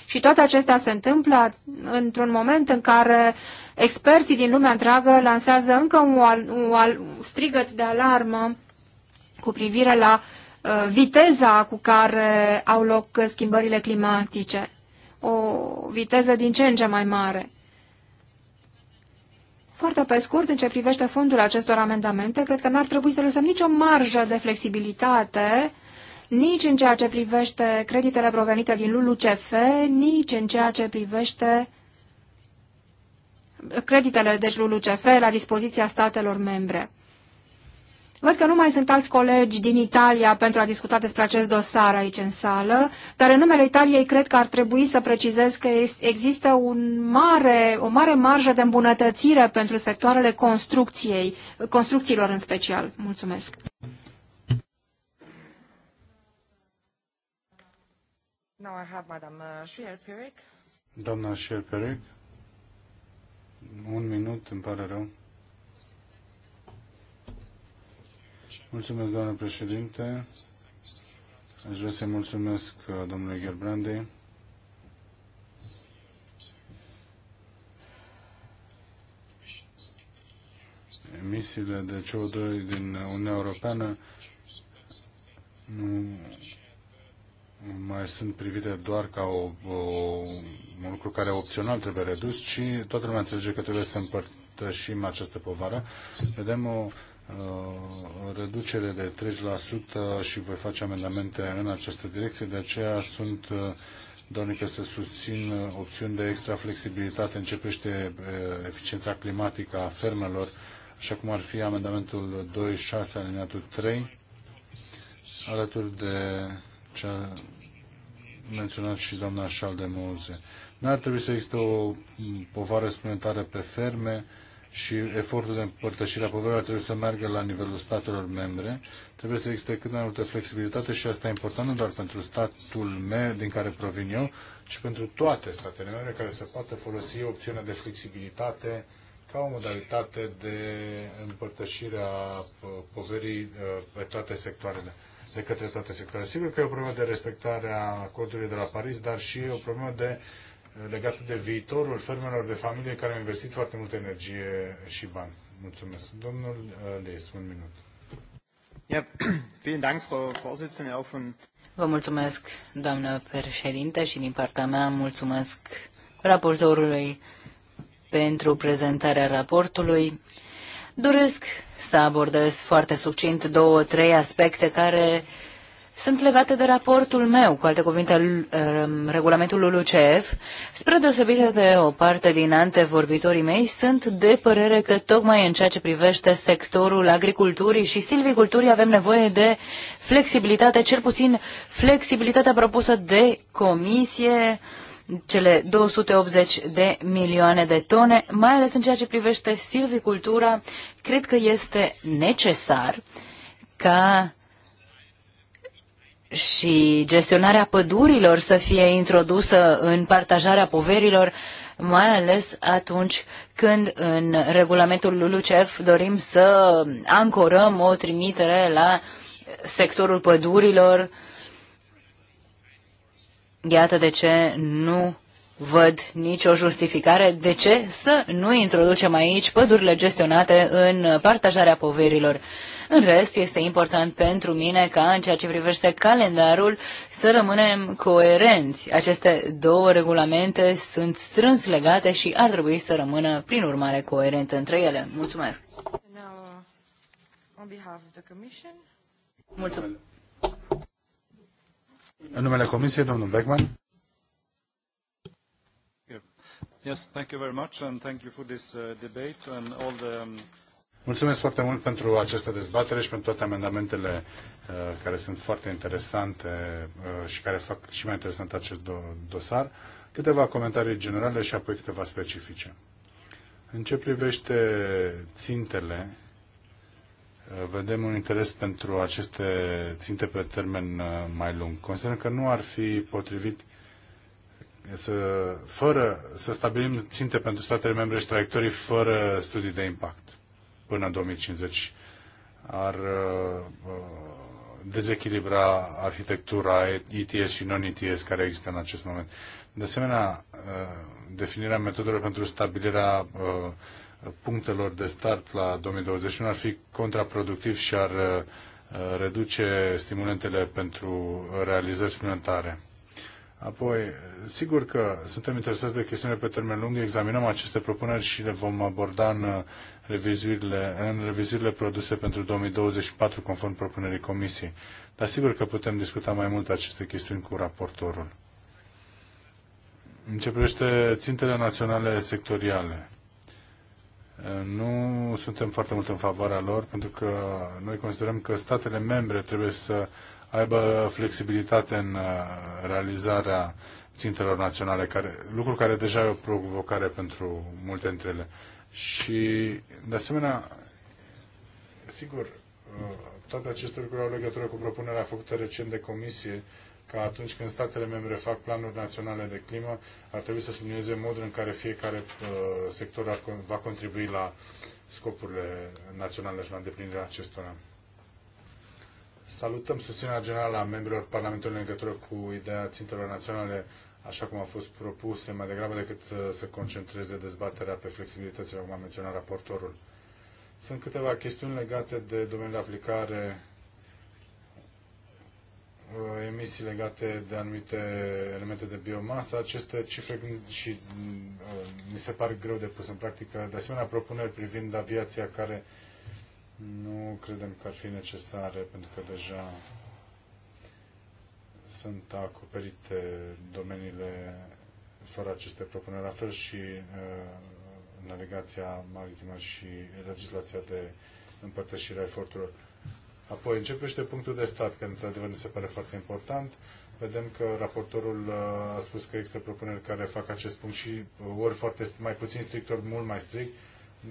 Și toate acestea se întâmplă într-un moment în care experții din lumea întreagă lansează încă un, al, un al, strigăt de alarmă cu privire la uh, viteza cu care au loc schimbările climatice. O viteză din ce în ce mai mare. Foarte pe scurt, în ce privește fondul acestor amendamente, cred că n-ar trebui să lăsăm nicio marjă de flexibilitate nici în ceea ce privește creditele provenite din LULUCF, nici în ceea ce privește creditele, deci LULUCF, la dispoziția statelor membre. Văd că nu mai sunt alți colegi din Italia pentru a discuta despre acest dosar aici în sală, dar în numele Italiei cred că ar trebui să precizez că există un mare, o mare marjă de îmbunătățire pentru sectoarele construcției, construcțiilor în special. Mulțumesc! Now I have Madam uh, Doamna schuer un minut, îmi pare rău. Mulțumesc, doamnă președinte. Aș vrea să mulțumesc uh, domnului Gerbrandi. Emisiile de CO2 din Uniunea Europeană nu mai sunt privite doar ca o, o, un lucru care opțional trebuie redus, ci toată lumea înțelege că trebuie să împărtășim această povară. Vedem o uh, reducere de 30% și voi face amendamente în această direcție, de aceea sunt uh, dornică să susțin uh, opțiuni de extra flexibilitate în ce privește eficiența climatică a fermelor, așa cum ar fi amendamentul 2.6 alineatul 3, alături de ce a menționat și doamna Șaldemouze. Nu ar trebui să există o povară suplimentară pe ferme și efortul de împărtășire a poverilor trebuie să meargă la nivelul statelor membre. Trebuie să existe cât mai multă flexibilitate și asta e important nu doar pentru statul meu din care provin eu, ci pentru toate statele membre care se poată folosi opțiunea de flexibilitate ca o modalitate de împărtășire a poverii uh, pe toate sectoarele de către toate sectoarele. Sigur că e o problemă de respectare a acordului de la Paris, dar și e o problemă de eh, legată de viitorul fermelor de familie care au investit foarte multă energie și bani. Mulțumesc. Domnul eh, Lees, un minut. Vă mulțumesc, doamnă președinte, și din partea mea mulțumesc raportorului pentru prezentarea raportului. Doresc să abordez foarte succint două, trei aspecte care sunt legate de raportul meu, cu alte cuvinte, um, regulamentul LULUCF. Spre deosebire de o parte din antevorbitorii mei, sunt de părere că tocmai în ceea ce privește sectorul agriculturii și silviculturii avem nevoie de flexibilitate, cel puțin flexibilitatea propusă de comisie, uh, cele 280 de milioane de tone, mai ales în ceea ce privește silvicultura, cred că este necesar ca și gestionarea pădurilor să fie introdusă în partajarea poverilor, mai ales atunci când în regulamentul LULUCEF dorim să ancorăm o trimitere la sectorul pădurilor Iată de ce nu văd nicio justificare de ce să nu introducem aici pădurile gestionate în partajarea poverilor. În rest, este important pentru mine ca, în ceea ce privește calendarul, să rămânem coerenți. Aceste două regulamente sunt strâns legate și ar trebui să rămână, prin urmare, coerent între ele. Mulțumesc! Uh, Mulțumesc! În numele Comisiei, domnul Beckman. Yes, thank you very much and thank you for this uh, debate and all the um, Mulțumesc foarte mult pentru această dezbatere și pentru toate amendamentele uh, care sunt foarte interesante uh, și care fac și mai interesant acest do- dosar. Câteva comentarii generale și apoi câteva specifice. În ce privește țintele vedem un interes pentru aceste ținte pe termen uh, mai lung. Considerăm că nu ar fi potrivit să, fără, să stabilim ținte pentru statele membre și traiectorii fără studii de impact până în 2050. Ar uh, uh, dezechilibra arhitectura ETS și non-ETS care există în acest moment. De asemenea, definirea metodelor pentru stabilirea uh, punctelor de start la 2021 ar fi contraproductiv și ar uh, reduce stimulentele pentru realizări suplimentare. Apoi, sigur că suntem interesați de chestiune pe termen lung, examinăm aceste propuneri și le vom aborda în uh, revizuirile, în revizuirile produse pentru 2024 conform propunerii comisiei. Dar sigur că putem discuta mai mult aceste chestiuni cu raportorul. În ce privește țintele naționale sectoriale, nu suntem foarte mult în favoarea lor, pentru că noi considerăm că statele membre trebuie să aibă flexibilitate în uh, realizarea țintelor naționale, care, lucru care deja e o provocare pentru multe dintre ele. Și, de asemenea, sigur, uh, toate aceste lucruri au legătură cu propunerea făcută recent de comisie că atunci când statele membre fac planuri naționale de climă, ar trebui să sublinieze modul în care fiecare uh, sector va contribui la scopurile naționale și la îndeplinirea acestora. Salutăm susținerea generală a membrilor Parlamentului în legătură cu ideea țintelor naționale, așa cum a fost propuse, mai degrabă decât uh, să concentreze dezbaterea pe flexibilitățile, cum a menționat raportorul. Sunt câteva chestiuni legate de domeniul de aplicare Uh, emisii legate de anumite elemente de biomasă. Aceste cifre și uh, mi se par greu de pus în practică. De asemenea, propuneri privind aviația care nu credem că ar fi necesare pentru că deja sunt acoperite domeniile fără aceste propuneri, la fel și uh, navigația maritimă și legislația de împărtășire a eforturilor. Apoi începește punctul de stat, care într-adevăr ne se pare foarte important. Vedem că raportorul uh, a spus că există propuneri care fac acest punct și uh, ori foarte mai puțin strict, ori mult mai strict.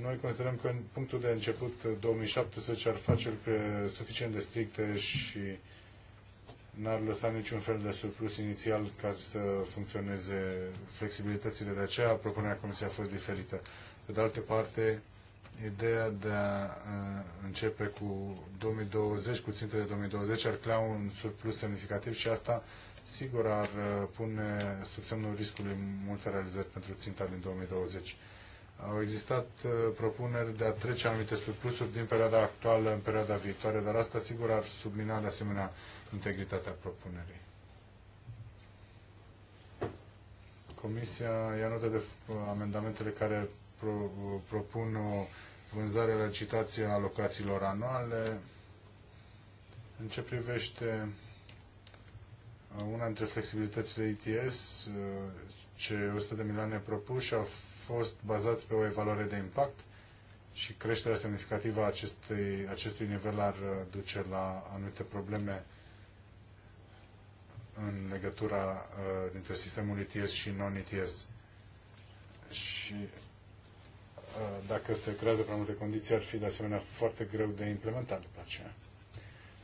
Noi considerăm că în punctul de început 2017 uh, ar face lucrurile suficient de stricte și n-ar lăsa niciun fel de surplus inițial ca să funcționeze flexibilitățile. De aceea propunerea Comisiei a fost diferită. Pe de altă parte, ideea de a începe cu 2020, cu țintele 2020, ar crea un surplus semnificativ și asta sigur ar pune sub semnul riscului multe realizări pentru ținta din 2020. Au existat propuneri de a trece anumite surplusuri din perioada actuală în perioada viitoare, dar asta sigur ar submina de asemenea integritatea propunerii. Comisia ia notă de amendamentele care pro, propun o vânzare la citație a locațiilor anuale. În ce privește uh, una dintre flexibilitățile ETS, uh, ce 100 de milioane propuși a fost bazați pe o evaluare de impact și creșterea semnificativă a acestui, acestui nivel ar uh, duce la anumite probleme în legătura uh, dintre sistemul ETS și non-ETS. Și Eh, dacă se creează prea multe condiții, ar fi de asemenea foarte greu de implementat după aceea.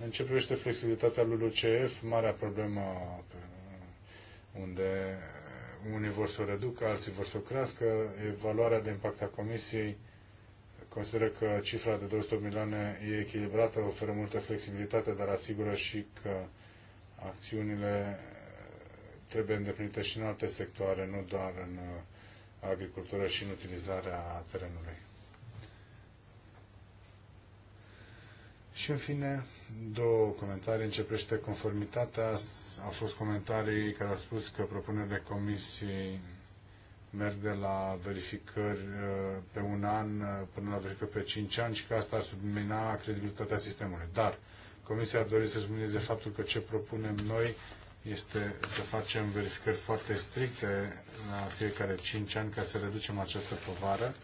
În ce privește flexibilitatea lui LUCF, marea problemă unde unii vor să o reducă, alții vor să o crească, evaluarea de impact a Comisiei consideră că cifra de 200 milioane e echilibrată, oferă multă flexibilitate, dar asigură și că acțiunile trebuie îndeplinite și în alte sectoare, nu doar în agricultură și în utilizarea terenului. Și în fine, două comentarii. Începește conformitatea. Au fost comentarii care au spus că propunerile comisiei merg de la verificări uh, pe un an uh, până la verificări pe cinci ani și că asta ar submina credibilitatea sistemului. Dar Comisia ar dori să submineze faptul că ce propunem noi este să facem verificări foarte stricte la fiecare 5 ani ca să reducem această povară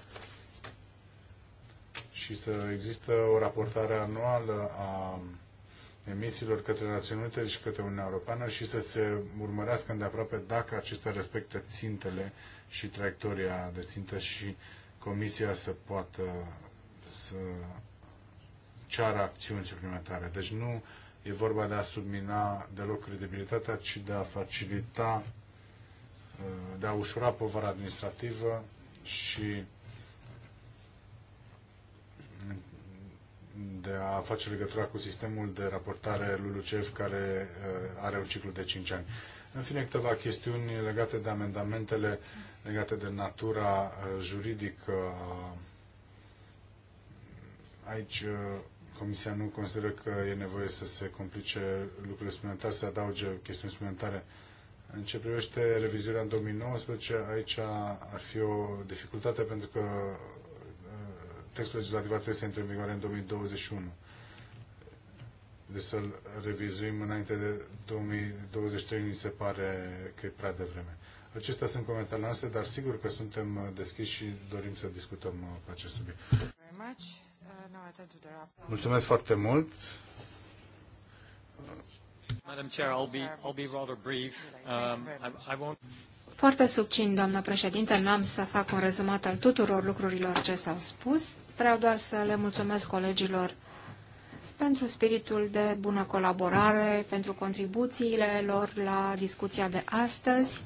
și să există o raportare anuală a emisiilor către Națiunile Unite și către Uniunea Europeană și să se urmărească îndeaproape dacă acestea respectă țintele și traiectoria de țintă și Comisia să poată să ceară acțiuni suplimentare. Deci nu e vorba de a submina deloc credibilitatea, ci de a facilita, uh, de a ușura povara administrativă și de a face legătura cu sistemul de raportare LULUCEF care uh, are un ciclu de 5 ani. În fine, câteva chestiuni legate de amendamentele legate de natura uh, juridică. Aici Comisia nu consideră că e nevoie să se complice lucrurile suplimentare, să adauge chestiuni suplimentare. În ce privește revizuirea în 2019, aici ar fi o dificultate pentru că uh, textul legislativ ar trebui să intre în vigoare în 2021. Deci să-l revizuim înainte de 2023 mi se pare că e prea devreme. Acestea sunt comentariile noastre, dar sigur că suntem uh, deschiși și dorim să discutăm uh, pe acest subiect. Mulțumesc foarte mult. Madam Chair, I'll be, I'll be rather brief. Um, I, won't... Foarte subțin, doamnă președinte, n-am să fac un rezumat al tuturor lucrurilor ce s-au spus. Vreau doar să le mulțumesc colegilor pentru spiritul de bună colaborare, pentru contribuțiile lor la discuția de astăzi.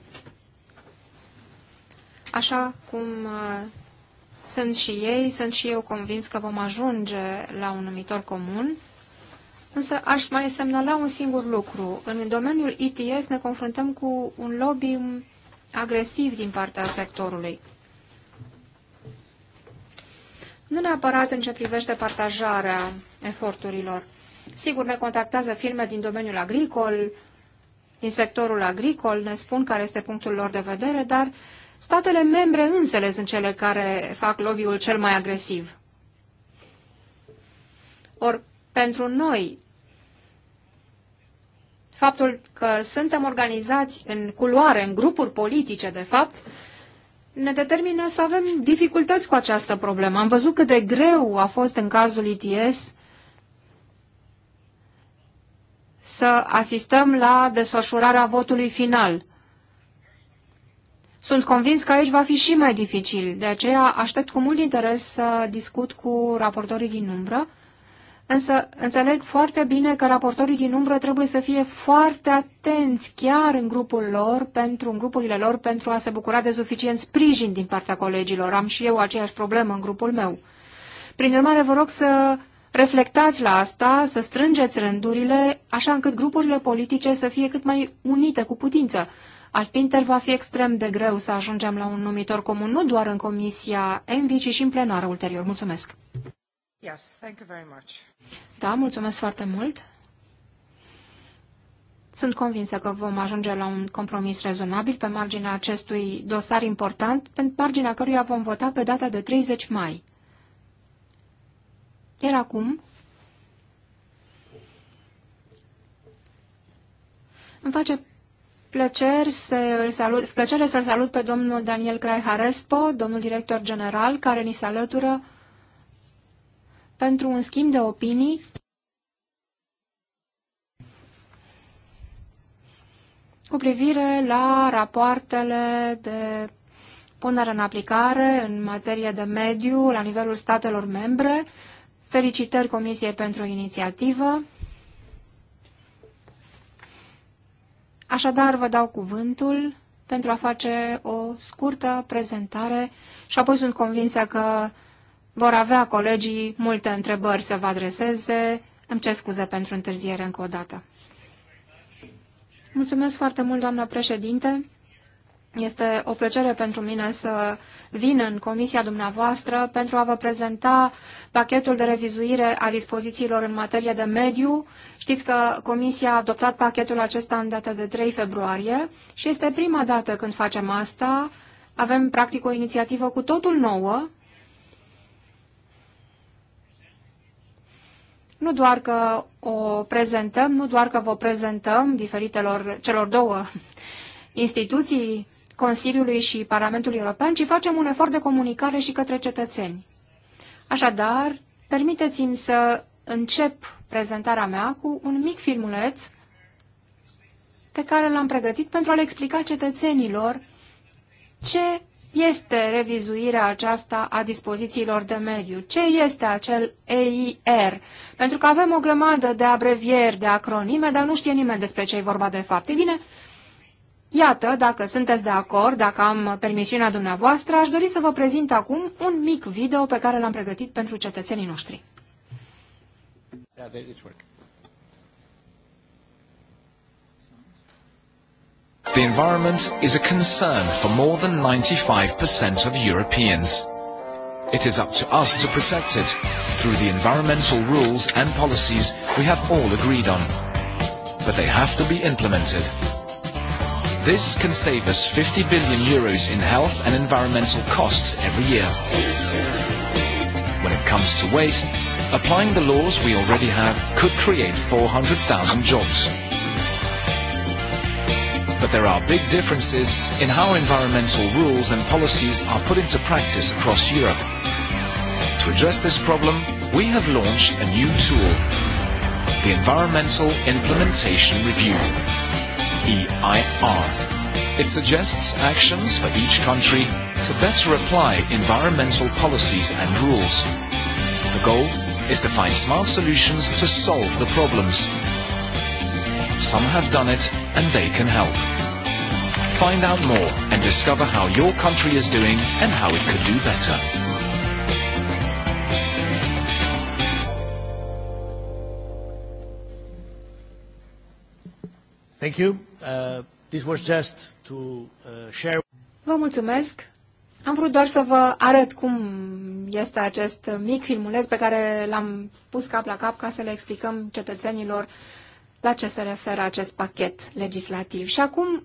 Așa cum uh, sunt și ei, sunt și eu convins că vom ajunge la un numitor comun, însă aș mai semnala un singur lucru. În domeniul ETS ne confruntăm cu un lobby agresiv din partea sectorului. Nu neapărat în ce privește partajarea eforturilor. Sigur, ne contactează firme din domeniul agricol, din sectorul agricol, ne spun care este punctul lor de vedere, dar uh, Statele membre însele sunt cele care fac lobby-ul cel mai agresiv. Or, pentru noi, faptul că suntem organizați în culoare, în grupuri politice, de fapt, ne determină să avem dificultăți cu această problemă. Am văzut cât de greu a fost în cazul ITS să asistăm la desfășurarea votului final. Sunt convins că aici va fi și mai dificil, de aceea aștept cu mult interes să discut cu raportorii din umbră, însă înțeleg foarte bine că raportorii din umbră trebuie să fie foarte atenți chiar în grupul lor, pentru, în grupurile lor, pentru a se bucura de suficient sprijin din partea colegilor. Am și eu aceeași problemă în grupul meu. Prin urmare, vă rog să reflectați la asta, să strângeți rândurile, așa încât grupurile politice să fie cât mai unite cu putință. Alpinter va fi extrem de greu să ajungem la un numitor comun, nu doar în Comisia Envi, ci și în plenară ulterior. Mulțumesc! Yes, thank you very much. Da, mulțumesc foarte mult! Sunt convinsă că vom ajunge la un compromis rezonabil pe marginea acestui dosar important, pe marginea căruia vom vota pe data de 30 mai. Iar acum îmi face plăcere să îl salut, plăcere să salut pe domnul Daniel Craiharespo, domnul director general, care ni se alătură pentru un schimb de opinii. cu privire la rapoartele de punere în aplicare în materie de mediu la nivelul statelor membre. Felicitări Comisiei pentru inițiativă. Așadar, vă dau cuvântul pentru a face o scurtă prezentare și apoi sunt convinsă că vor avea colegii multe întrebări să vă adreseze. Îmi cer scuze pentru întârziere încă o dată. Mulțumesc foarte mult, doamna președinte. Este o plăcere pentru mine să vin în comisia dumneavoastră pentru a vă prezenta pachetul de revizuire a dispozițiilor în materie de mediu. Știți că comisia a adoptat pachetul acesta în data de 3 februarie și este prima dată când facem asta. Avem practic o inițiativă cu totul nouă. Nu doar că o prezentăm, nu doar că vă prezentăm diferitelor celor două instituții Consiliului și Parlamentului European, ci facem un efort de comunicare și către cetățeni. Așadar, permiteți-mi să încep prezentarea mea cu un mic filmuleț pe care l-am pregătit pentru a le explica cetățenilor ce este revizuirea aceasta a dispozițiilor de mediu? Ce este acel EIR? Pentru că avem o grămadă de abrevieri, de acronime, dar nu știe nimeni despre ce e vorba de fapt. E bine, Iată, dacă sunteți de acord, dacă am permisiunea dumneavoastră, aș dori să vă prezint acum un mic video pe care l-am pregătit pentru cetățenii noștri. The environment is a concern for more than 95% of Europeans. It is up to us to protect it through the environmental rules and policies we have all agreed on. But they have to be implemented. This can save us 50 billion euros in health and environmental costs every year. When it comes to waste, applying the laws we already have could create 400,000 jobs. But there are big differences in how environmental rules and policies are put into practice across Europe. To address this problem, we have launched a new tool, the Environmental Implementation Review. EIR. It suggests actions for each country to better apply environmental policies and rules. The goal is to find smart solutions to solve the problems. Some have done it and they can help. Find out more and discover how your country is doing and how it could do better. Thank you. Uh, this was just to uh, share. Vă mulțumesc. Am vrut doar să vă arăt cum este acest mic filmuleț pe care l-am pus cap la cap ca să le explicăm cetățenilor la ce se referă acest pachet legislativ. Și acum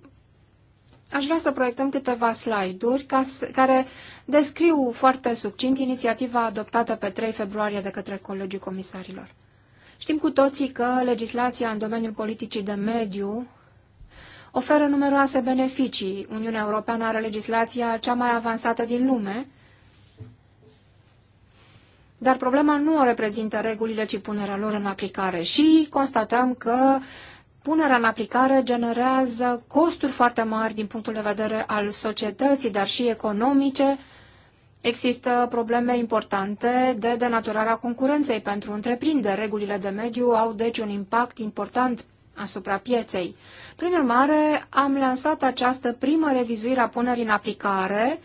aș vrea să proiectăm câteva slide-uri ca care descriu foarte succint inițiativa adoptată pe 3 februarie de către Colegiul Comisarilor. Știm cu toții că legislația în domeniul politicii de mediu oferă numeroase beneficii. Uniunea Europeană are legislația cea mai avansată din lume, dar problema nu o reprezintă regulile, ci punerea lor în aplicare. Și constatăm că punerea în aplicare generează costuri foarte mari din punctul de vedere al societății, dar și economice, Există probleme importante de denaturarea concurenței pentru întreprinderi. Regulile de mediu au deci un impact important asupra pieței. Prin urmare, am lansat această primă revizuire a punerii în aplicare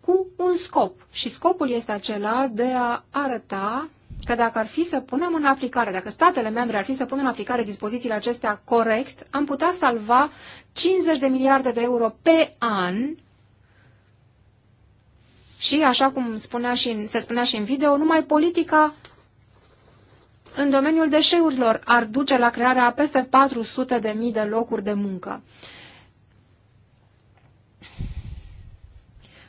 cu un scop. Și scopul este acela de a arăta că dacă ar fi să punem în aplicare, dacă statele membre ar fi să pună în aplicare dispozițiile acestea corect, am putea salva 50 de miliarde de euro pe an și, așa cum spunea și se spunea și în video, numai politica în domeniul deșeurilor ar duce la crearea a peste 400 de mii de locuri de muncă.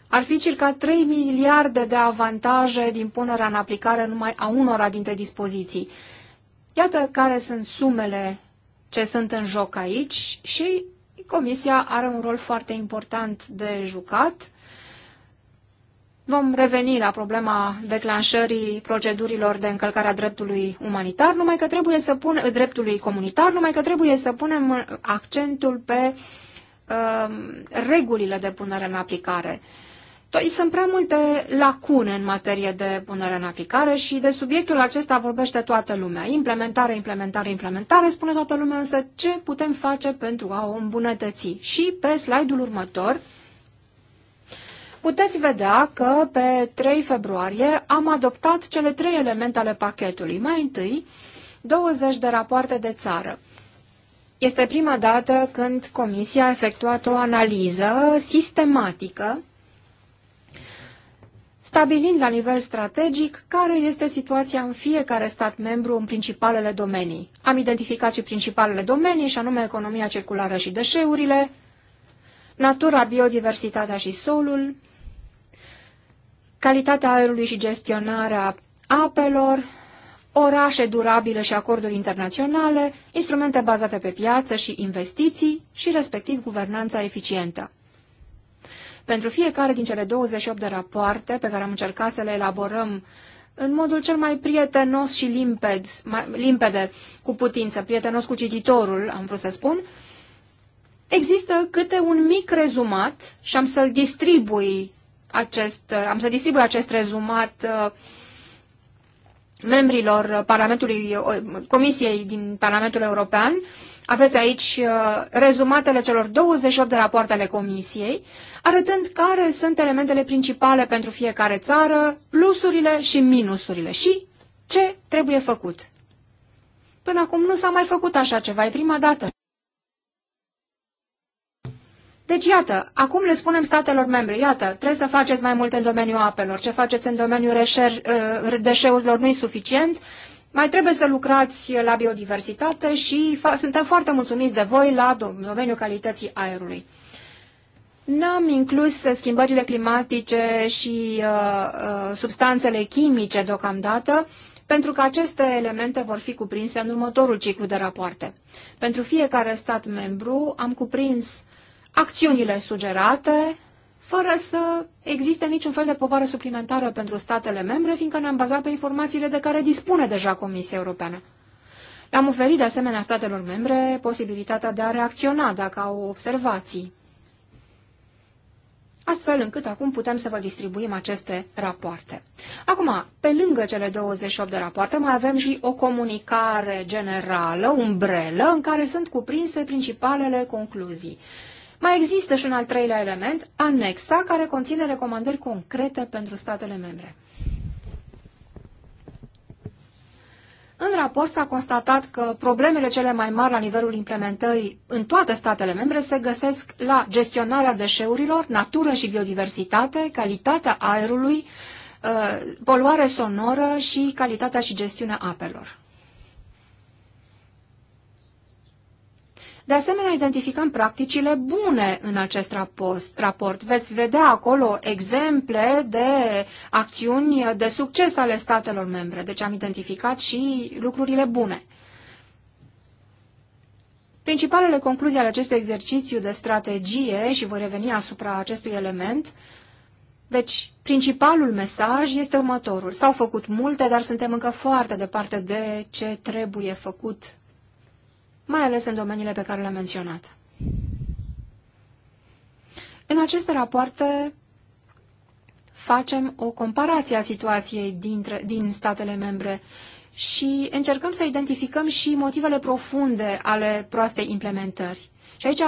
Ar fi circa 3 miliarde de avantaje din punerea în aplicare numai a unora dintre dispoziții. Iată care sunt sumele ce sunt în joc aici și Comisia are un rol foarte important de jucat Vom reveni la problema declanșării procedurilor de încălcare a dreptului umanitar, numai că trebuie să pun, dreptului comunitar, numai că trebuie să punem accentul pe uh, regulile de punere în aplicare. Sunt prea multe lacune în materie de punere în aplicare și de subiectul acesta vorbește toată lumea. Implementare, implementare, implementare, spune toată lumea, însă ce putem face pentru a o îmbunătăți? Și pe slide-ul următor, puteți vedea că pe 3 februarie am adoptat cele trei elemente ale pachetului. Mai întâi, 20 de rapoarte de țară. Este prima dată când Comisia a efectuat o analiză sistematică, stabilind la nivel strategic care este situația în fiecare stat membru în principalele domenii. Am identificat și principalele domenii, și anume economia circulară și deșeurile, natura, biodiversitatea și solul, calitatea aerului și gestionarea apelor, orașe durabile și acorduri internaționale, instrumente bazate pe piață și investiții și, respectiv, guvernanța eficientă. Pentru fiecare din cele 28 de rapoarte pe care am încercat să le elaborăm în modul cel mai prietenos și limped, mai, limpede cu putință, prietenos cu cititorul, am vrut să spun, există câte un mic rezumat și am să-l distribui acest, uh, am să distribui acest rezumat uh, membrilor Parlamentului, uh, Comisiei din Parlamentul European. Aveți aici rezumatele celor 28 de rapoarte ale Comisiei, arătând care sunt elementele principale pentru fiecare țară, plusurile și minusurile și ce trebuie făcut. Până acum nu s-a mai făcut așa ceva, e prima dată. Deci, iată, acum le spunem statelor membre, iată, trebuie să faceți mai mult în domeniul apelor, ce faceți în domeniul reșer, uh, deșeurilor nu e suficient, mai trebuie să lucrați la biodiversitate și suntem foarte mulțumiți de voi la domeniul calității aerului. N-am inclus schimbările climatice și uh, uh, substanțele chimice deocamdată, pentru că aceste elemente vor fi cuprinse în următorul ciclu de rapoarte. Pentru fiecare stat membru am cuprins acțiunile sugerate, fără să existe niciun fel de povară suplimentară pentru statele membre, fiindcă ne-am bazat pe informațiile de care dispune deja Comisia Europeană. Le-am oferit de asemenea statelor membre posibilitatea de a reacționa dacă au observații. Astfel încât acum putem să vă distribuim aceste rapoarte. Acum, pe lângă cele 28 de rapoarte, mai avem și o comunicare generală, umbrelă, în care sunt cuprinse principalele concluzii. Mai există și un al treilea element, anexa, care conține recomandări concrete pentru statele membre. În raport s-a constatat că problemele cele mai mari la nivelul implementării în toate statele membre se găsesc la gestionarea deșeurilor, natură și biodiversitate, calitatea aerului, uh, poluare sonoră și calitatea și gestiunea apelor. De asemenea, identificăm practicile bune în acest raport. Veți vedea acolo exemple de acțiuni de succes ale statelor membre. Deci am identificat și lucrurile bune. Principalele concluzii ale acestui exercițiu de strategie, și voi reveni asupra acestui element, deci, principalul mesaj este următorul. S-au făcut multe, dar suntem încă foarte departe de ce trebuie făcut mai ales în domeniile pe care le-am menționat. În aceste rapoarte facem o comparație a situației dintre, din statele membre și încercăm să identificăm și motivele profunde ale proastei implementări. Și aici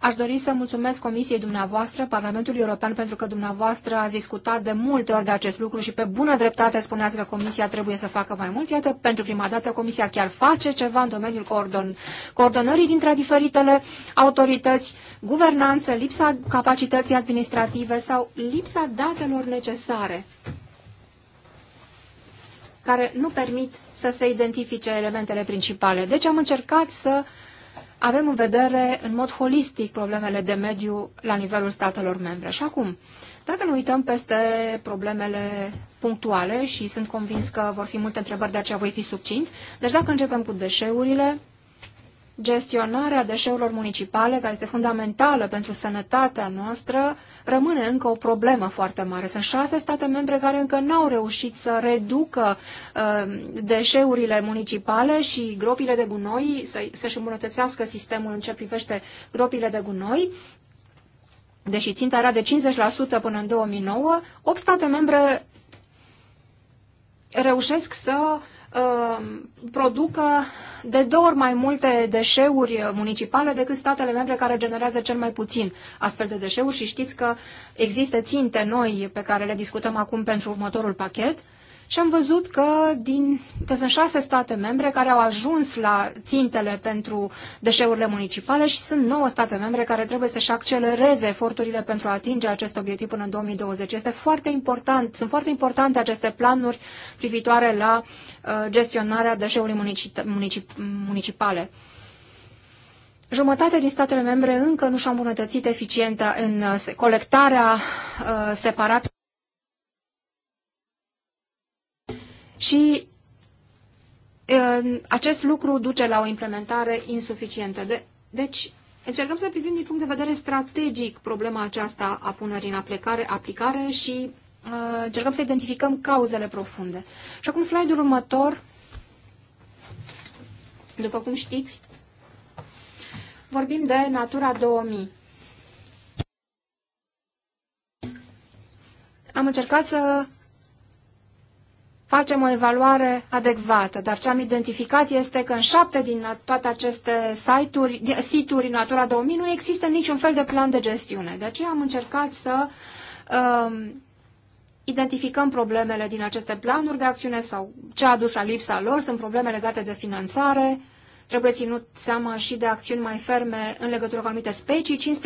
Aș dori să mulțumesc Comisiei dumneavoastră, Parlamentului European, pentru că dumneavoastră ați discutat de multe ori de acest lucru și pe bună dreptate spuneați că Comisia trebuie să facă mai mult. Iată, pentru prima dată Comisia chiar face ceva în domeniul coordon coordonării dintre diferitele autorități, guvernanță, lipsa capacității administrative sau lipsa datelor necesare care nu permit să se identifice elementele principale. Deci am încercat să uh, avem în vedere în mod holistic problemele de mediu la nivelul statelor membre. Și acum, dacă ne uităm peste problemele punctuale și sunt convins că vor fi multe întrebări, de aceea voi fi subțint, deci dacă începem cu deșeurile, gestionarea deșeurilor municipale, care este fundamentală pentru sănătatea noastră, rămâne încă o problemă foarte mare. Sunt șase state membre care încă n-au reușit să reducă uh, deșeurile municipale și gropile de gunoi, să, să-și îmbunătățească sistemul în ce privește gropile de gunoi. Deși ținta era de 50% până în 2009, 8 state membre reușesc să uh, Um, producă de două ori mai multe deșeuri municipale decât statele membre care generează cel mai puțin astfel de deșeuri și știți că există ținte noi pe care le discutăm acum pentru următorul pachet uh, și am văzut că, din, că sunt șase state membre care au ajuns la țintele pentru deșeurile municipale și sunt nouă state membre care trebuie să-și accelereze eforturile pentru a atinge acest obiectiv până în 2020. Este foarte important, sunt foarte importante aceste planuri privitoare la uh, gestionarea deșeurilor municip, municip, municipale. Jumătate din statele membre încă nu și-au îmbunătățit eficientă în uh, colectarea uh, separată și acest lucru duce la o implementare insuficientă. De, deci, încercăm să privim din punct de vedere strategic problema aceasta a punerii în aplicare, aplicare și uh, încercăm să identificăm cauzele profunde. Și acum slide-ul următor, după cum știți, vorbim de Natura 2000. Am încercat să facem o evaluare adecvată, dar ce am identificat este că în șapte din toate aceste site-uri, situri Natura 2000 nu există niciun fel de plan de gestiune. De aceea am încercat să um, identificăm problemele din aceste planuri de acțiune sau ce a dus la lipsa lor, sunt probleme legate de finanțare, Trebuie ținut seama și de acțiuni mai ferme în legătură cu anumite specii.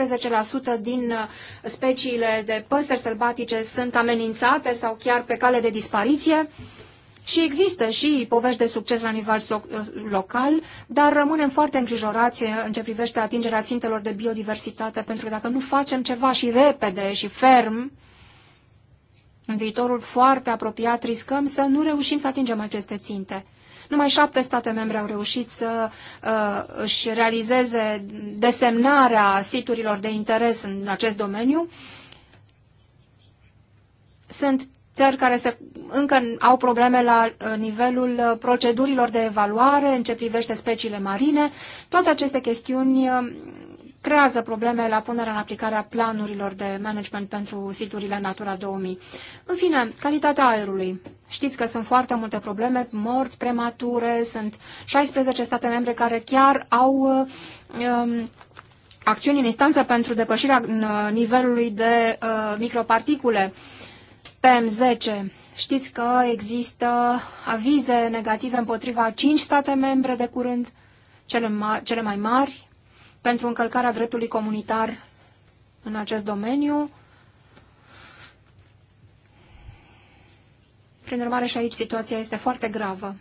15% din uh, speciile de păsări sălbatice sunt amenințate sau chiar pe cale de dispariție. Și există și povești de succes la nivel uh, local, dar rămânem foarte îngrijorați uh, în ce privește atingerea țintelor de biodiversitate, pentru că dacă nu facem ceva și repede și ferm, în viitorul foarte apropiat riscăm să nu reușim să atingem aceste ținte. Numai șapte state membre au reușit să uh, își realizeze desemnarea siturilor de interes în acest domeniu. Sunt țări care se, încă au probleme la uh, nivelul uh, procedurilor de evaluare în ce privește speciile marine. Toate aceste chestiuni uh, creează probleme la punerea în aplicare a planurilor de management pentru siturile Natura 2000. În fine, calitatea aerului. Știți că sunt foarte multe probleme, morți premature, sunt 16 state membre care chiar au um, acțiuni în instanță pentru depășirea uh, nivelului de uh, microparticule. PM10. Știți că există avize negative împotriva 5 state membre de curând, cele, ma- cele mai mari, pentru încălcarea dreptului comunitar în acest domeniu. Prin urmare, și aici situația este foarte gravă.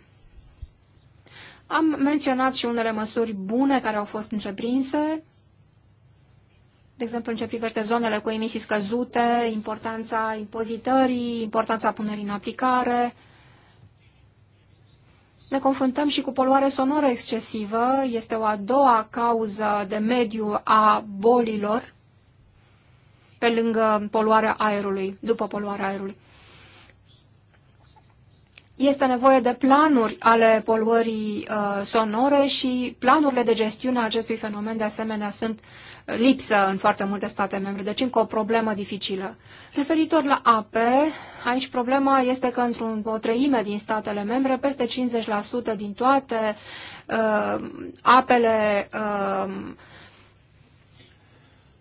Am menționat și unele măsuri bune care au fost întreprinse, de exemplu în ce privește zonele cu emisii scăzute, importanța impozitării, importanța punerii în aplicare, ne confruntăm și cu poluare sonoră excesivă, este o a doua cauză de mediu a bolilor, pe lângă poluarea aerului, după poluarea aerului. Este nevoie de planuri ale poluării uh, sonore și planurile de gestiune a acestui fenomen, de asemenea, sunt uh, lipsă în foarte multe state membre, deci încă o problemă dificilă. Referitor la ape, aici problema este că într-o treime din statele membre, peste 50% din toate uh, apele uh,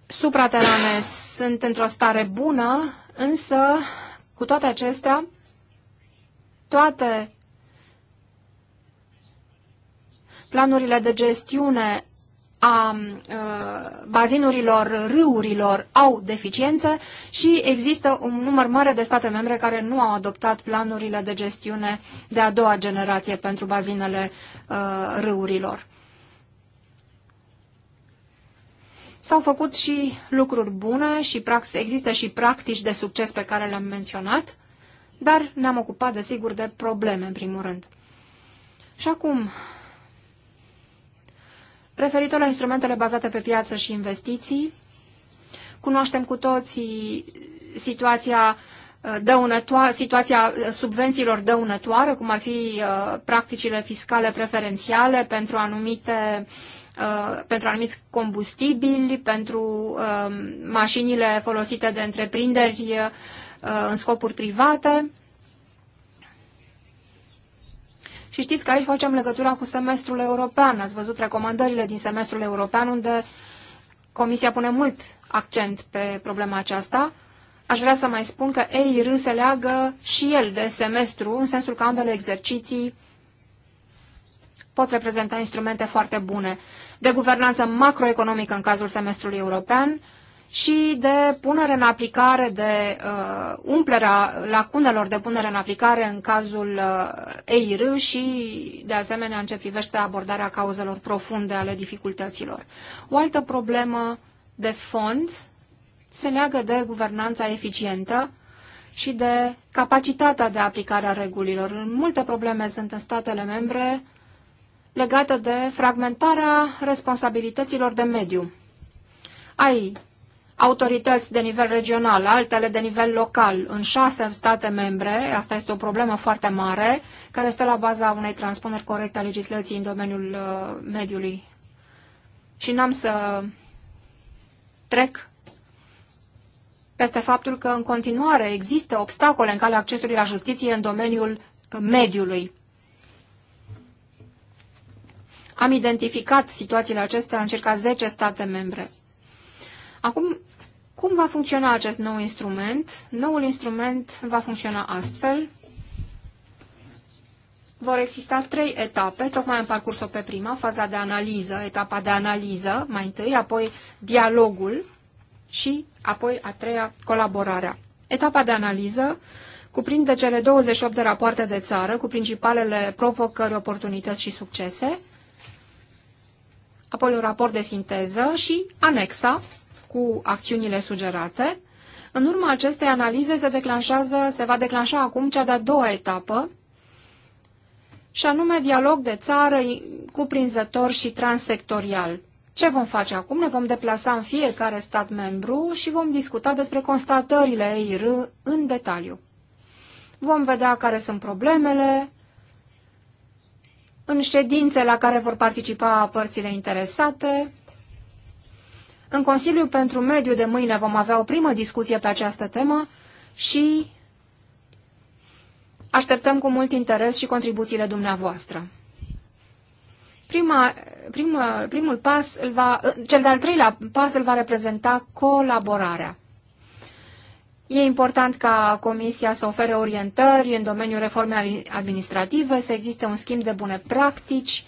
supraterane sunt într-o stare bună, însă cu toate acestea, toate planurile de gestiune a bazinurilor râurilor au deficiențe și există un număr mare de state membre care nu au adoptat planurile de gestiune de a doua generație pentru bazinele râurilor. S-au făcut și lucruri bune și există și practici de succes pe care le-am menționat, dar ne-am ocupat, desigur, de probleme, în primul rând. Și acum, Referitor la instrumentele bazate pe piață și investiții, cunoaștem cu toții situația uh, dăunătoare, situația uh, subvențiilor dăunătoare, cum ar fi uh, practicile fiscale preferențiale pentru anumite pentru anumiți combustibili, pentru mașinile folosite de întreprinderi în scopuri private. Și știți că aici facem legătura cu semestrul european. Ați văzut recomandările din semestrul european, unde Comisia pune mult accent pe problema aceasta. Aș vrea să mai spun că EIR se leagă și el de semestru, în sensul că ambele exerciții pot reprezenta instrumente foarte bune de guvernanță macroeconomică în cazul semestrului european, și de punere în aplicare, de uh, umplerea lacunelor de punere în aplicare în cazul uh, EIR și, de asemenea, în ce privește abordarea cauzelor profunde ale dificultăților. O altă problemă de fond se leagă de guvernanța eficientă și de capacitatea de aplicare a regulilor. Multe probleme sunt în statele membre legate de fragmentarea responsabilităților de mediu. Ai autorități de nivel regional, altele de nivel local, în șase state membre, asta este o problemă foarte mare, care stă la baza unei transpuneri corecte a legislației în domeniul uh, mediului. Și n-am să trec peste faptul că în continuare există obstacole în calea accesului la justiție în domeniul mediului. Am identificat situațiile acestea în circa 10 state membre. Acum cum va funcționa acest nou instrument? Noul instrument va funcționa astfel. Vor exista trei etape, tocmai am parcurs-o pe prima, faza de analiză, etapa de analiză mai întâi, apoi dialogul și apoi a treia, colaborarea. Etapa de analiză cuprinde cele 28 de rapoarte de țară cu principalele provocări, oportunități și succese, apoi un raport de sinteză și anexa, cu acțiunile sugerate. În urma acestei analize se, declanșează, se va declanșa acum cea de-a doua etapă, și anume dialog de țară cuprinzător și transsectorial. Ce vom face acum? Ne vom deplasa în fiecare stat membru și vom discuta despre constatările EIR în detaliu. Vom vedea care sunt problemele, în ședințe la care vor participa părțile interesate, în Consiliul pentru Mediu de mâine vom avea o primă discuție pe această temă și așteptăm cu mult interes și contribuțiile dumneavoastră. Prima, primă, primul pas, îl va, cel de-al treilea pas îl va reprezenta colaborarea. E important ca Comisia să ofere orientări în domeniul reformei administrative, să existe un schimb de bune practici,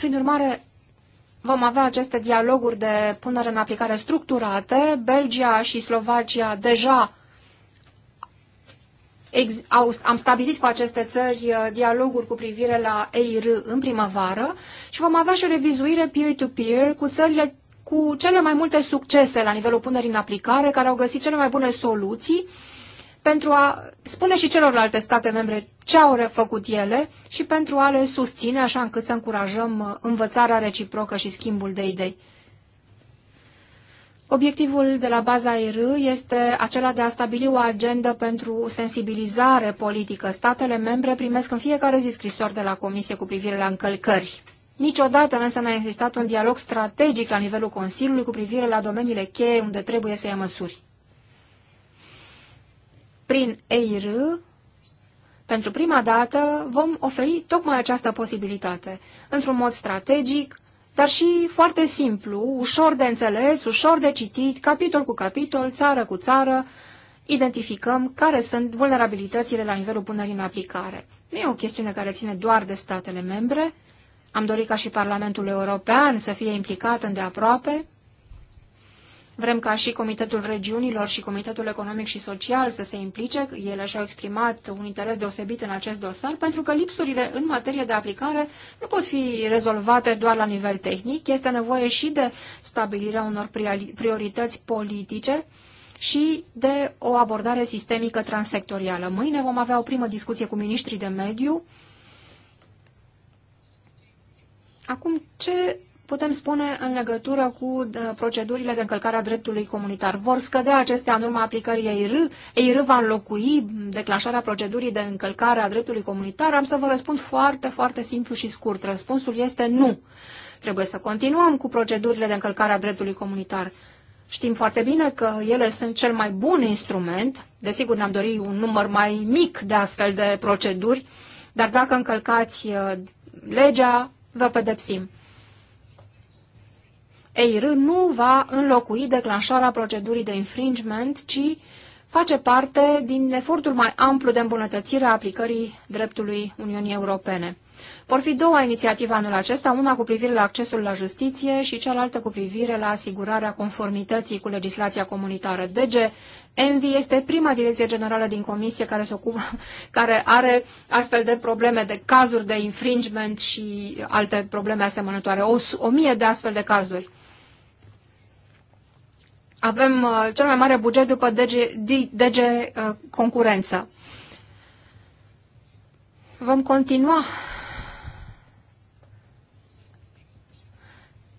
Prin urmare, vom avea aceste dialoguri de punere în aplicare structurate. Belgia și Slovacia deja au, am stabilit cu aceste țări uh, dialoguri cu privire la EIR în primăvară și vom avea și o revizuire peer-to-peer -peer cu țările cu cele mai multe succese la nivelul punerii în aplicare, care au găsit cele mai bune soluții pentru a spune și celorlalte state membre ce au făcut ele și pentru a le susține așa încât să încurajăm uh, învățarea reciprocă și schimbul de idei. Obiectivul de la baza IR este acela de a stabili o agendă pentru sensibilizare politică. Statele membre primesc în fiecare zi scrisori de la Comisie cu privire la încălcări. Niciodată însă n-a existat un dialog strategic la nivelul Consiliului cu privire la domeniile cheie unde trebuie să ia măsuri. Prin EIR, pentru prima dată, vom oferi tocmai această posibilitate, într-un mod strategic, dar și foarte simplu, ușor de înțeles, ușor de citit, capitol cu capitol, țară cu țară, identificăm care sunt vulnerabilitățile la nivelul punerii în aplicare. Nu e o chestiune care ține doar de statele membre. Am dorit ca și Parlamentul European să fie implicat îndeaproape. Vrem ca și Comitetul Regiunilor și Comitetul Economic și Social să se implice. Ele și-au exprimat un interes deosebit în acest dosar, pentru că lipsurile în materie de aplicare nu pot fi rezolvate doar la nivel tehnic. Este nevoie și de stabilirea unor priorități politice și de o abordare sistemică transectorială. Mâine vom avea o primă discuție cu ministrii de mediu. Acum, ce putem spune în legătură cu uh, procedurile de încălcare a dreptului comunitar? Vor scădea acestea în urma aplicării EIR? EIR va înlocui declanșarea procedurii de încălcare a dreptului comunitar? Am să vă răspund foarte, foarte simplu și scurt. Răspunsul este nu. Trebuie să continuăm cu procedurile de încălcare a dreptului comunitar. Știm foarte bine că ele sunt cel mai bun instrument. Desigur, ne-am dorit un număr mai mic de astfel de proceduri, dar dacă încălcați uh, legea, vă pedepsim. EIR nu va înlocui declanșarea procedurii de infringement, ci face parte din efortul mai amplu de îmbunătățire a aplicării dreptului Uniunii Europene. Vor fi două inițiative anul acesta, una cu privire la accesul la justiție și cealaltă cu privire la asigurarea conformității cu legislația comunitară. DG Envi este prima direcție generală din comisie care, se ocupă, care are astfel de probleme de cazuri de infringement și alte probleme asemănătoare, o, o mie de astfel de cazuri avem uh, cel mai mare buget după DG, DG uh, Concurență. Vom continua.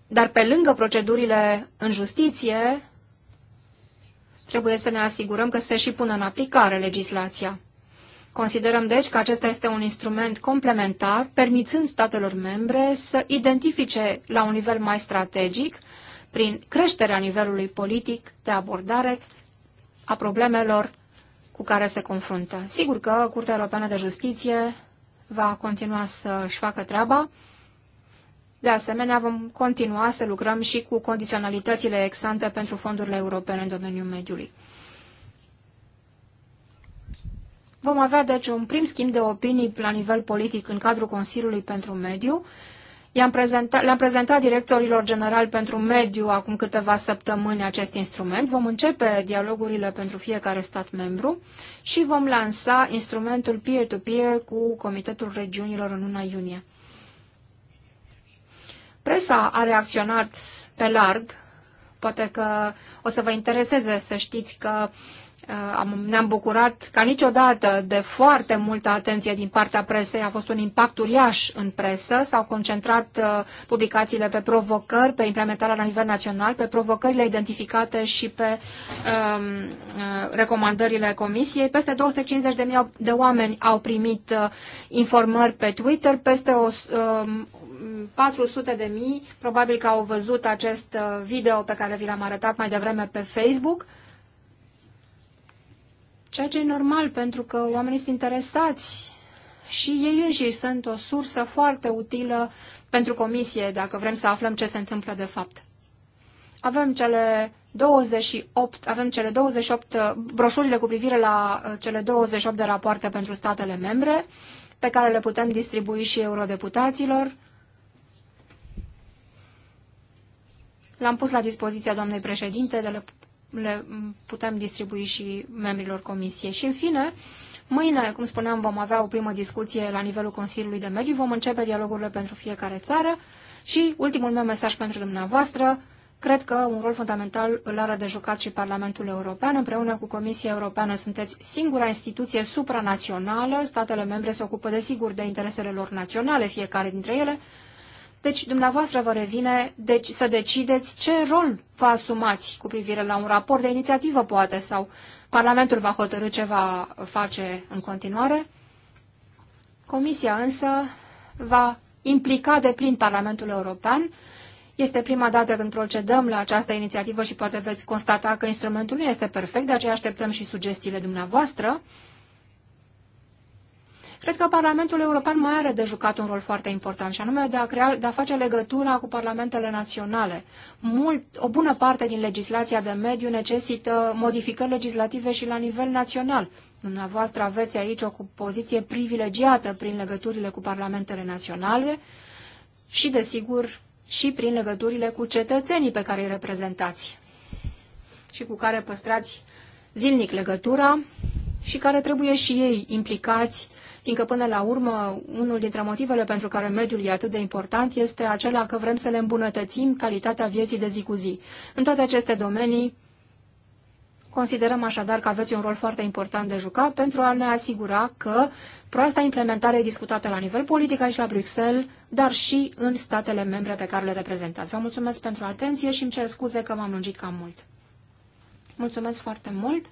Dar pe lângă procedurile în justiție, trebuie să ne asigurăm că se și pună în aplicare legislația. Considerăm deci că acesta este un instrument complementar, permițând statelor membre să identifice la un nivel mai strategic prin creșterea nivelului politic de abordare a problemelor cu care se confruntă. Sigur că Curtea Europeană de Justiție va continua să-și facă treaba. De asemenea, vom continua să lucrăm și cu condiționalitățile exante pentru fondurile europene în domeniul mediului. Vom avea, deci, un prim schimb de opinii la nivel politic în cadrul Consiliului pentru Mediu le-am prezentat, prezentat directorilor general pentru mediu acum câteva săptămâni acest instrument. Vom începe dialogurile pentru fiecare stat membru și vom lansa instrumentul peer-to-peer -peer cu Comitetul Regiunilor în luna iunie. Presa a reacționat pe larg. Poate că o să vă intereseze să știți că uh, Uh, ne-am bucurat ca niciodată de foarte multă atenție din partea presei. A fost un impact uriaș în presă. S-au concentrat uh, publicațiile pe provocări, pe implementarea la nivel național, pe provocările identificate și pe um, uh, recomandările comisiei. Peste 250.000 de oameni au primit informări pe Twitter, peste o, um, 400 de mii, probabil că au văzut acest video pe care vi l-am arătat mai devreme pe Facebook. Ceea ce e normal, pentru că oamenii sunt interesați și ei înșiși sunt o sursă foarte utilă pentru comisie, dacă vrem să aflăm ce se întâmplă de fapt. Avem cele 28, avem cele 28 broșurile cu privire la uh, cele 28 de rapoarte pentru statele membre, pe care le putem distribui și eurodeputaților. L-am pus la dispoziția doamnei președinte, de le le putem distribui și membrilor comisiei. Și în fine, mâine, cum spuneam, vom avea o primă discuție la nivelul Consiliului de Mediu, vom începe dialogurile pentru fiecare țară și ultimul meu mesaj pentru dumneavoastră, Cred că un rol fundamental îl are de jucat și Parlamentul European. Împreună cu Comisia Europeană sunteți singura instituție supranațională. Statele membre se ocupă, desigur, de interesele lor naționale, fiecare dintre ele, deci, dumneavoastră vă revine deci, să decideți ce rol vă asumați cu privire la un raport de inițiativă, poate, sau Parlamentul va hotărâ ce va face în continuare. Comisia însă va implica de plin Parlamentul European. Este prima dată când procedăm la această inițiativă și poate veți constata că instrumentul nu este perfect, de aceea așteptăm și sugestiile dumneavoastră. Cred că Parlamentul European mai are de jucat un rol foarte important și anume de a, crea, de a face legătura cu parlamentele naționale. Mult, o bună parte din legislația de mediu necesită modificări legislative și la nivel național. Dumneavoastră aveți aici o poziție privilegiată prin legăturile cu parlamentele naționale și, desigur, și prin legăturile cu cetățenii pe care îi reprezentați și cu care păstrați zilnic legătura și care trebuie și ei implicați fiindcă până la urmă unul dintre motivele pentru care mediul e atât de important este acela că vrem să le îmbunătățim calitatea vieții de zi cu zi. În toate aceste domenii considerăm așadar că aveți un rol foarte important de jucat pentru a ne asigura că proasta implementare e discutată la nivel politic aici la Bruxelles, dar și în statele membre pe care le reprezentați. Vă mulțumesc pentru atenție și îmi cer scuze că m-am lungit cam mult. Mulțumesc foarte mult!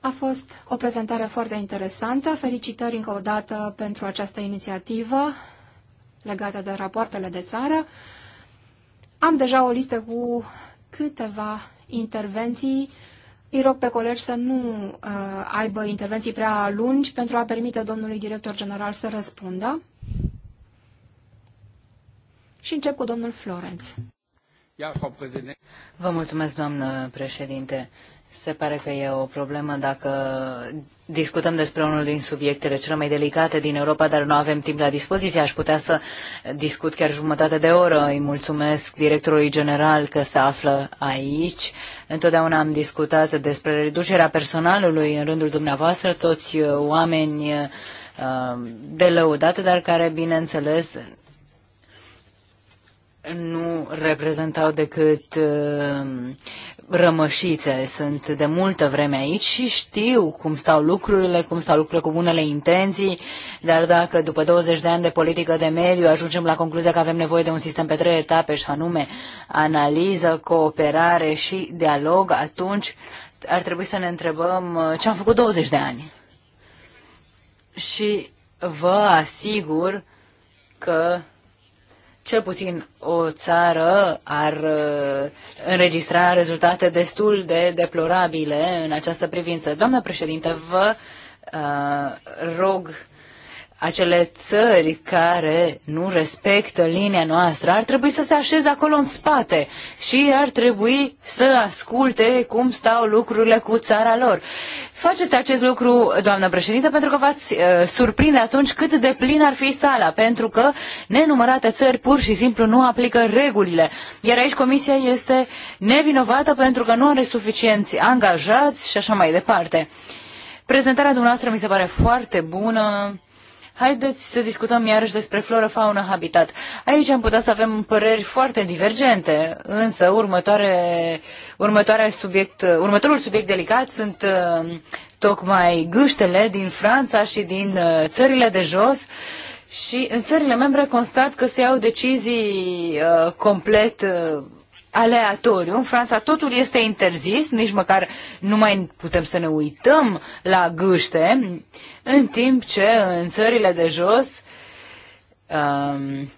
A fost o prezentare foarte interesantă. Felicitări încă o dată pentru această inițiativă legată de rapoartele de țară. Am deja o listă cu câteva intervenții. Îi rog pe colegi să nu uh, aibă intervenții prea lungi pentru a permite domnului director general să răspundă. Și încep cu domnul Florenț. Vă mulțumesc, doamnă președinte. Se pare că e o problemă dacă discutăm despre unul din subiectele cele mai delicate din Europa, dar nu avem timp la dispoziție. Aș putea să discut chiar jumătate de oră. Îi mulțumesc directorului general că se află aici. Întotdeauna am discutat despre reducerea personalului în rândul dumneavoastră, toți oameni uh, de lăudat, dar care, bineînțeles, nu reprezentau decât uh, rămășițe. Sunt de multă vreme aici și știu cum stau lucrurile, cum stau lucrurile cu bunele intenții, dar dacă după 20 de ani de politică de mediu ajungem la concluzia că avem nevoie de un sistem pe trei etape și anume analiză, cooperare și dialog, atunci ar trebui să ne întrebăm uh, ce am făcut 20 de ani. Și vă asigur că cel puțin o țară ar uh, înregistra rezultate destul de deplorabile în această privință. Doamnă președinte, vă uh, rog acele țări care nu respectă linia noastră ar trebui să se așeze acolo în spate și ar trebui să asculte cum stau lucrurile cu țara lor. Faceți acest lucru, doamnă președinte, pentru că v-ați uh, surprinde atunci cât de plin ar fi sala, pentru că nenumărate țări pur și simplu nu aplică regulile. Iar aici comisia este nevinovată pentru că nu are suficienți angajați și așa mai departe. Prezentarea dumneavoastră mi se pare foarte bună Haideți să discutăm iarăși despre floră, faună, habitat. Aici am putea să avem păreri foarte divergente, însă următoare, următoare subiect, următorul subiect delicat sunt uh, tocmai gâștele din Franța și din uh, țările de jos, și în țările membre constat că se iau decizii uh, complet uh, aleatoriu. În Franța totul este interzis, nici măcar nu mai putem să ne uităm la gâște, în timp ce în țările de jos um,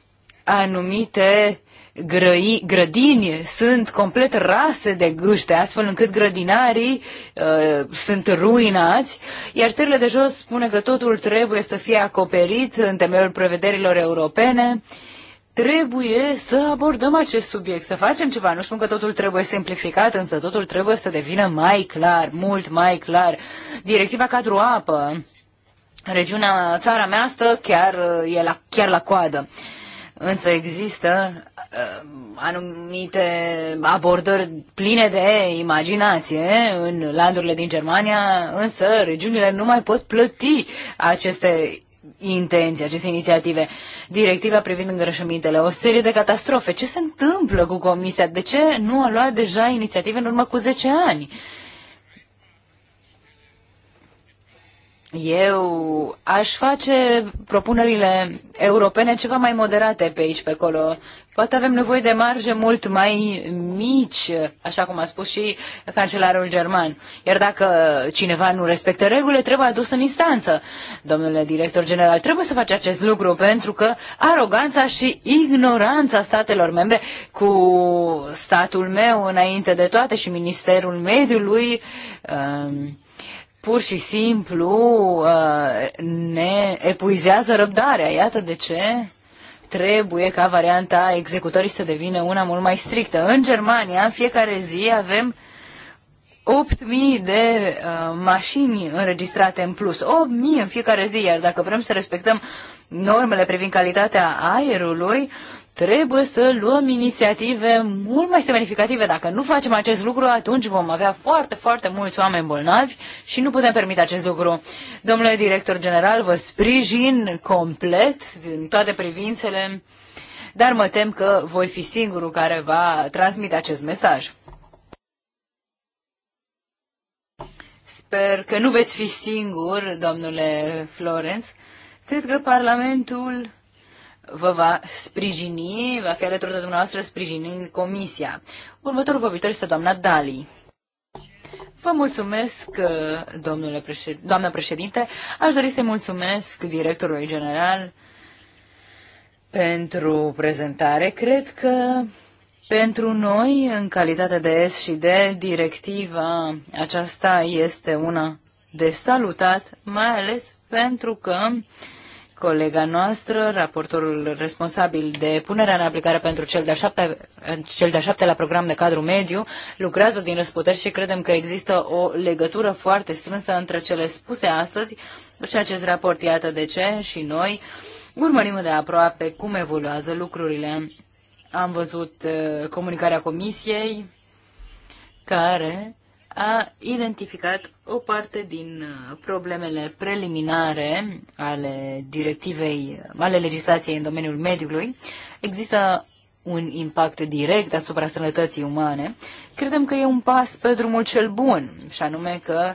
anumite grăi, grădini sunt complet rase de gâște, astfel încât grădinarii uh, sunt ruinați, iar țările de jos spune că totul trebuie să fie acoperit în temelul prevederilor europene. Uh, trebuie să abordăm acest subiect, să facem ceva. Nu spun că totul trebuie simplificat, însă totul trebuie să devină mai clar, mult mai clar. Directiva cadru apă, regiunea, țara mea stă chiar, e la, chiar la coadă. Însă există uh, anumite abordări pline de imaginație în landurile din Germania, însă regiunile nu mai pot plăti aceste intenții, aceste inițiative. Directiva privind îngrășămintele, o serie de catastrofe. Ce se întâmplă cu Comisia? De ce nu a luat deja inițiative în urmă cu 10 ani? Eu aș face propunerile europene ceva mai moderate pe aici, pe acolo. Poate avem nevoie de marje mult mai mici, așa cum a spus și cancelarul german. Iar dacă cineva nu respectă regulile, trebuie adus în instanță. Domnule director general, trebuie să faci acest lucru pentru că aroganța și ignoranța statelor membre cu statul meu înainte de toate și Ministerul Mediului um, pur și simplu uh, ne epuizează răbdarea. Iată de ce trebuie ca varianta executării să devină una mult mai strictă. În Germania, în fiecare zi avem 8.000 de uh, mașini înregistrate în plus, 8.000 în fiecare zi, iar dacă vrem să respectăm normele privind calitatea aerului, uh, trebuie să luăm inițiative mult mai semnificative. Dacă nu facem acest lucru, atunci vom avea foarte, foarte mulți oameni bolnavi și nu putem permite acest lucru. Domnule director general, vă sprijin complet în toate privințele, dar mă tem că voi fi singurul care va transmite acest mesaj. Sper că nu veți fi singur, domnule Florence. Cred că Parlamentul vă va sprijini, va fi alături de dumneavoastră sprijinind comisia. Următorul vorbitor este doamna Dali. Vă mulțumesc, uh, domnule președ... doamnă președinte. Aș dori să-i mulțumesc directorului general pentru prezentare. Cred că pentru noi, în calitate de S și de directiva aceasta este una de salutat, mai ales pentru că uh, Colega noastră, raportorul responsabil de punerea în aplicare pentru cel de-a șapte, cel de șaptelea program de cadru mediu, lucrează din răsputeri și credem că există o legătură foarte strânsă între cele spuse astăzi și acest raport. Iată de ce și noi urmărim de aproape cum evoluează lucrurile. Am văzut uh, comunicarea comisiei care a identificat o parte din uh, problemele preliminare ale directivei, ale legislației în domeniul mediului. Există un impact direct asupra sănătății umane. Credem că e un pas pe drumul cel bun, și anume că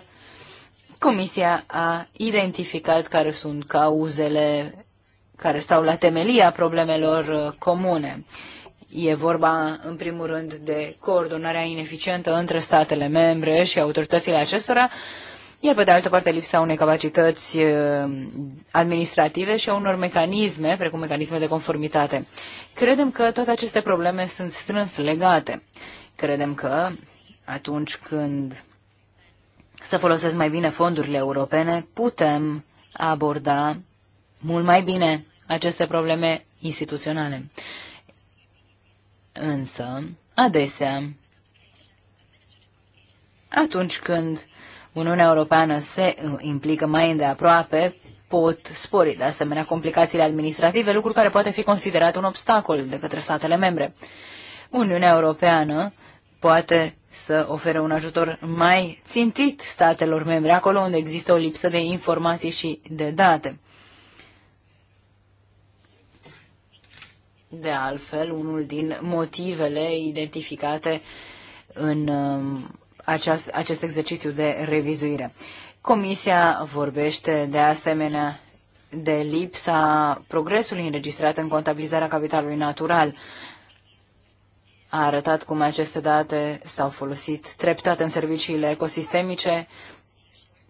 Comisia a identificat care sunt cauzele care stau la temelia problemelor uh, comune. E vorba, în primul rând, de coordonarea ineficientă între statele membre și autoritățile acestora, iar pe de altă parte lipsa unei capacități uh, administrative și a unor mecanisme, precum mecanisme de conformitate. Credem că toate aceste probleme sunt strâns legate. Credem că atunci când să folosesc mai bine fondurile europene, putem aborda mult mai bine aceste probleme instituționale. Însă, adesea, atunci când Uniunea Europeană se uh, implică mai îndeaproape, pot spori de asemenea complicațiile administrative, lucru care poate fi considerat un obstacol de către statele membre. Uniunea Europeană poate să ofere un ajutor mai țintit statelor membre, acolo unde există o lipsă de informații și de date. de altfel unul din motivele identificate în um, aceast, acest exercițiu de revizuire. Comisia vorbește de asemenea de lipsa progresului înregistrat în contabilizarea capitalului natural. A arătat cum aceste date s-au folosit treptat în serviciile ecosistemice,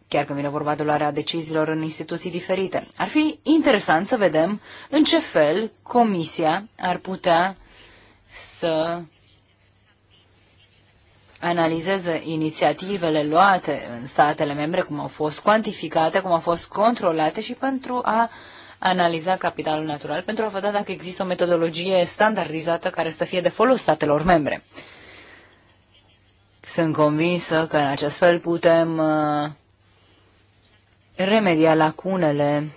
chiar când vine vorba de luarea deciziilor în instituții diferite. Ar fi interesant să vedem în ce fel Comisia ar putea să analizeze inițiativele luate în statele membre, cum au fost cuantificate, cum au fost controlate și pentru a analiza capitalul natural, pentru a vedea dacă există o metodologie standardizată care să fie de folos statelor membre. Sunt convinsă că în acest fel putem uh, remedia lacunele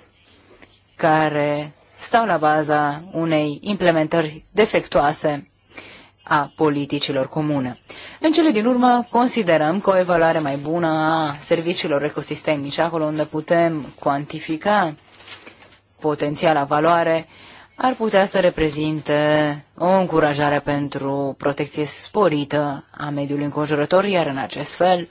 care stau la baza unei implementări defectuoase a politicilor comune. În cele din urmă, considerăm că o evaluare mai bună a serviciilor ecosistemice, acolo unde putem cuantifica potențiala valoare, ar putea să reprezinte o încurajare pentru protecție sporită a mediului înconjurător, iar în acest fel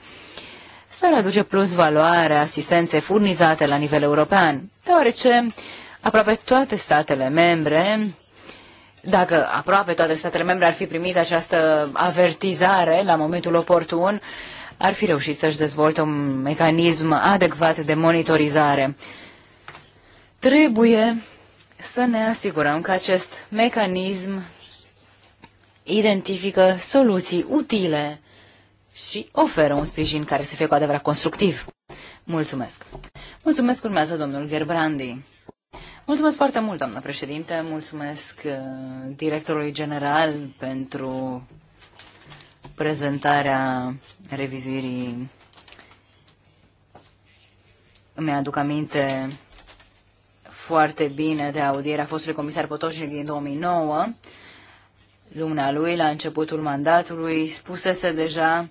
s-ar aduce plus valoare asistenței furnizate la nivel european, deoarece aproape toate statele membre dacă aproape toate statele membre ar fi primit această avertizare la momentul oportun, ar fi reușit să-și dezvolte un mecanism adecvat de monitorizare. Trebuie să ne asigurăm că acest mecanism identifică soluții utile și oferă un sprijin care să fie cu adevărat constructiv. Mulțumesc. Mulțumesc, urmează domnul Gerbrandi. Mulțumesc foarte mult, doamnă președinte. Mulțumesc uh, directorului general pentru prezentarea revizuirii. Îmi aduc aminte foarte bine de audierea fostului comisar Potoșnic din 2009 Dumnealui, la începutul mandatului, spusese deja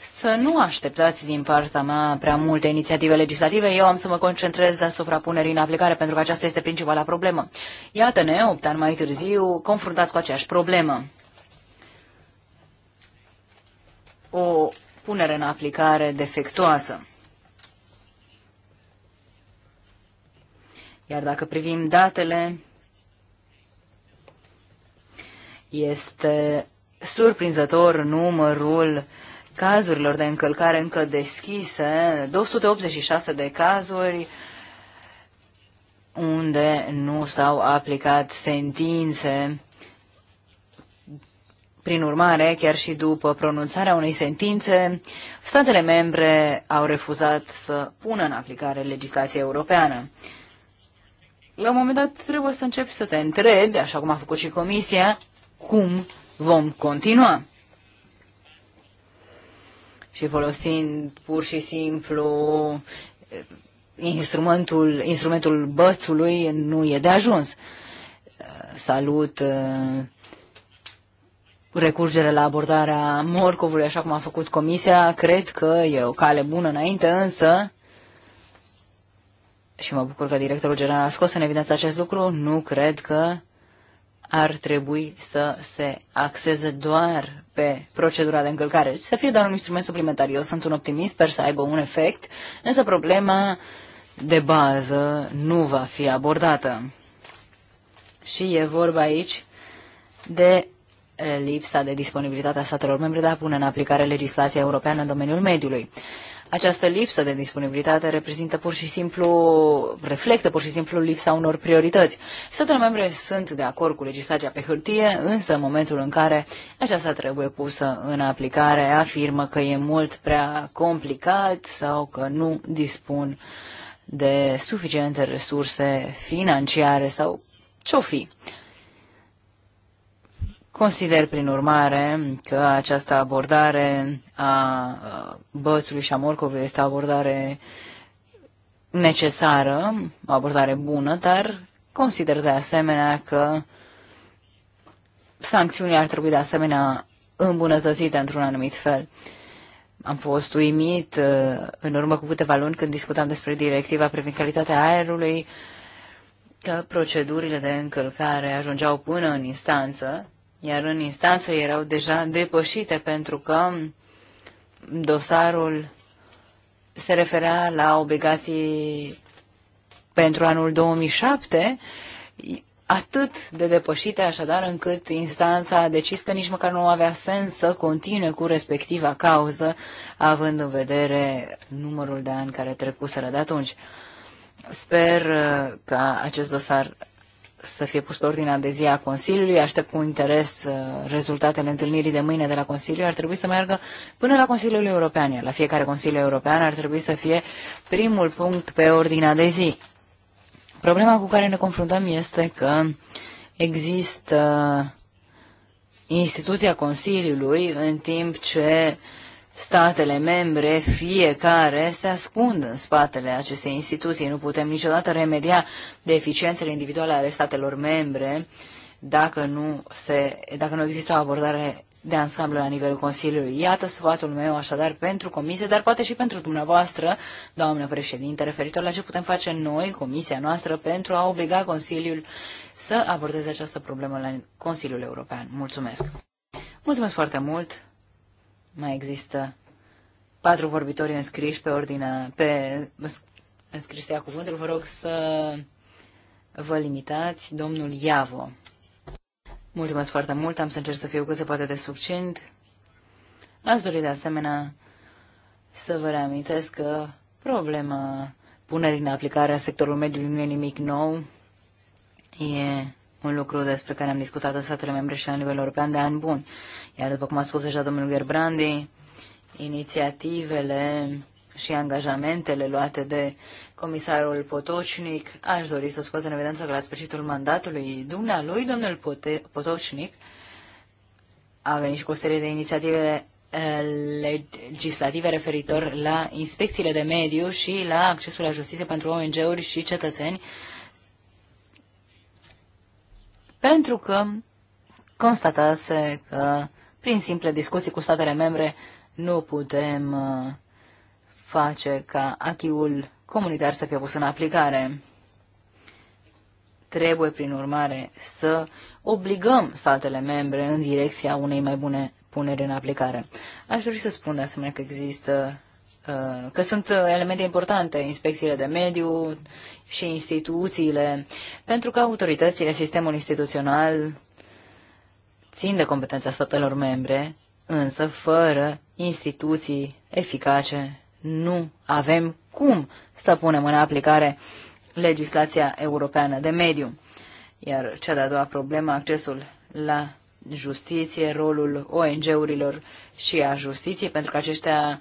să nu așteptați din partea mea prea multe inițiative legislative. Eu am să mă concentrez asupra punerii în aplicare, pentru că aceasta este principala problemă. Iată-ne, opt ani mai târziu, confruntați cu aceeași problemă. O punere în aplicare defectuoasă. Iar dacă privim datele, este surprinzător numărul cazurilor de încălcare încă deschise, 286 de cazuri unde nu s-au aplicat sentințe. Prin urmare, chiar și după pronunțarea unei sentințe, statele membre au refuzat să pună în aplicare legislația europeană. La un moment dat trebuie să începi să te întrebi, așa cum a făcut și Comisia, cum vom continua. Și folosind pur și simplu eh, instrumentul, instrumentul bățului nu e de ajuns. Eh, salut eh, recurgere la abordarea morcovului, așa cum a făcut comisia, cred că e o cale bună înainte, însă și mă bucur că directorul general a scos în evidență acest lucru, nu cred că ar trebui să se axeze doar pe procedura de încălcare, să fie doar un instrument suplimentar. Eu sunt un optimist, sper să aibă un efect, însă problema de bază nu va fi abordată. Și e vorba aici de lipsa de disponibilitate a statelor membre de a pune în aplicare legislația europeană în domeniul mediului. Această lipsă de disponibilitate reprezintă pur și simplu, reflectă pur și simplu lipsa unor priorități. Statele membre sunt de acord cu legislația pe hârtie, însă în momentul în care aceasta trebuie pusă în aplicare, afirmă că e mult prea complicat sau că nu dispun de suficiente resurse financiare sau ce-o fi. Consider, prin urmare, că această abordare a bățului și a morcovului este o abordare necesară, o abordare bună, dar consider de asemenea că sancțiunile ar trebui de asemenea îmbunătățite într-un anumit fel. Am fost uimit uh, în urmă cu câteva luni când discutam despre directiva privind calitatea aerului, că procedurile de încălcare ajungeau până în instanță iar în instanță erau deja depășite pentru că dosarul se referea la obligații pentru anul 2007, atât de depășite așadar încât instanța a decis că nici măcar nu avea sens să continue cu respectiva cauză, având în vedere numărul de ani care trecuseră de atunci. Sper uh, că acest dosar să fie pus pe ordinea de zi a Consiliului. Aștept cu interes uh, rezultatele întâlnirii de mâine de la Consiliu. Ar trebui să meargă până la Consiliul European, la fiecare Consiliu European ar trebui să fie primul punct pe ordinea de zi. Problema cu care ne confruntăm este că există instituția Consiliului în timp ce uh, statele membre, fiecare, se ascund în spatele acestei instituții. Nu putem niciodată remedia deficiențele individuale ale statelor membre dacă nu, se, dacă nu există o abordare de ansamblu la nivelul Consiliului. Iată sfatul meu așadar pentru comisie, dar poate și pentru dumneavoastră, doamnă președinte, referitor la ce putem face noi, comisia noastră, pentru a obliga Consiliul să abordeze această problemă la Consiliul European. Mulțumesc! Mulțumesc foarte mult! Mai există patru vorbitori înscriși pe ordinea, pe înscris a cuvântul. Vă rog să vă limitați. Domnul Iavo. Mulțumesc foarte mult. Am să încerc să fiu cât se poate de succint. Aș dori de asemenea să vă reamintesc că problema punerii în aplicare a sectorului mediului nu e nimic nou. E un lucru despre care am discutat în statele membre și la nivel european de ani buni. Iar după cum a spus deja domnul Gerbrandi, inițiativele și angajamentele luate de comisarul Potocnic, aș dori să scot în evidență că la sfârșitul mandatului dumnealui, domnul Potocnic a venit și cu o serie de inițiative eh, legislative referitor la inspecțiile de mediu și la accesul la justiție pentru ONG-uri și cetățeni, pentru că constatase că prin simple discuții cu statele membre nu putem uh, face ca achiul comunitar să fie pus în aplicare. Trebuie, prin urmare, să obligăm statele membre în direcția unei mai bune puneri în aplicare. Aș dori să spun de asemenea că există Uh, că sunt uh, elemente importante, inspecțiile de mediu și instituțiile, pentru că autoritățile, sistemul instituțional țin de competența statelor membre, însă fără instituții eficace nu avem cum să punem în aplicare legislația europeană de mediu. Iar cea de-a doua problemă, accesul la justiție, rolul ONG-urilor și a justiției, pentru că aceștia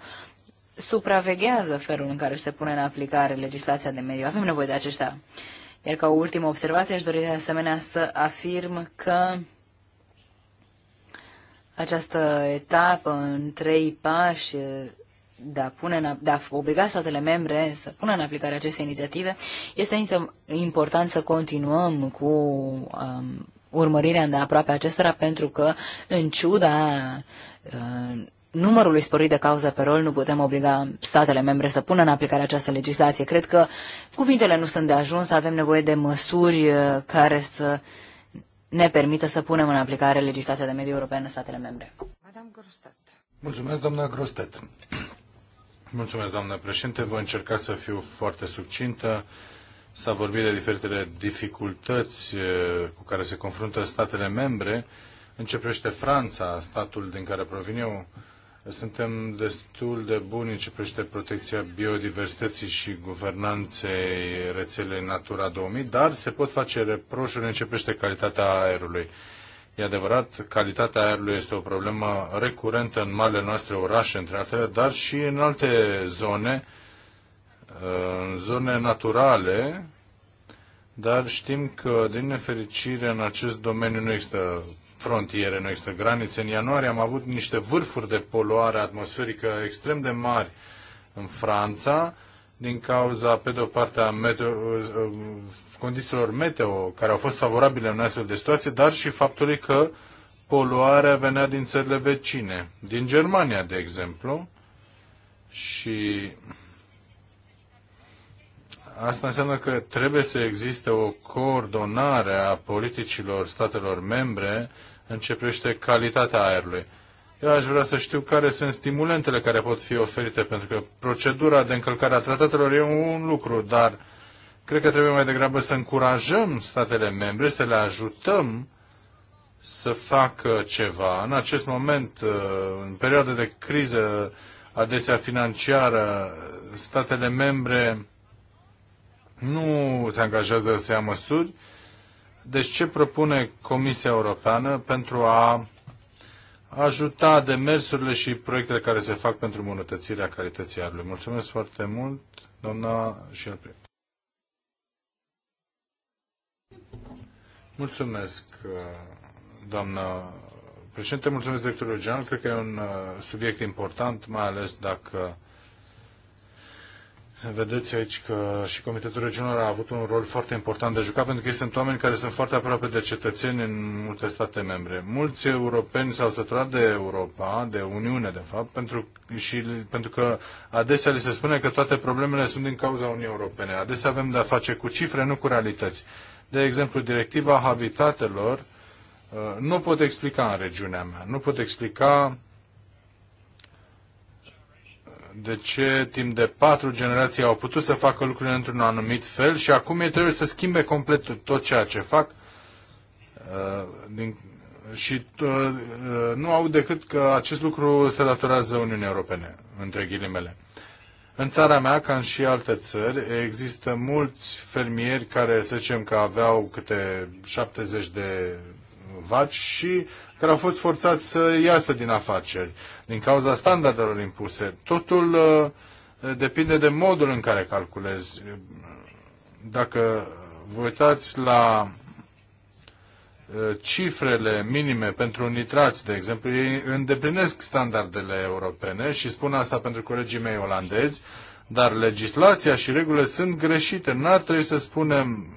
supraveghează felul în care se pune în aplicare legislația de mediu. Avem nevoie de aceștia. Iar ca ultimă observație aș dori de asemenea să afirm că această etapă în trei pași de a, pune în, de a obliga statele membre să pună în aplicare aceste inițiative, este însă important să continuăm cu um, urmărirea aproape acestora, pentru că, în ciuda uh, numărului sporit de cauză pe rol, nu putem obliga statele membre să pună în aplicare această legislație. Cred că cuvintele nu sunt de ajuns, avem nevoie de măsuri uh, care să ne permită să punem în aplicare legislația de mediu european în statele membre. Mulțumesc, doamna Grostet. Mulțumesc, doamna președinte. Voi încerca să fiu foarte succintă. S-a vorbit de diferitele dificultăți uh, cu care se confruntă statele membre. Începește Franța, statul din care provin eu, suntem destul de buni în ce privește protecția biodiversității și guvernanței rețelei Natura 2000, dar se pot face reproșuri în ce privește calitatea aerului. E adevărat, calitatea aerului este o problemă recurentă în marile noastre orașe, între altele, dar și în alte zone, în zone naturale, dar știm că, din nefericire, în acest domeniu nu există frontiere, nu există granițe. În ianuarie am avut niște vârfuri de poluare atmosferică extrem de mari în Franța, din cauza, pe de o parte, a meteo, uh, condițiilor meteo care au fost favorabile în astfel de situație, dar și faptului că poluarea venea din țările vecine, din Germania, de exemplu, și asta înseamnă că trebuie să existe o coordonare a politicilor statelor membre în ce privește calitatea aerului. Eu aș vrea să știu care sunt stimulentele care pot fi oferite, pentru că procedura de încălcare a tratatelor e un lucru, dar cred că trebuie mai degrabă să încurajăm statele membre, să le ajutăm să facă ceva. În acest moment, uh, în perioada de criză, adesea financiară, statele membre nu se angajează să ia măsuri deci ce propune Comisia Europeană pentru a ajuta demersurile și proiectele care se fac pentru îmbunătățirea calității aerului? Mulțumesc foarte mult, doamna Șelpri. Mulțumesc, doamna președinte, mulțumesc directorului general. Cred că e un uh, subiect important, mai ales dacă Vedeți aici că și Comitetul Regional a avut un rol foarte important de jucat, pentru că ei sunt oameni care sunt foarte aproape de cetățeni în multe state membre. Mulți europeni s-au săturat de Europa, de Uniune, de fapt, pentru, și, pentru că adesea li se spune că toate problemele sunt din cauza Uniunii Europene. Adesea avem de-a face cu cifre, nu cu realități. De exemplu, directiva habitatelor uh, nu pot explica în regiunea mea, nu pot explica de ce timp de patru generații au putut să facă lucrurile într-un anumit fel și acum ei trebuie să schimbe complet tot ceea ce fac uh, din, și uh, uh nu au decât că acest lucru se datorează Uniunii Europene, între ghilimele. În țara mea, ca în și alte țări, există mulți fermieri care, să zicem că aveau câte 70 de vaci și care au fost forțați să iasă din afaceri din cauza standardelor impuse. Totul uh, depinde de modul în care calculezi. Dacă vă uitați la uh, cifrele minime pentru nitrați, de exemplu, ei îndeplinesc standardele europene și spun asta pentru colegii mei olandezi, dar legislația și regulile sunt greșite. N-ar trebui să spunem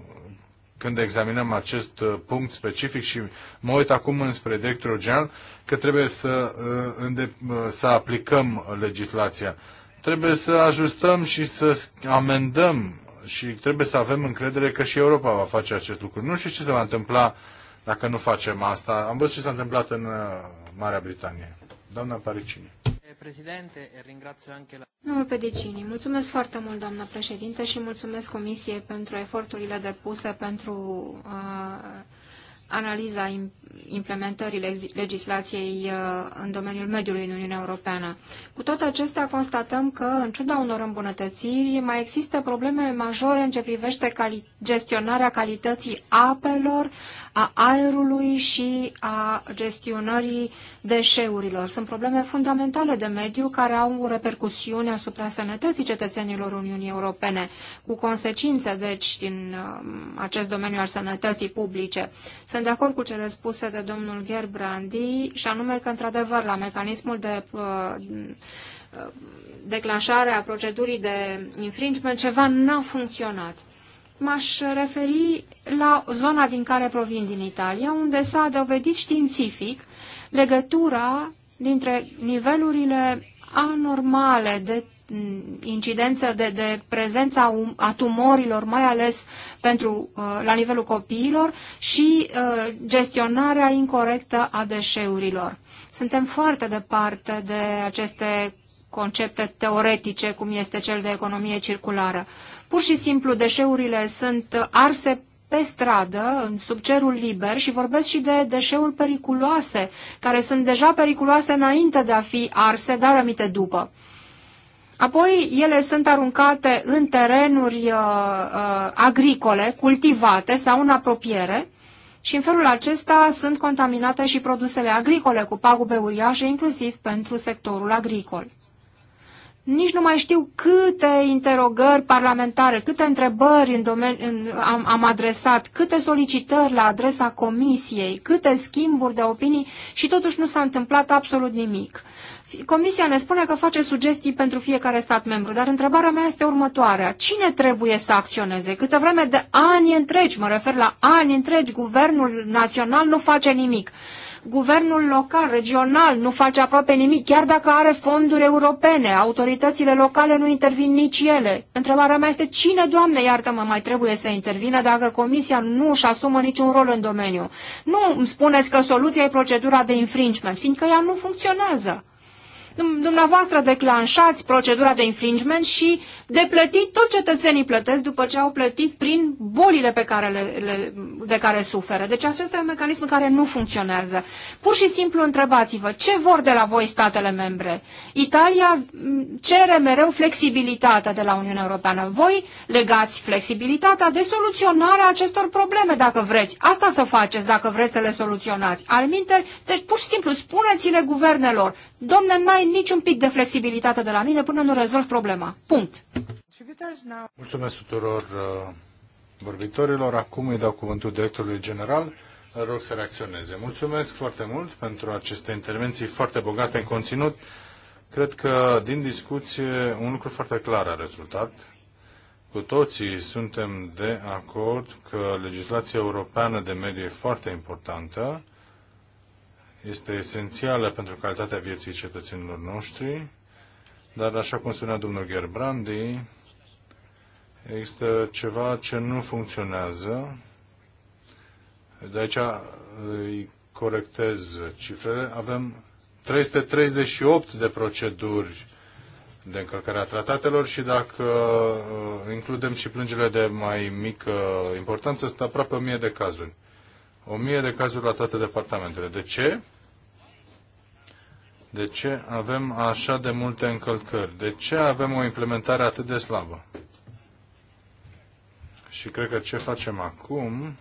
când examinăm acest uh, punct specific și mă uit acum înspre directorul general că trebuie să, uh, uh, să aplicăm legislația. Trebuie să ajustăm și să amendăm și trebuie să avem încredere că și Europa va face acest lucru. Nu știu ce se va întâmpla dacă nu facem asta. Am văzut ce s-a întâmplat în Marea Britanie. Doamna Paricini. Presidente, ringrazio anche la... Domnul Pedicini, mulțumesc foarte mult, doamnă președinte, și mulțumesc Comisiei pentru eforturile depuse pentru uh, analiza implementării legislației uh, în domeniul mediului în Uniunea Europeană. Cu toate acestea, constatăm că, în ciuda unor îmbunătățiri, mai există probleme majore în ce privește cali gestionarea calității apelor, a aerului și a gestionării deșeurilor. Sunt probleme fundamentale de mediu care au repercusiuni asupra sănătății cetățenilor Uniunii Europene, cu consecințe, deci, din um, acest domeniu al sănătății publice. Sunt de acord cu cele spuse de domnul Gerbrandi și anume că, într-adevăr, la mecanismul de uh, declanșare a procedurii de infringement, ceva n-a funcționat. M-aș referi la zona din care provin din Italia, unde s-a dovedit științific legătura dintre nivelurile anormale de Mm, incidență de, de prezența um, a tumorilor, mai ales pentru, uh, la nivelul copiilor și uh, gestionarea incorrectă a deșeurilor. Suntem foarte departe de aceste concepte teoretice, cum este cel de economie circulară. Pur și simplu deșeurile sunt arse pe stradă, sub cerul liber și vorbesc și de deșeuri periculoase, care sunt deja periculoase înainte de a fi arse, dar amite după. Apoi ele sunt aruncate în terenuri uh, uh, agricole, cultivate sau în apropiere și în felul acesta sunt contaminate și produsele agricole cu pagube uriașe, inclusiv pentru sectorul agricol. Nici nu mai știu câte interogări parlamentare, câte întrebări în domeni, în, am, am adresat, câte solicitări la adresa comisiei, câte schimburi de opinii și totuși nu s-a întâmplat absolut nimic. Comisia ne spune că face sugestii pentru fiecare stat membru, dar întrebarea mea este următoarea. Cine trebuie să acționeze? Câtă vreme de ani întregi, mă refer la ani întregi, guvernul național nu face nimic. Guvernul local, regional nu face aproape nimic, chiar dacă are fonduri europene. Autoritățile locale nu intervin nici ele. Întrebarea mea este cine, Doamne, iartă-mă, mai trebuie să intervină dacă Comisia nu își asumă niciun rol în domeniu. Nu îmi spuneți că soluția e procedura de infringement, fiindcă ea nu funcționează dumneavoastră declanșați procedura de infringement și de plătit tot cetățenii plătesc după ce au plătit prin bolile pe care le, le, de care suferă. Deci acesta e un mecanism care nu funcționează. Pur și simplu întrebați-vă ce vor de la voi statele membre. Italia mm, cere mereu flexibilitatea de la Uniunea Europeană. Voi legați flexibilitatea de soluționarea acestor probleme, dacă vreți. Asta să faceți, dacă vreți să le soluționați. Alminter, deci pur și simplu spuneți-le guvernelor, domne, n-ai niciun pic de flexibilitate de la mine până nu rezolv problema. Punct. Mulțumesc tuturor uh, vorbitorilor. Acum îi dau cuvântul directorului general. Rog să reacționeze. Mulțumesc foarte mult pentru aceste intervenții foarte bogate în conținut. Cred că din discuție un lucru foarte clar a rezultat. Cu toții suntem de acord că legislația europeană de mediu e foarte importantă este esențială pentru calitatea vieții cetățenilor noștri, dar așa cum spunea domnul Gerbrandi, există ceva ce nu funcționează. De aici uh, îi corectez cifrele. Avem 338 de proceduri de încălcare a tratatelor și dacă uh, includem și plângele de mai mică importanță, sunt aproape 1000 de cazuri. 1000 de cazuri la toate departamentele. De ce? De ce avem așa de multe încălcări? De ce avem o implementare atât de slabă? Și cred că ce facem acum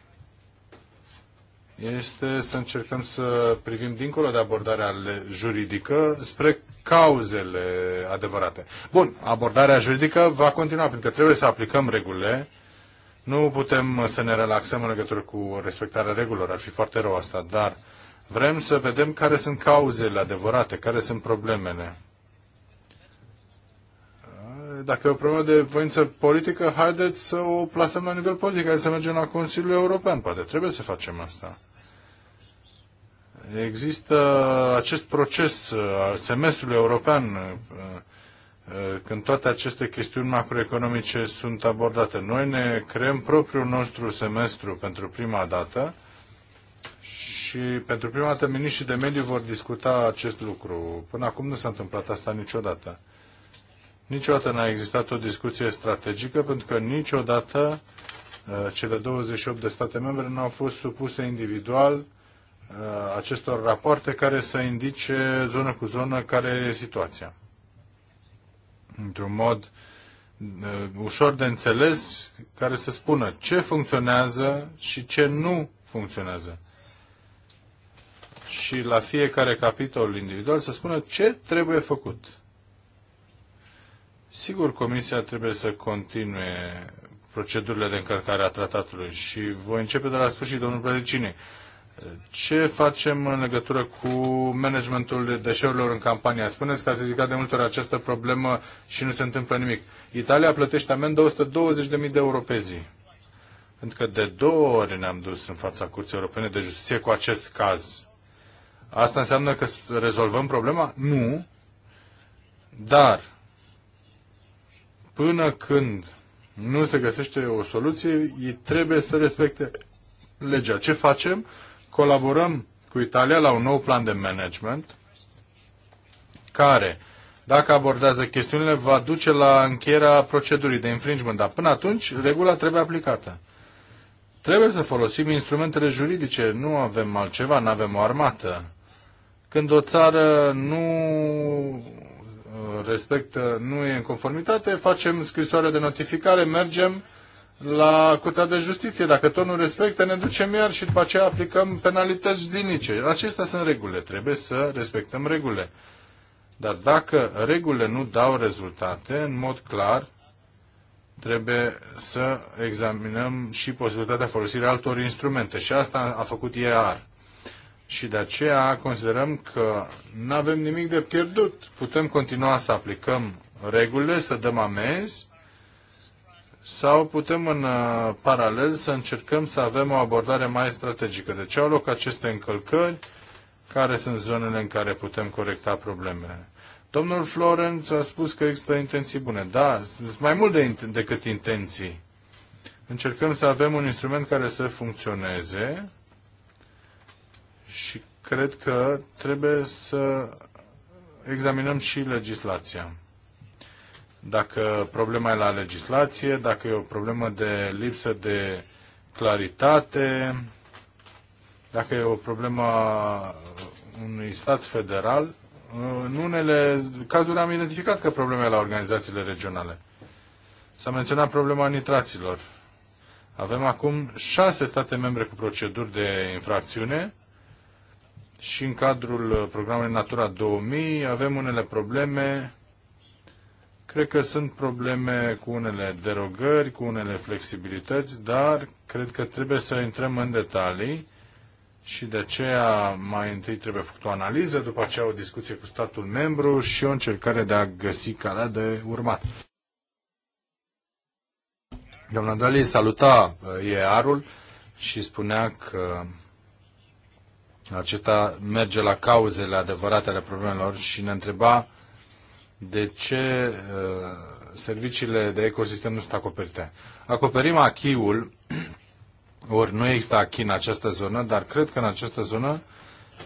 este să încercăm să privim dincolo de abordarea juridică spre cauzele adevărate. Bun, abordarea juridică va continua, pentru că trebuie să aplicăm regulile. Nu putem să ne relaxăm în legătură cu respectarea regulilor, ar fi foarte rău asta, dar uh, Vrem să vedem care sunt cauzele adevărate, care sunt problemele. Dacă e o problemă de voință politică, haideți să o plasăm la nivel politic, haideți să mergem la Consiliul European. Poate trebuie să facem asta. Există acest proces al semestrului european când toate aceste chestiuni macroeconomice sunt abordate. Noi ne creăm propriul nostru semestru pentru prima dată și pentru prima dată miniștrii de mediu vor discuta acest lucru. Până acum nu s-a întâmplat asta niciodată. Niciodată n-a existat o discuție strategică pentru că niciodată uh, cele 28 de state membre nu au fost supuse individual uh, acestor rapoarte care să indice zonă cu zonă care e situația. Într-un mod uh, ușor de înțeles, care să spună ce funcționează și ce nu funcționează și la fiecare capitol individual să spună ce trebuie făcut. Sigur, Comisia trebuie să continue procedurile de încălcare a tratatului și voi începe de la sfârșit, domnul Pălicini. Ce facem în legătură cu managementul deșeurilor în campania? Spuneți că ați ridicat de multe ori această problemă și nu se întâmplă nimic. Italia plătește amendă 220.000 de euro pe zi. Pentru că de două ori ne-am dus în fața Curții Europene de Justiție cu acest caz. Asta înseamnă că rezolvăm problema? Nu. Dar până când nu se găsește o soluție, ei trebuie să respecte legea. Ce facem? Colaborăm cu Italia la un nou plan de management care, dacă abordează chestiunile, va duce la încheierea procedurii de infringement, dar până atunci regula trebuie aplicată. Trebuie să folosim instrumentele juridice, nu avem altceva, nu avem o armată. Când o țară nu uh, respectă, nu e în conformitate, facem scrisoare de notificare, mergem la Curtea de Justiție. Dacă tot nu respectă, ne ducem iar și după aceea aplicăm penalități zilnice. Acestea sunt regulile. Trebuie să respectăm regulile. Dar dacă regulile nu dau rezultate, în mod clar, trebuie să examinăm și posibilitatea folosirii altor instrumente. Și asta a făcut IAR. Și de aceea considerăm că nu avem nimic de pierdut. Putem continua să aplicăm regulile, să dăm amenzi sau putem în uh, paralel să încercăm să avem o abordare mai strategică. De deci ce au loc aceste încălcări? Care sunt zonele în care putem corecta problemele? Domnul Florenț a spus că există intenții bune. Da, sunt mai mult de, decât intenții. Încercăm să avem un instrument care să funcționeze și cred că trebuie să examinăm și legislația. Dacă problema e la legislație, dacă e o problemă de lipsă de claritate, dacă e o problemă unui stat federal, în unele cazuri am identificat că problema e la organizațiile regionale. S-a menționat problema nitraților. Avem acum șase state membre cu proceduri de infracțiune și în cadrul uh, programului Natura 2000 avem unele probleme. Cred că sunt probleme cu unele derogări, cu unele flexibilități, dar cred că trebuie să intrăm în detalii și de aceea mai întâi trebuie făcut o analiză, după aceea o discuție cu statul membru și o încercare de a găsi calea de urmat. Doamna Dali saluta uh, EAR-ul și spunea că acesta merge la cauzele adevărate ale problemelor și ne întreba de ce uh, serviciile de ecosistem nu sunt acoperite. Acoperim achiul, ori nu există achi în această zonă, dar cred că în această zonă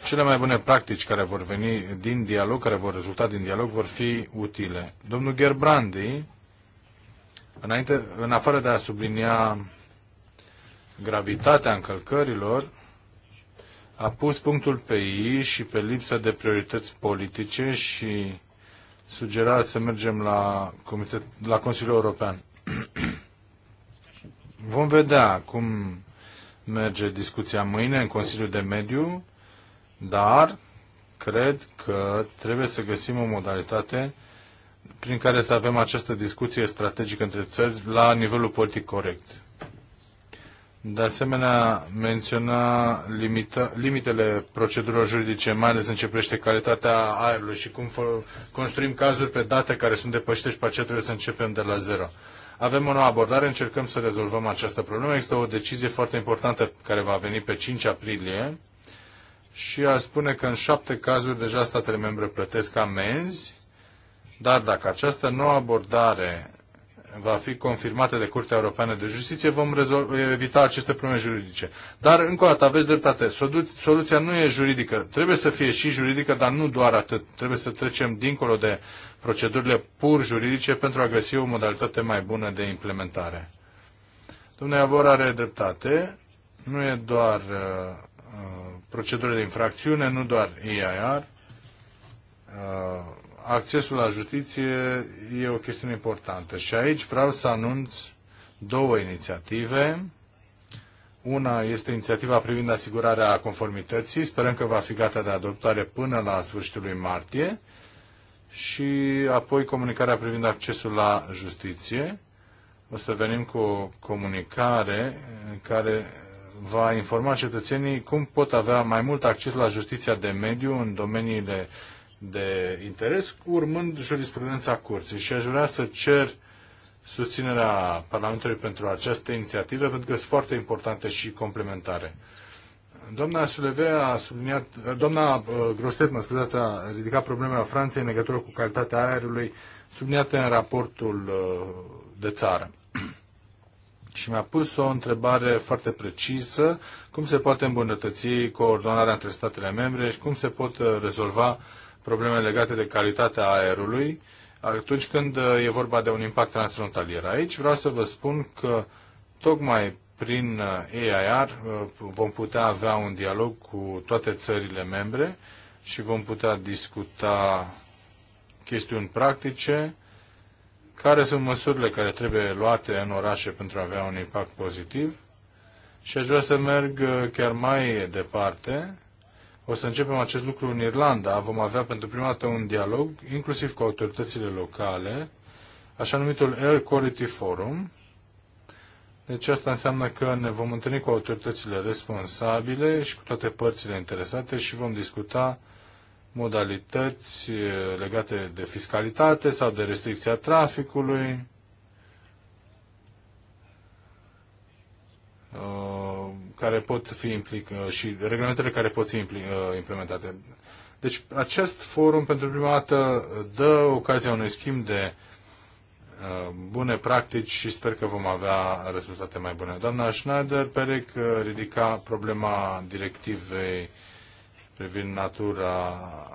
cele mai bune practici care vor veni din dialog, care vor rezulta din dialog, vor fi utile. Domnul Gerbrandi, înainte, în afară de a sublinia gravitatea încălcărilor, a pus punctul pe I și pe lipsa de priorități politice și sugera să mergem la, Comitet, la Consiliul European. Vom vedea cum merge discuția mâine în Consiliul de Mediu, dar cred că trebuie să găsim o modalitate prin care să avem această discuție strategică între țări la nivelul politic corect. De asemenea, menționa limită, limitele procedurilor juridice, mai ales privește calitatea aerului și cum construim cazuri pe date care sunt depășite și pe aceea trebuie să începem de la zero. Avem o nouă abordare, încercăm să rezolvăm această problemă. Există o decizie foarte importantă care va veni pe 5 aprilie și a spune că în șapte cazuri deja statele membre plătesc amenzi, dar dacă această nouă abordare va fi confirmată de Curtea Europeană de Justiție, vom evita aceste probleme juridice. Dar, încă o dată, aveți dreptate. Soluția nu e juridică. Trebuie să fie și juridică, dar nu doar atât. Trebuie să trecem dincolo de procedurile pur juridice pentru a găsi o modalitate mai bună de implementare. Domnul Avor are dreptate. Nu e doar uh, uh procedurile de infracțiune, nu doar EIR. Uh, accesul la justiție e o chestiune importantă și aici vreau să anunț două inițiative. Una este inițiativa privind asigurarea conformității, sperăm că va fi gata de adoptare până la sfârșitul lui martie, și apoi comunicarea privind accesul la justiție. O să venim cu o comunicare care va informa cetățenii cum pot avea mai mult acces la justiția de mediu în domeniile de interes, urmând jurisprudența curții. Și aș vrea să cer susținerea Parlamentului pentru aceste inițiative, pentru că sunt foarte importante și complementare. Doamna Suleve a subliniat, doamna uh, Grostet, mă scuzați, a ridicat problemele Franței în legătură cu calitatea aerului subliniate în raportul uh, de țară. Și mi-a pus o întrebare foarte precisă, cum se poate îmbunătăți coordonarea între statele membre și cum se pot uh, rezolva probleme legate de calitatea aerului atunci când uh, e vorba de un impact transfrontalier. Aici vreau să vă spun că tocmai prin EIR uh, uh, vom putea avea un dialog cu toate țările membre și vom putea discuta chestiuni practice, care sunt măsurile care trebuie luate în orașe pentru a avea un impact pozitiv și aș vrea să merg chiar mai departe o să începem acest lucru în Irlanda. Vom avea pentru prima dată un dialog, inclusiv cu autoritățile locale, așa numitul Air Quality Forum. Deci asta înseamnă că ne vom întâlni cu autoritățile responsabile și cu toate părțile interesate și vom discuta modalități eh, legate de fiscalitate sau de restricția traficului. Uh, care pot fi implic- uh, și regulamentele care pot fi uh, implementate. Deci acest forum pentru prima dată dă ocazia unui schimb de uh, bune practici și sper că vom avea rezultate mai bune. Doamna Schneider, Perec ridica problema directivei privind natura,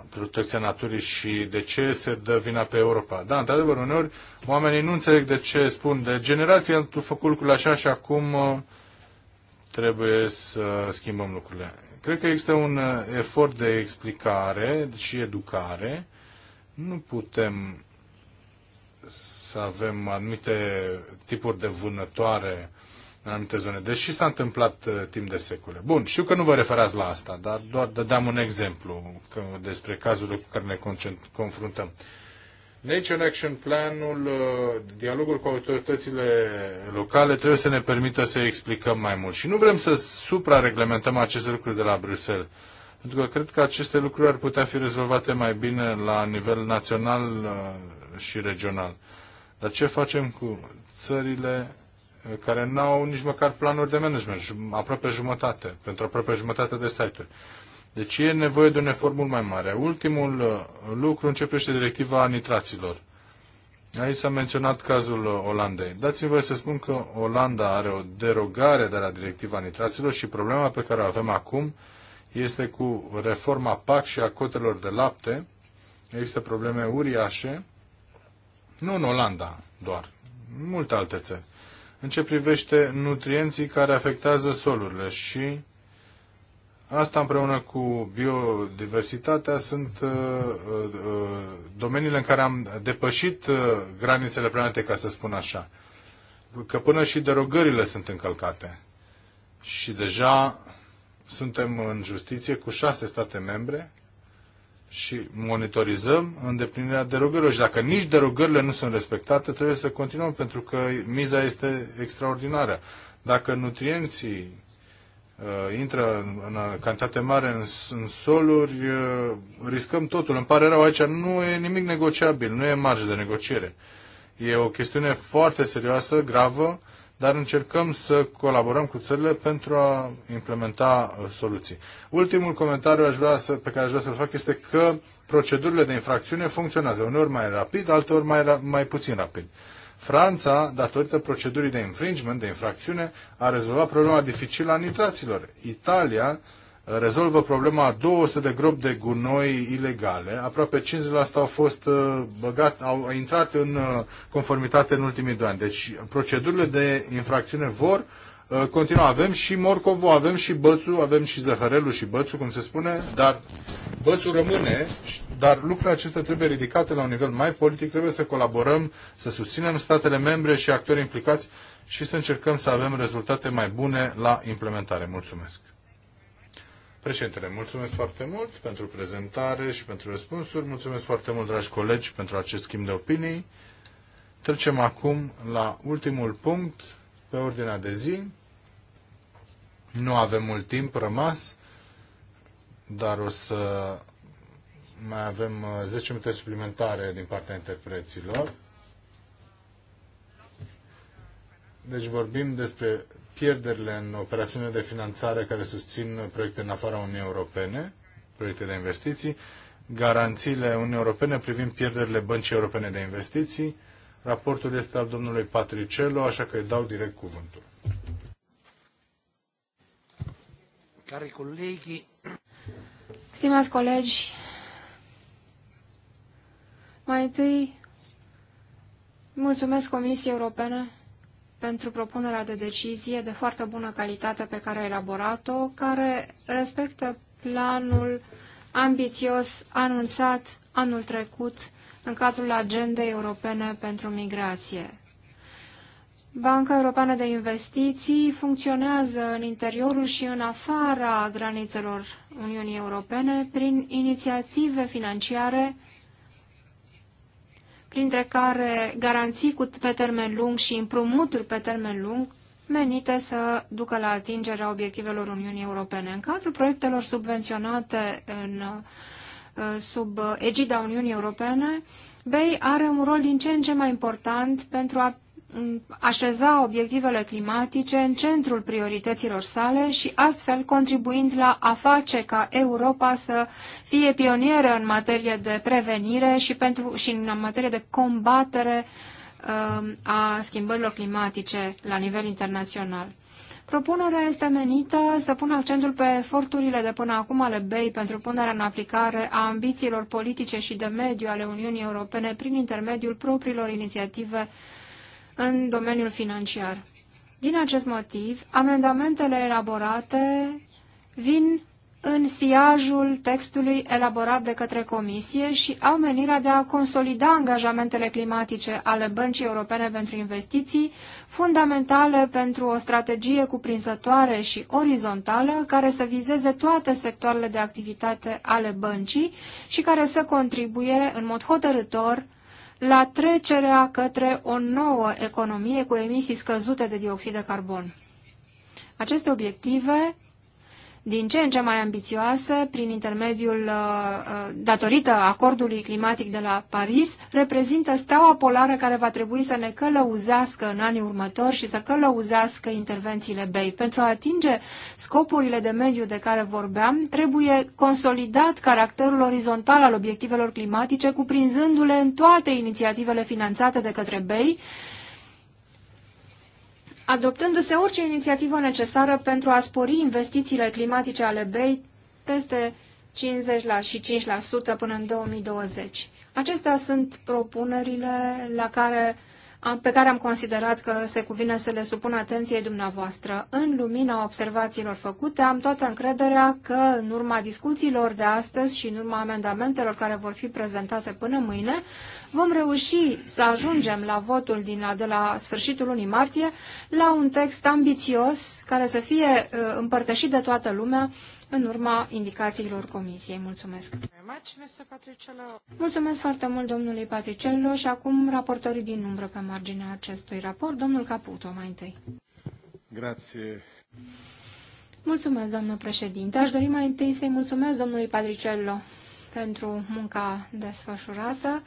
protecția naturii și de ce se dă vina pe Europa. Da, într-adevăr, uneori oamenii nu înțeleg de ce spun de generația a făcut lucrurile așa și acum uh, trebuie să schimbăm lucrurile. Cred că există un uh, efort de explicare și educare. Nu putem să avem anumite tipuri de vânătoare în anumite zone, deși s-a întâmplat uh, timp de secole. Bun, știu că nu vă referați la asta, dar doar dădeam un exemplu despre cazurile cu care ne confruntăm. Nature Action Planul, uh, dialogul cu autoritățile locale trebuie să ne permită să explicăm mai mult. Și nu vrem să suprareglementăm aceste lucruri de la Bruxelles. Pentru că cred că aceste lucruri ar putea fi rezolvate mai bine la nivel național uh, și regional. Dar ce facem cu țările uh, care n-au nici măcar planuri de management, aproape jumătate, pentru aproape jumătate de site-uri? Deci e nevoie de un efort mult mai mare. Ultimul uh, lucru începește directiva nitraților. Aici s-a menționat cazul uh, Olandei. Dați-mi voie să spun că Olanda are o derogare de la directiva nitraților și problema pe care o avem acum este cu reforma PAC și a cotelor de lapte. Există probleme uriașe, nu în Olanda doar, în multe alte țări, în ce privește nutrienții care afectează solurile și Asta împreună cu biodiversitatea sunt uh, uh, domeniile în care am depășit uh, granițele planetei, ca să spun așa. Că până și derogările sunt încălcate. Și deja suntem în justiție cu șase state membre și monitorizăm îndeplinirea derogărilor. Și dacă nici derogările nu sunt respectate, trebuie să continuăm, pentru că miza este extraordinară. Dacă nutrienții uh, intră în, în cantitate mare în, în soluri, uh, riscăm totul. Îmi pare rău aici, nu e nimic negociabil, nu e marge de negociere. E o chestiune foarte serioasă, gravă, dar încercăm să colaborăm cu țările pentru a implementa uh, soluții. Ultimul comentariu aș vrea să, pe care aș vrea să-l fac este că procedurile de infracțiune funcționează uneori mai rapid, alteori mai, mai puțin rapid. Franța, datorită procedurii de infringement, de infracțiune, a rezolvat problema dificilă a nitraților. Italia uh, rezolvă problema a 200 de gropi de gunoi ilegale. Aproape 50% au fost uh, băgat, au intrat în uh, conformitate în ultimii doi ani. Deci procedurile de infracțiune vor Uh, continuăm Avem și morcovul, avem și bățul, avem și zăhărelul și bățul, cum se spune, dar bățul rămâne, dar lucrurile acestea trebuie ridicate la un nivel mai politic, trebuie să colaborăm, să susținem statele membre și actorii implicați și să încercăm să avem rezultate mai bune la implementare. Mulțumesc! Președintele, mulțumesc foarte mult pentru prezentare și pentru răspunsuri. Mulțumesc foarte mult, dragi colegi, pentru acest schimb de opinii. Trecem acum la ultimul punct pe ordinea de zi. Nu avem mult timp rămas, dar o să mai avem 10 uh, minute suplimentare din partea interpreților. Deci vorbim despre pierderile în operațiunile de finanțare care susțin proiecte în afara Uniunii Europene, proiecte de investiții, garanțiile Uniunii Europene privind pierderile Băncii Europene de Investiții, Raportul este al domnului Patricello, așa că îi dau direct cuvântul. Cari colegi, Stimați colegi, mai întâi mulțumesc Comisiei Europene pentru propunerea de decizie de foarte bună calitate pe care a elaborat-o, care respectă planul ambițios anunțat anul trecut în cadrul agendei europene pentru migrație. Banca Europeană de Investiții funcționează în interiorul și în afara granițelor Uniunii Europene prin inițiative financiare, printre care garanții cu, pe termen lung și împrumuturi pe termen lung menite să ducă la atingerea obiectivelor Uniunii Europene. În cadrul proiectelor subvenționate în Uh, sub egida Uniunii Europene, BEI are un rol din ce în ce mai important pentru a așeza obiectivele climatice în centrul priorităților sale și astfel contribuind la a face ca Europa să fie pionieră în materie de prevenire și, pentru, și în materie de combatere uh, a schimbărilor climatice la nivel internațional. Propunerea este menită să pună accentul pe eforturile de până acum ale BEI pentru punerea în aplicare a ambițiilor politice și de mediu ale Uniunii Europene prin intermediul propriilor inițiative în domeniul financiar. Din acest motiv, amendamentele elaborate vin în siajul textului elaborat de către Comisie și au menirea de a consolida angajamentele climatice ale Băncii Europene pentru Investiții, fundamentale pentru o strategie cuprinzătoare și orizontală care să vizeze toate sectoarele de activitate ale băncii și care să contribuie în mod hotărător la trecerea către o nouă economie cu emisii scăzute de dioxid de carbon. Aceste obiective din ce în ce mai ambițioase prin intermediul, uh, uh, datorită acordului climatic de la Paris, reprezintă steaua polară care va trebui să ne călăuzească în anii următori și să călăuzească intervențiile BEI. Pentru a atinge scopurile de mediu de care vorbeam, trebuie consolidat caracterul orizontal al obiectivelor climatice, cuprinzându-le în toate inițiativele finanțate de către BEI, adoptându-se orice inițiativă necesară pentru a spori investițiile climatice ale BEI peste 50 la și 5% până în 2020. Acestea sunt propunerile la care pe care am considerat că se cuvine să le supun atenției dumneavoastră. În lumina observațiilor făcute, am toată încrederea că în urma discuțiilor de astăzi și în urma amendamentelor care vor fi prezentate până mâine, vom reuși să ajungem la votul din la, de la sfârșitul lunii martie la un text ambițios care să fie împărtășit de toată lumea în urma indicațiilor comisiei. Mulțumesc! Mulțumesc foarte mult domnului Patricello și acum raportorii din umbră pe marginea acestui raport. Domnul Caputo, mai întâi. Grație. Mulțumesc, doamnă președinte. Aș dori mai întâi să-i mulțumesc domnului Patricello pentru munca desfășurată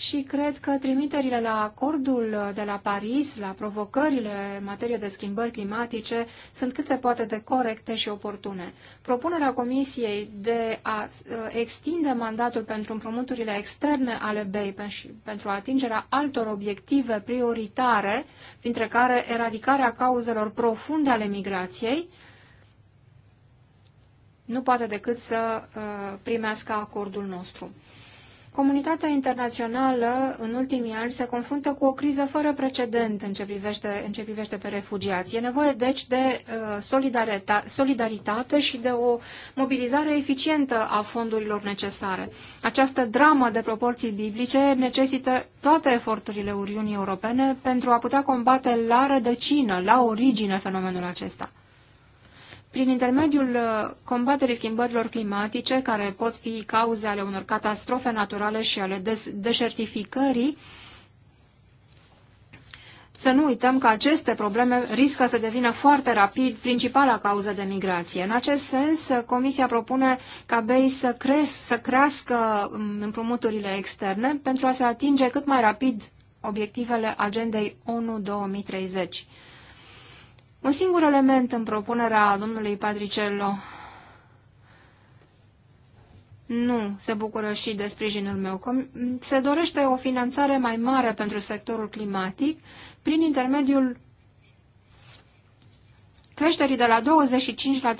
și cred că trimiterile la acordul de la Paris, la provocările în materie de schimbări climatice, sunt cât se poate de corecte și oportune. Propunerea Comisiei de a uh, extinde mandatul pentru împrumuturile externe ale BEI pentru atingerea altor obiective prioritare, printre care eradicarea cauzelor profunde ale migrației, nu poate decât să uh, primească acordul nostru. Comunitatea internațională în ultimii ani se confruntă cu o criză fără precedent în ce privește, în ce privește pe refugiați. E nevoie deci de uh, solidaritate și de o mobilizare eficientă a fondurilor necesare. Această dramă de proporții biblice necesită toate eforturile Uniunii Europene pentru a putea combate la rădăcină, la origine fenomenul acesta. Prin intermediul uh, combaterii schimbărilor climatice, care pot fi cauze ale unor catastrofe naturale și ale deșertificării, să nu uităm că aceste probleme riscă să devină foarte rapid principala cauză de migrație. În acest sens, Comisia propune ca BEI să, cresc, să crească um, împrumuturile externe pentru a se atinge cât mai rapid obiectivele agendei ONU 2030. Un singur element în propunerea domnului Patricello nu se bucură și de sprijinul meu. Se dorește o finanțare mai mare pentru sectorul climatic prin intermediul creșterii de la 25 la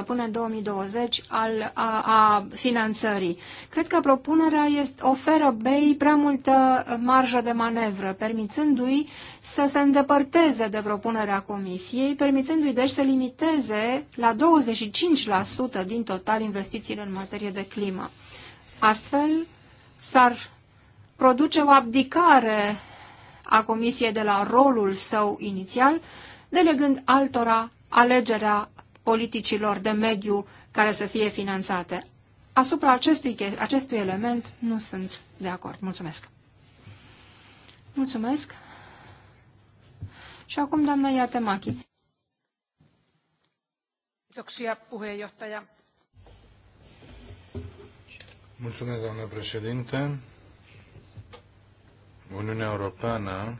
35% până în 2020 al, a, a finanțării. Cred că propunerea este, oferă BEI prea multă marjă de manevră, permițându-i să se îndepărteze de propunerea Comisiei, permițându-i deci să limiteze la 25% din total investițiile în materie de climă. Astfel, s-ar produce o abdicare a Comisiei de la rolul său inițial, delegând altora alegerea politicilor de mediu care să fie finanțate. Asupra acestui, acestui element nu sunt de acord. Mulțumesc. Mulțumesc. Și acum, doamna Iatemachi. Mulțumesc, doamnă președinte. Uniunea Europeană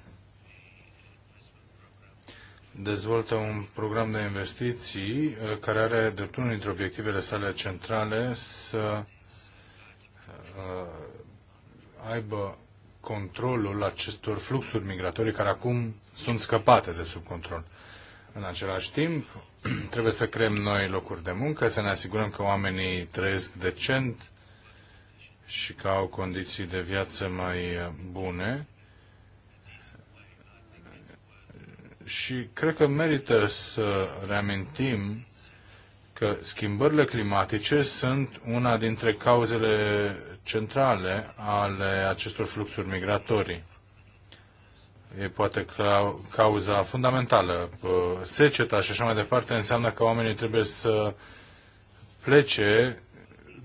dezvoltă un program de investiții uh, care are drept unul dintre obiectivele sale centrale să uh, aibă controlul acestor fluxuri migratorii care acum sunt scăpate de sub control. În același timp, trebuie să creăm noi locuri de muncă, să ne asigurăm că oamenii trăiesc decent și că au condiții de viață mai uh, bune Și cred că merită să reamintim că schimbările climatice sunt una dintre cauzele centrale ale acestor fluxuri migratorii. E poate cauza fundamentală. Seceta și așa mai departe înseamnă că oamenii trebuie să plece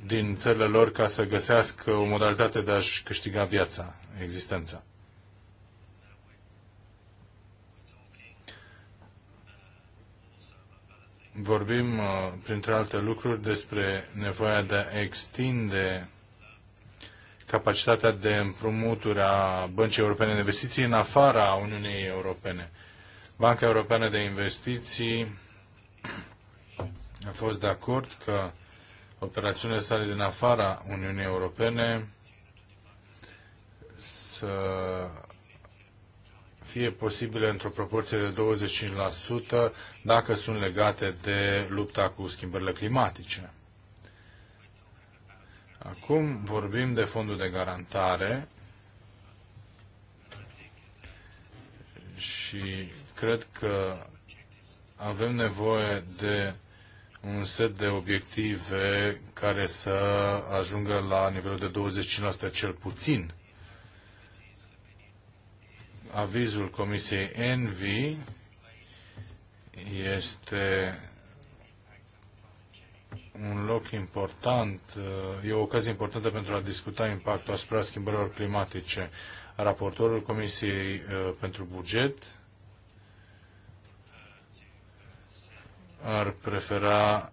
din țările lor ca să găsească o modalitate de a-și câștiga viața, existența. vorbim, uh, printre alte lucruri, despre nevoia de a extinde capacitatea de împrumuturi a Băncii Europene de Investiții în afara Uniunii Europene. Banca Europeană de Investiții a fost de acord că operațiunile sale din afara Uniunii Europene să fie posibile într-o proporție de 25% dacă sunt legate de lupta cu schimbările climatice. Acum vorbim de fondul de garantare și cred că avem nevoie de un set de obiective care să ajungă la nivelul de 25% cel puțin avizul Comisiei ENVI este un loc important, e o ocazie importantă pentru a discuta impactul asupra schimbărilor climatice. Raportorul Comisiei uh, pentru Buget ar prefera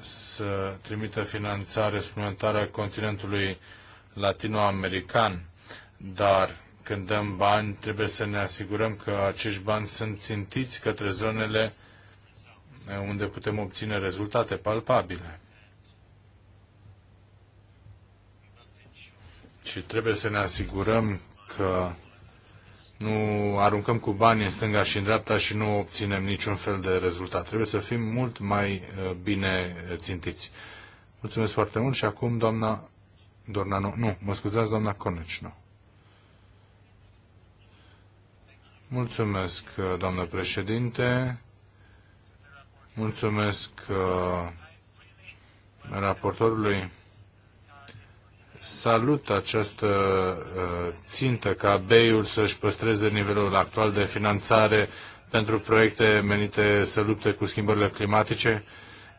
să trimită finanțare suplimentară continentului latinoamerican, dar când dăm bani, trebuie să ne asigurăm că acești bani sunt țintiți către zonele eh, unde putem obține rezultate palpabile. Și trebuie să ne asigurăm că nu aruncăm cu bani în stânga și în dreapta și nu obținem niciun fel de rezultat. Trebuie să fim mult mai eh, bine eh, țintiți. Mulțumesc foarte mult și acum doamna Dornano, nu, mă scuzați, doamna Conecino. Mulțumesc, doamnă președinte. Mulțumesc uh, raportorului. Salut această uh, țintă ca BEI-ul să-și păstreze nivelul actual de finanțare pentru proiecte menite să lupte cu schimbările climatice,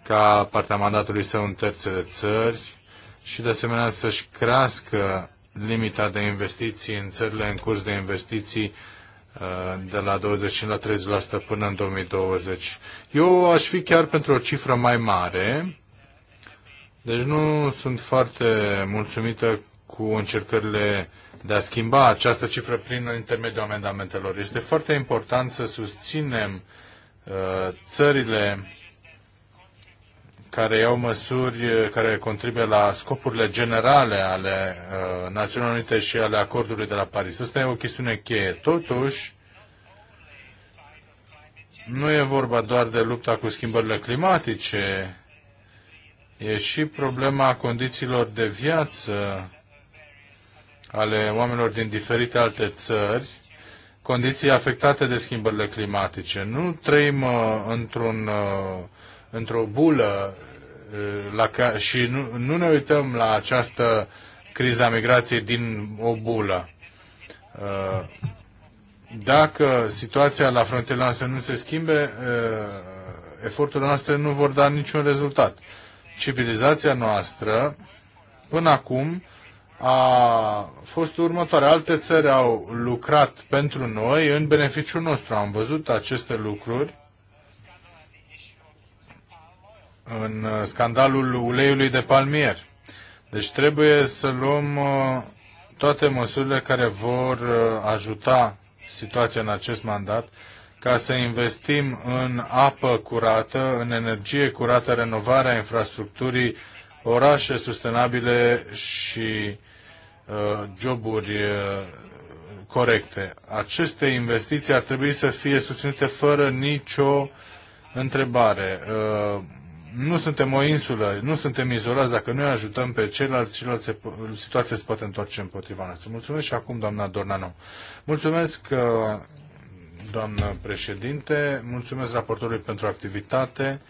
ca partea mandatului său în terțele țări și de asemenea să-și crească limita de investiții în țările în curs de investiții uh, de la 25 la 30% până în 2020. Eu aș fi chiar pentru o cifră mai mare, deci nu sunt foarte mulțumită cu încercările de a schimba această cifră prin intermediul amendamentelor. Este foarte important să susținem uh, țările care iau măsuri eh, care contribuie la scopurile generale ale eh, Națiunilor Unite și ale acordului de la Paris. Asta e o chestiune cheie. Totuși, nu e vorba doar de lupta cu schimbările climatice, e și problema condițiilor de viață ale oamenilor din diferite alte țări, condiții afectate de schimbările climatice. Nu trăim uh, într-un uh, într-o bulă la ca, și nu, nu ne uităm la această criza migrației din o bulă. Dacă situația la frontierele noastre nu se schimbe, eforturile noastre nu vor da niciun rezultat. Civilizația noastră, până acum, a fost următoare. Alte țări au lucrat pentru noi în beneficiul nostru. Am văzut aceste lucruri în uh, scandalul uleiului de palmier. Deci trebuie să luăm uh, toate măsurile care vor uh, ajuta situația în acest mandat ca să investim în apă curată, în energie curată, renovarea infrastructurii, orașe sustenabile și uh, joburi uh, corecte. Aceste investiții ar trebui să fie susținute fără nicio întrebare. Uh, nu suntem o insulă, nu suntem izolați. Dacă noi ajutăm pe ceilalți, ceilalți se, situația se poate întoarce împotriva noastră. Mulțumesc și acum, doamna Dornanu. Mulțumesc, uh, doamnă președinte, mulțumesc raportorului pentru activitate.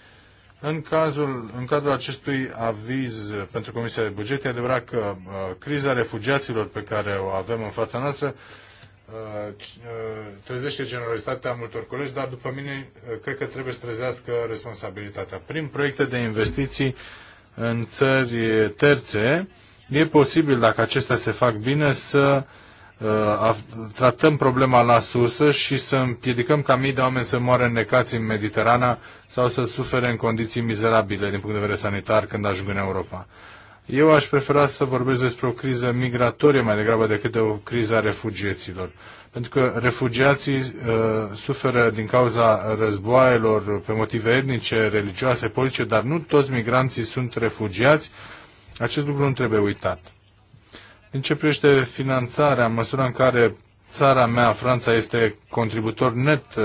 În, cazul, în cadrul acestui aviz pentru Comisia de Buget, e adevărat că uh, criza refugiaților pe care o avem în fața noastră Uh, uh, trezește generozitatea multor colegi, dar după mine uh, cred că trebuie să trezească responsabilitatea. Prin proiecte de investiții în țări terțe, e posibil, dacă acestea se fac bine, să tratăm problema la sursă și să împiedicăm ca mii de oameni să moară necați în Mediterana sau să sufere în condiții mizerabile din punct de vedere sanitar când ajung în Europa. Eu aș prefera să vorbesc despre o criză migratorie mai degrabă decât de o criză a refugiaților. Pentru că refugiații uh, suferă din cauza războaielor pe motive etnice, religioase, politice, dar nu toți migranții sunt refugiați. Acest lucru nu trebuie uitat. În ce privește finanțarea, în măsura în care țara mea, Franța, este contributor net uh,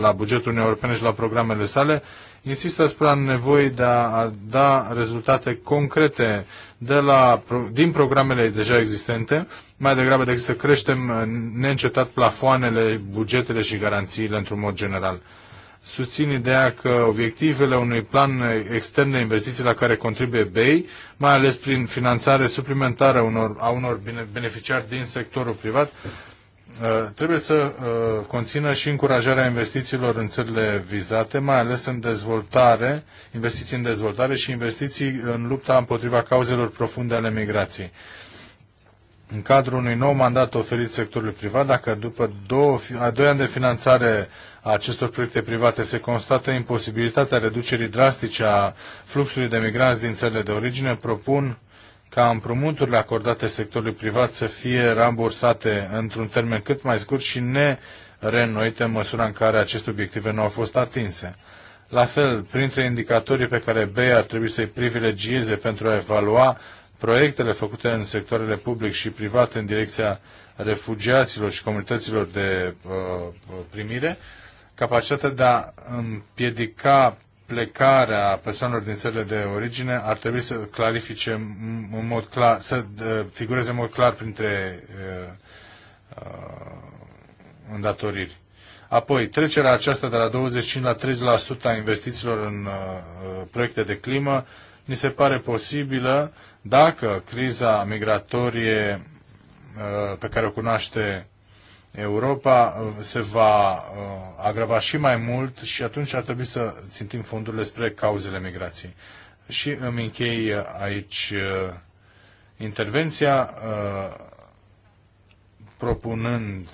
la bugetul Uniunii Europene și la programele sale, insistă asupra nevoii de a da rezultate concrete de la, din programele deja existente, mai degrabă decât să creștem uh, neîncetat plafoanele, bugetele și garanțiile într-un mod general susțin ideea că obiectivele unui plan extern de investiții la care contribuie BEI, mai ales prin finanțare suplimentară unor, a unor beneficiari din sectorul privat, Uh, trebuie să uh, conțină și încurajarea investițiilor în țările vizate, mai ales în dezvoltare, investiții în dezvoltare și investiții în lupta împotriva cauzelor profunde ale migrației. În cadrul unui nou mandat oferit sectorului privat, dacă după două, a doi ani de finanțare a acestor proiecte private se constată imposibilitatea reducerii drastice a fluxului de migranți din țările de origine, propun ca împrumuturile acordate sectorului privat să fie rambursate într-un termen cât mai scurt și nerenoite în măsura în care aceste obiective nu au fost atinse. La fel, printre indicatorii pe care BEI ar trebui să-i privilegieze pentru a evalua proiectele făcute în sectoarele public și privat în direcția refugiaților și comunităților de uh, uh primire, capacitatea de a împiedica plecarea persoanelor din țările de origine ar trebui să clarifice în mod clar, să figureze în mod clar printre uh, uh, îndatoriri. Apoi, trecerea aceasta de la 25 la 30% a investițiilor în uh, uh, proiecte de climă ni se pare posibilă dacă criza migratorie uh, pe care o cunoaște Europa uh, se va uh, agrava și mai mult și atunci ar trebui să țintim fondurile spre cauzele migrației. Și îmi închei aici uh, intervenția propunând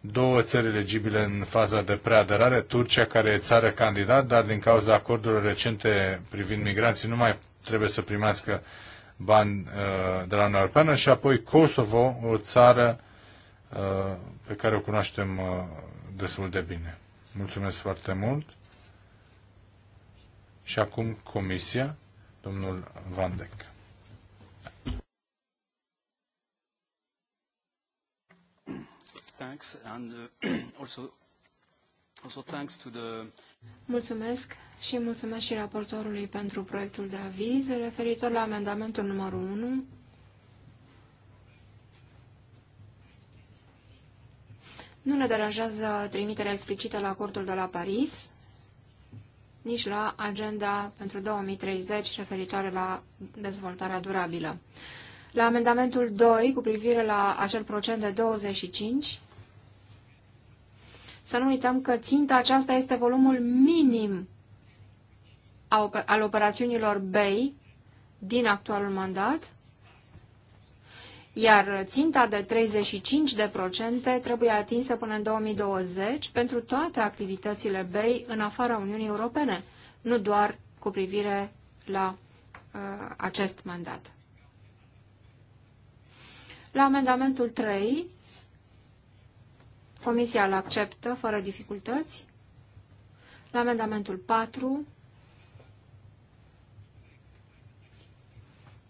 două țări elegibile în faza de preaderare, Turcia care e țară candidat, dar din cauza acordurilor recente privind migranții nu mai trebuie să primească bani de la Uniunea Europeană și apoi Kosovo, o țară pe care o cunoaștem uh, destul de bine. Mulțumesc foarte mult. Și acum Comisia, domnul Vandec. Thanks and uh, also also thanks to the Mulțumesc și mulțumesc și raportorului pentru proiectul de aviz referitor la amendamentul numărul 1 Nu ne deranjează trimiterea explicită la acordul de la Paris, nici la agenda pentru 2030 referitoare la dezvoltarea durabilă. La amendamentul 2, cu privire la acel procent de 25, să nu uităm că ținta aceasta este volumul minim al operațiunilor BEI din actualul mandat iar ținta de 35% trebuie atinsă până în 2020 pentru toate activitățile BEI în afara Uniunii Europene, nu doar cu privire la uh, acest mandat. La amendamentul 3, Comisia îl acceptă fără dificultăți. La amendamentul 4,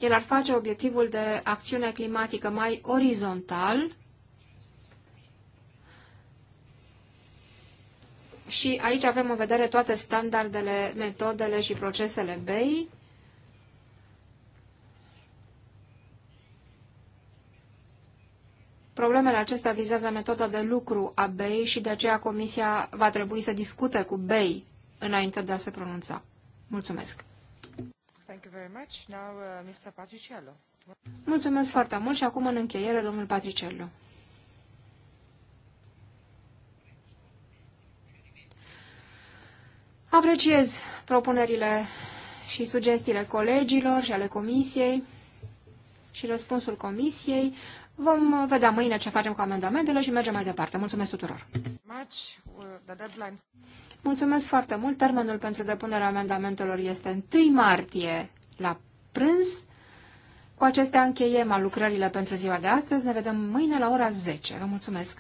El ar face obiectivul de acțiune climatică mai orizontal și aici avem în vedere toate standardele, metodele și procesele BEI. Problemele acestea vizează metoda de lucru a BEI și de aceea Comisia va trebui să discute cu BEI înainte de a se pronunța. Mulțumesc! Thank you very much. Now, uh, Mr. Patriciello. Mulțumesc foarte mult și acum în încheiere, domnul Patricello. Apreciez propunerile și sugestiile colegilor și ale comisiei și răspunsul comisiei. Vom vedea mâine ce facem cu amendamentele și mergem mai departe. Mulțumesc tuturor! Uh, Mulțumesc foarte mult. Termenul pentru depunerea amendamentelor este 1 martie la prânz. Cu acestea încheiem lucrările pentru ziua de astăzi. Ne vedem mâine la ora 10. Vă mulțumesc!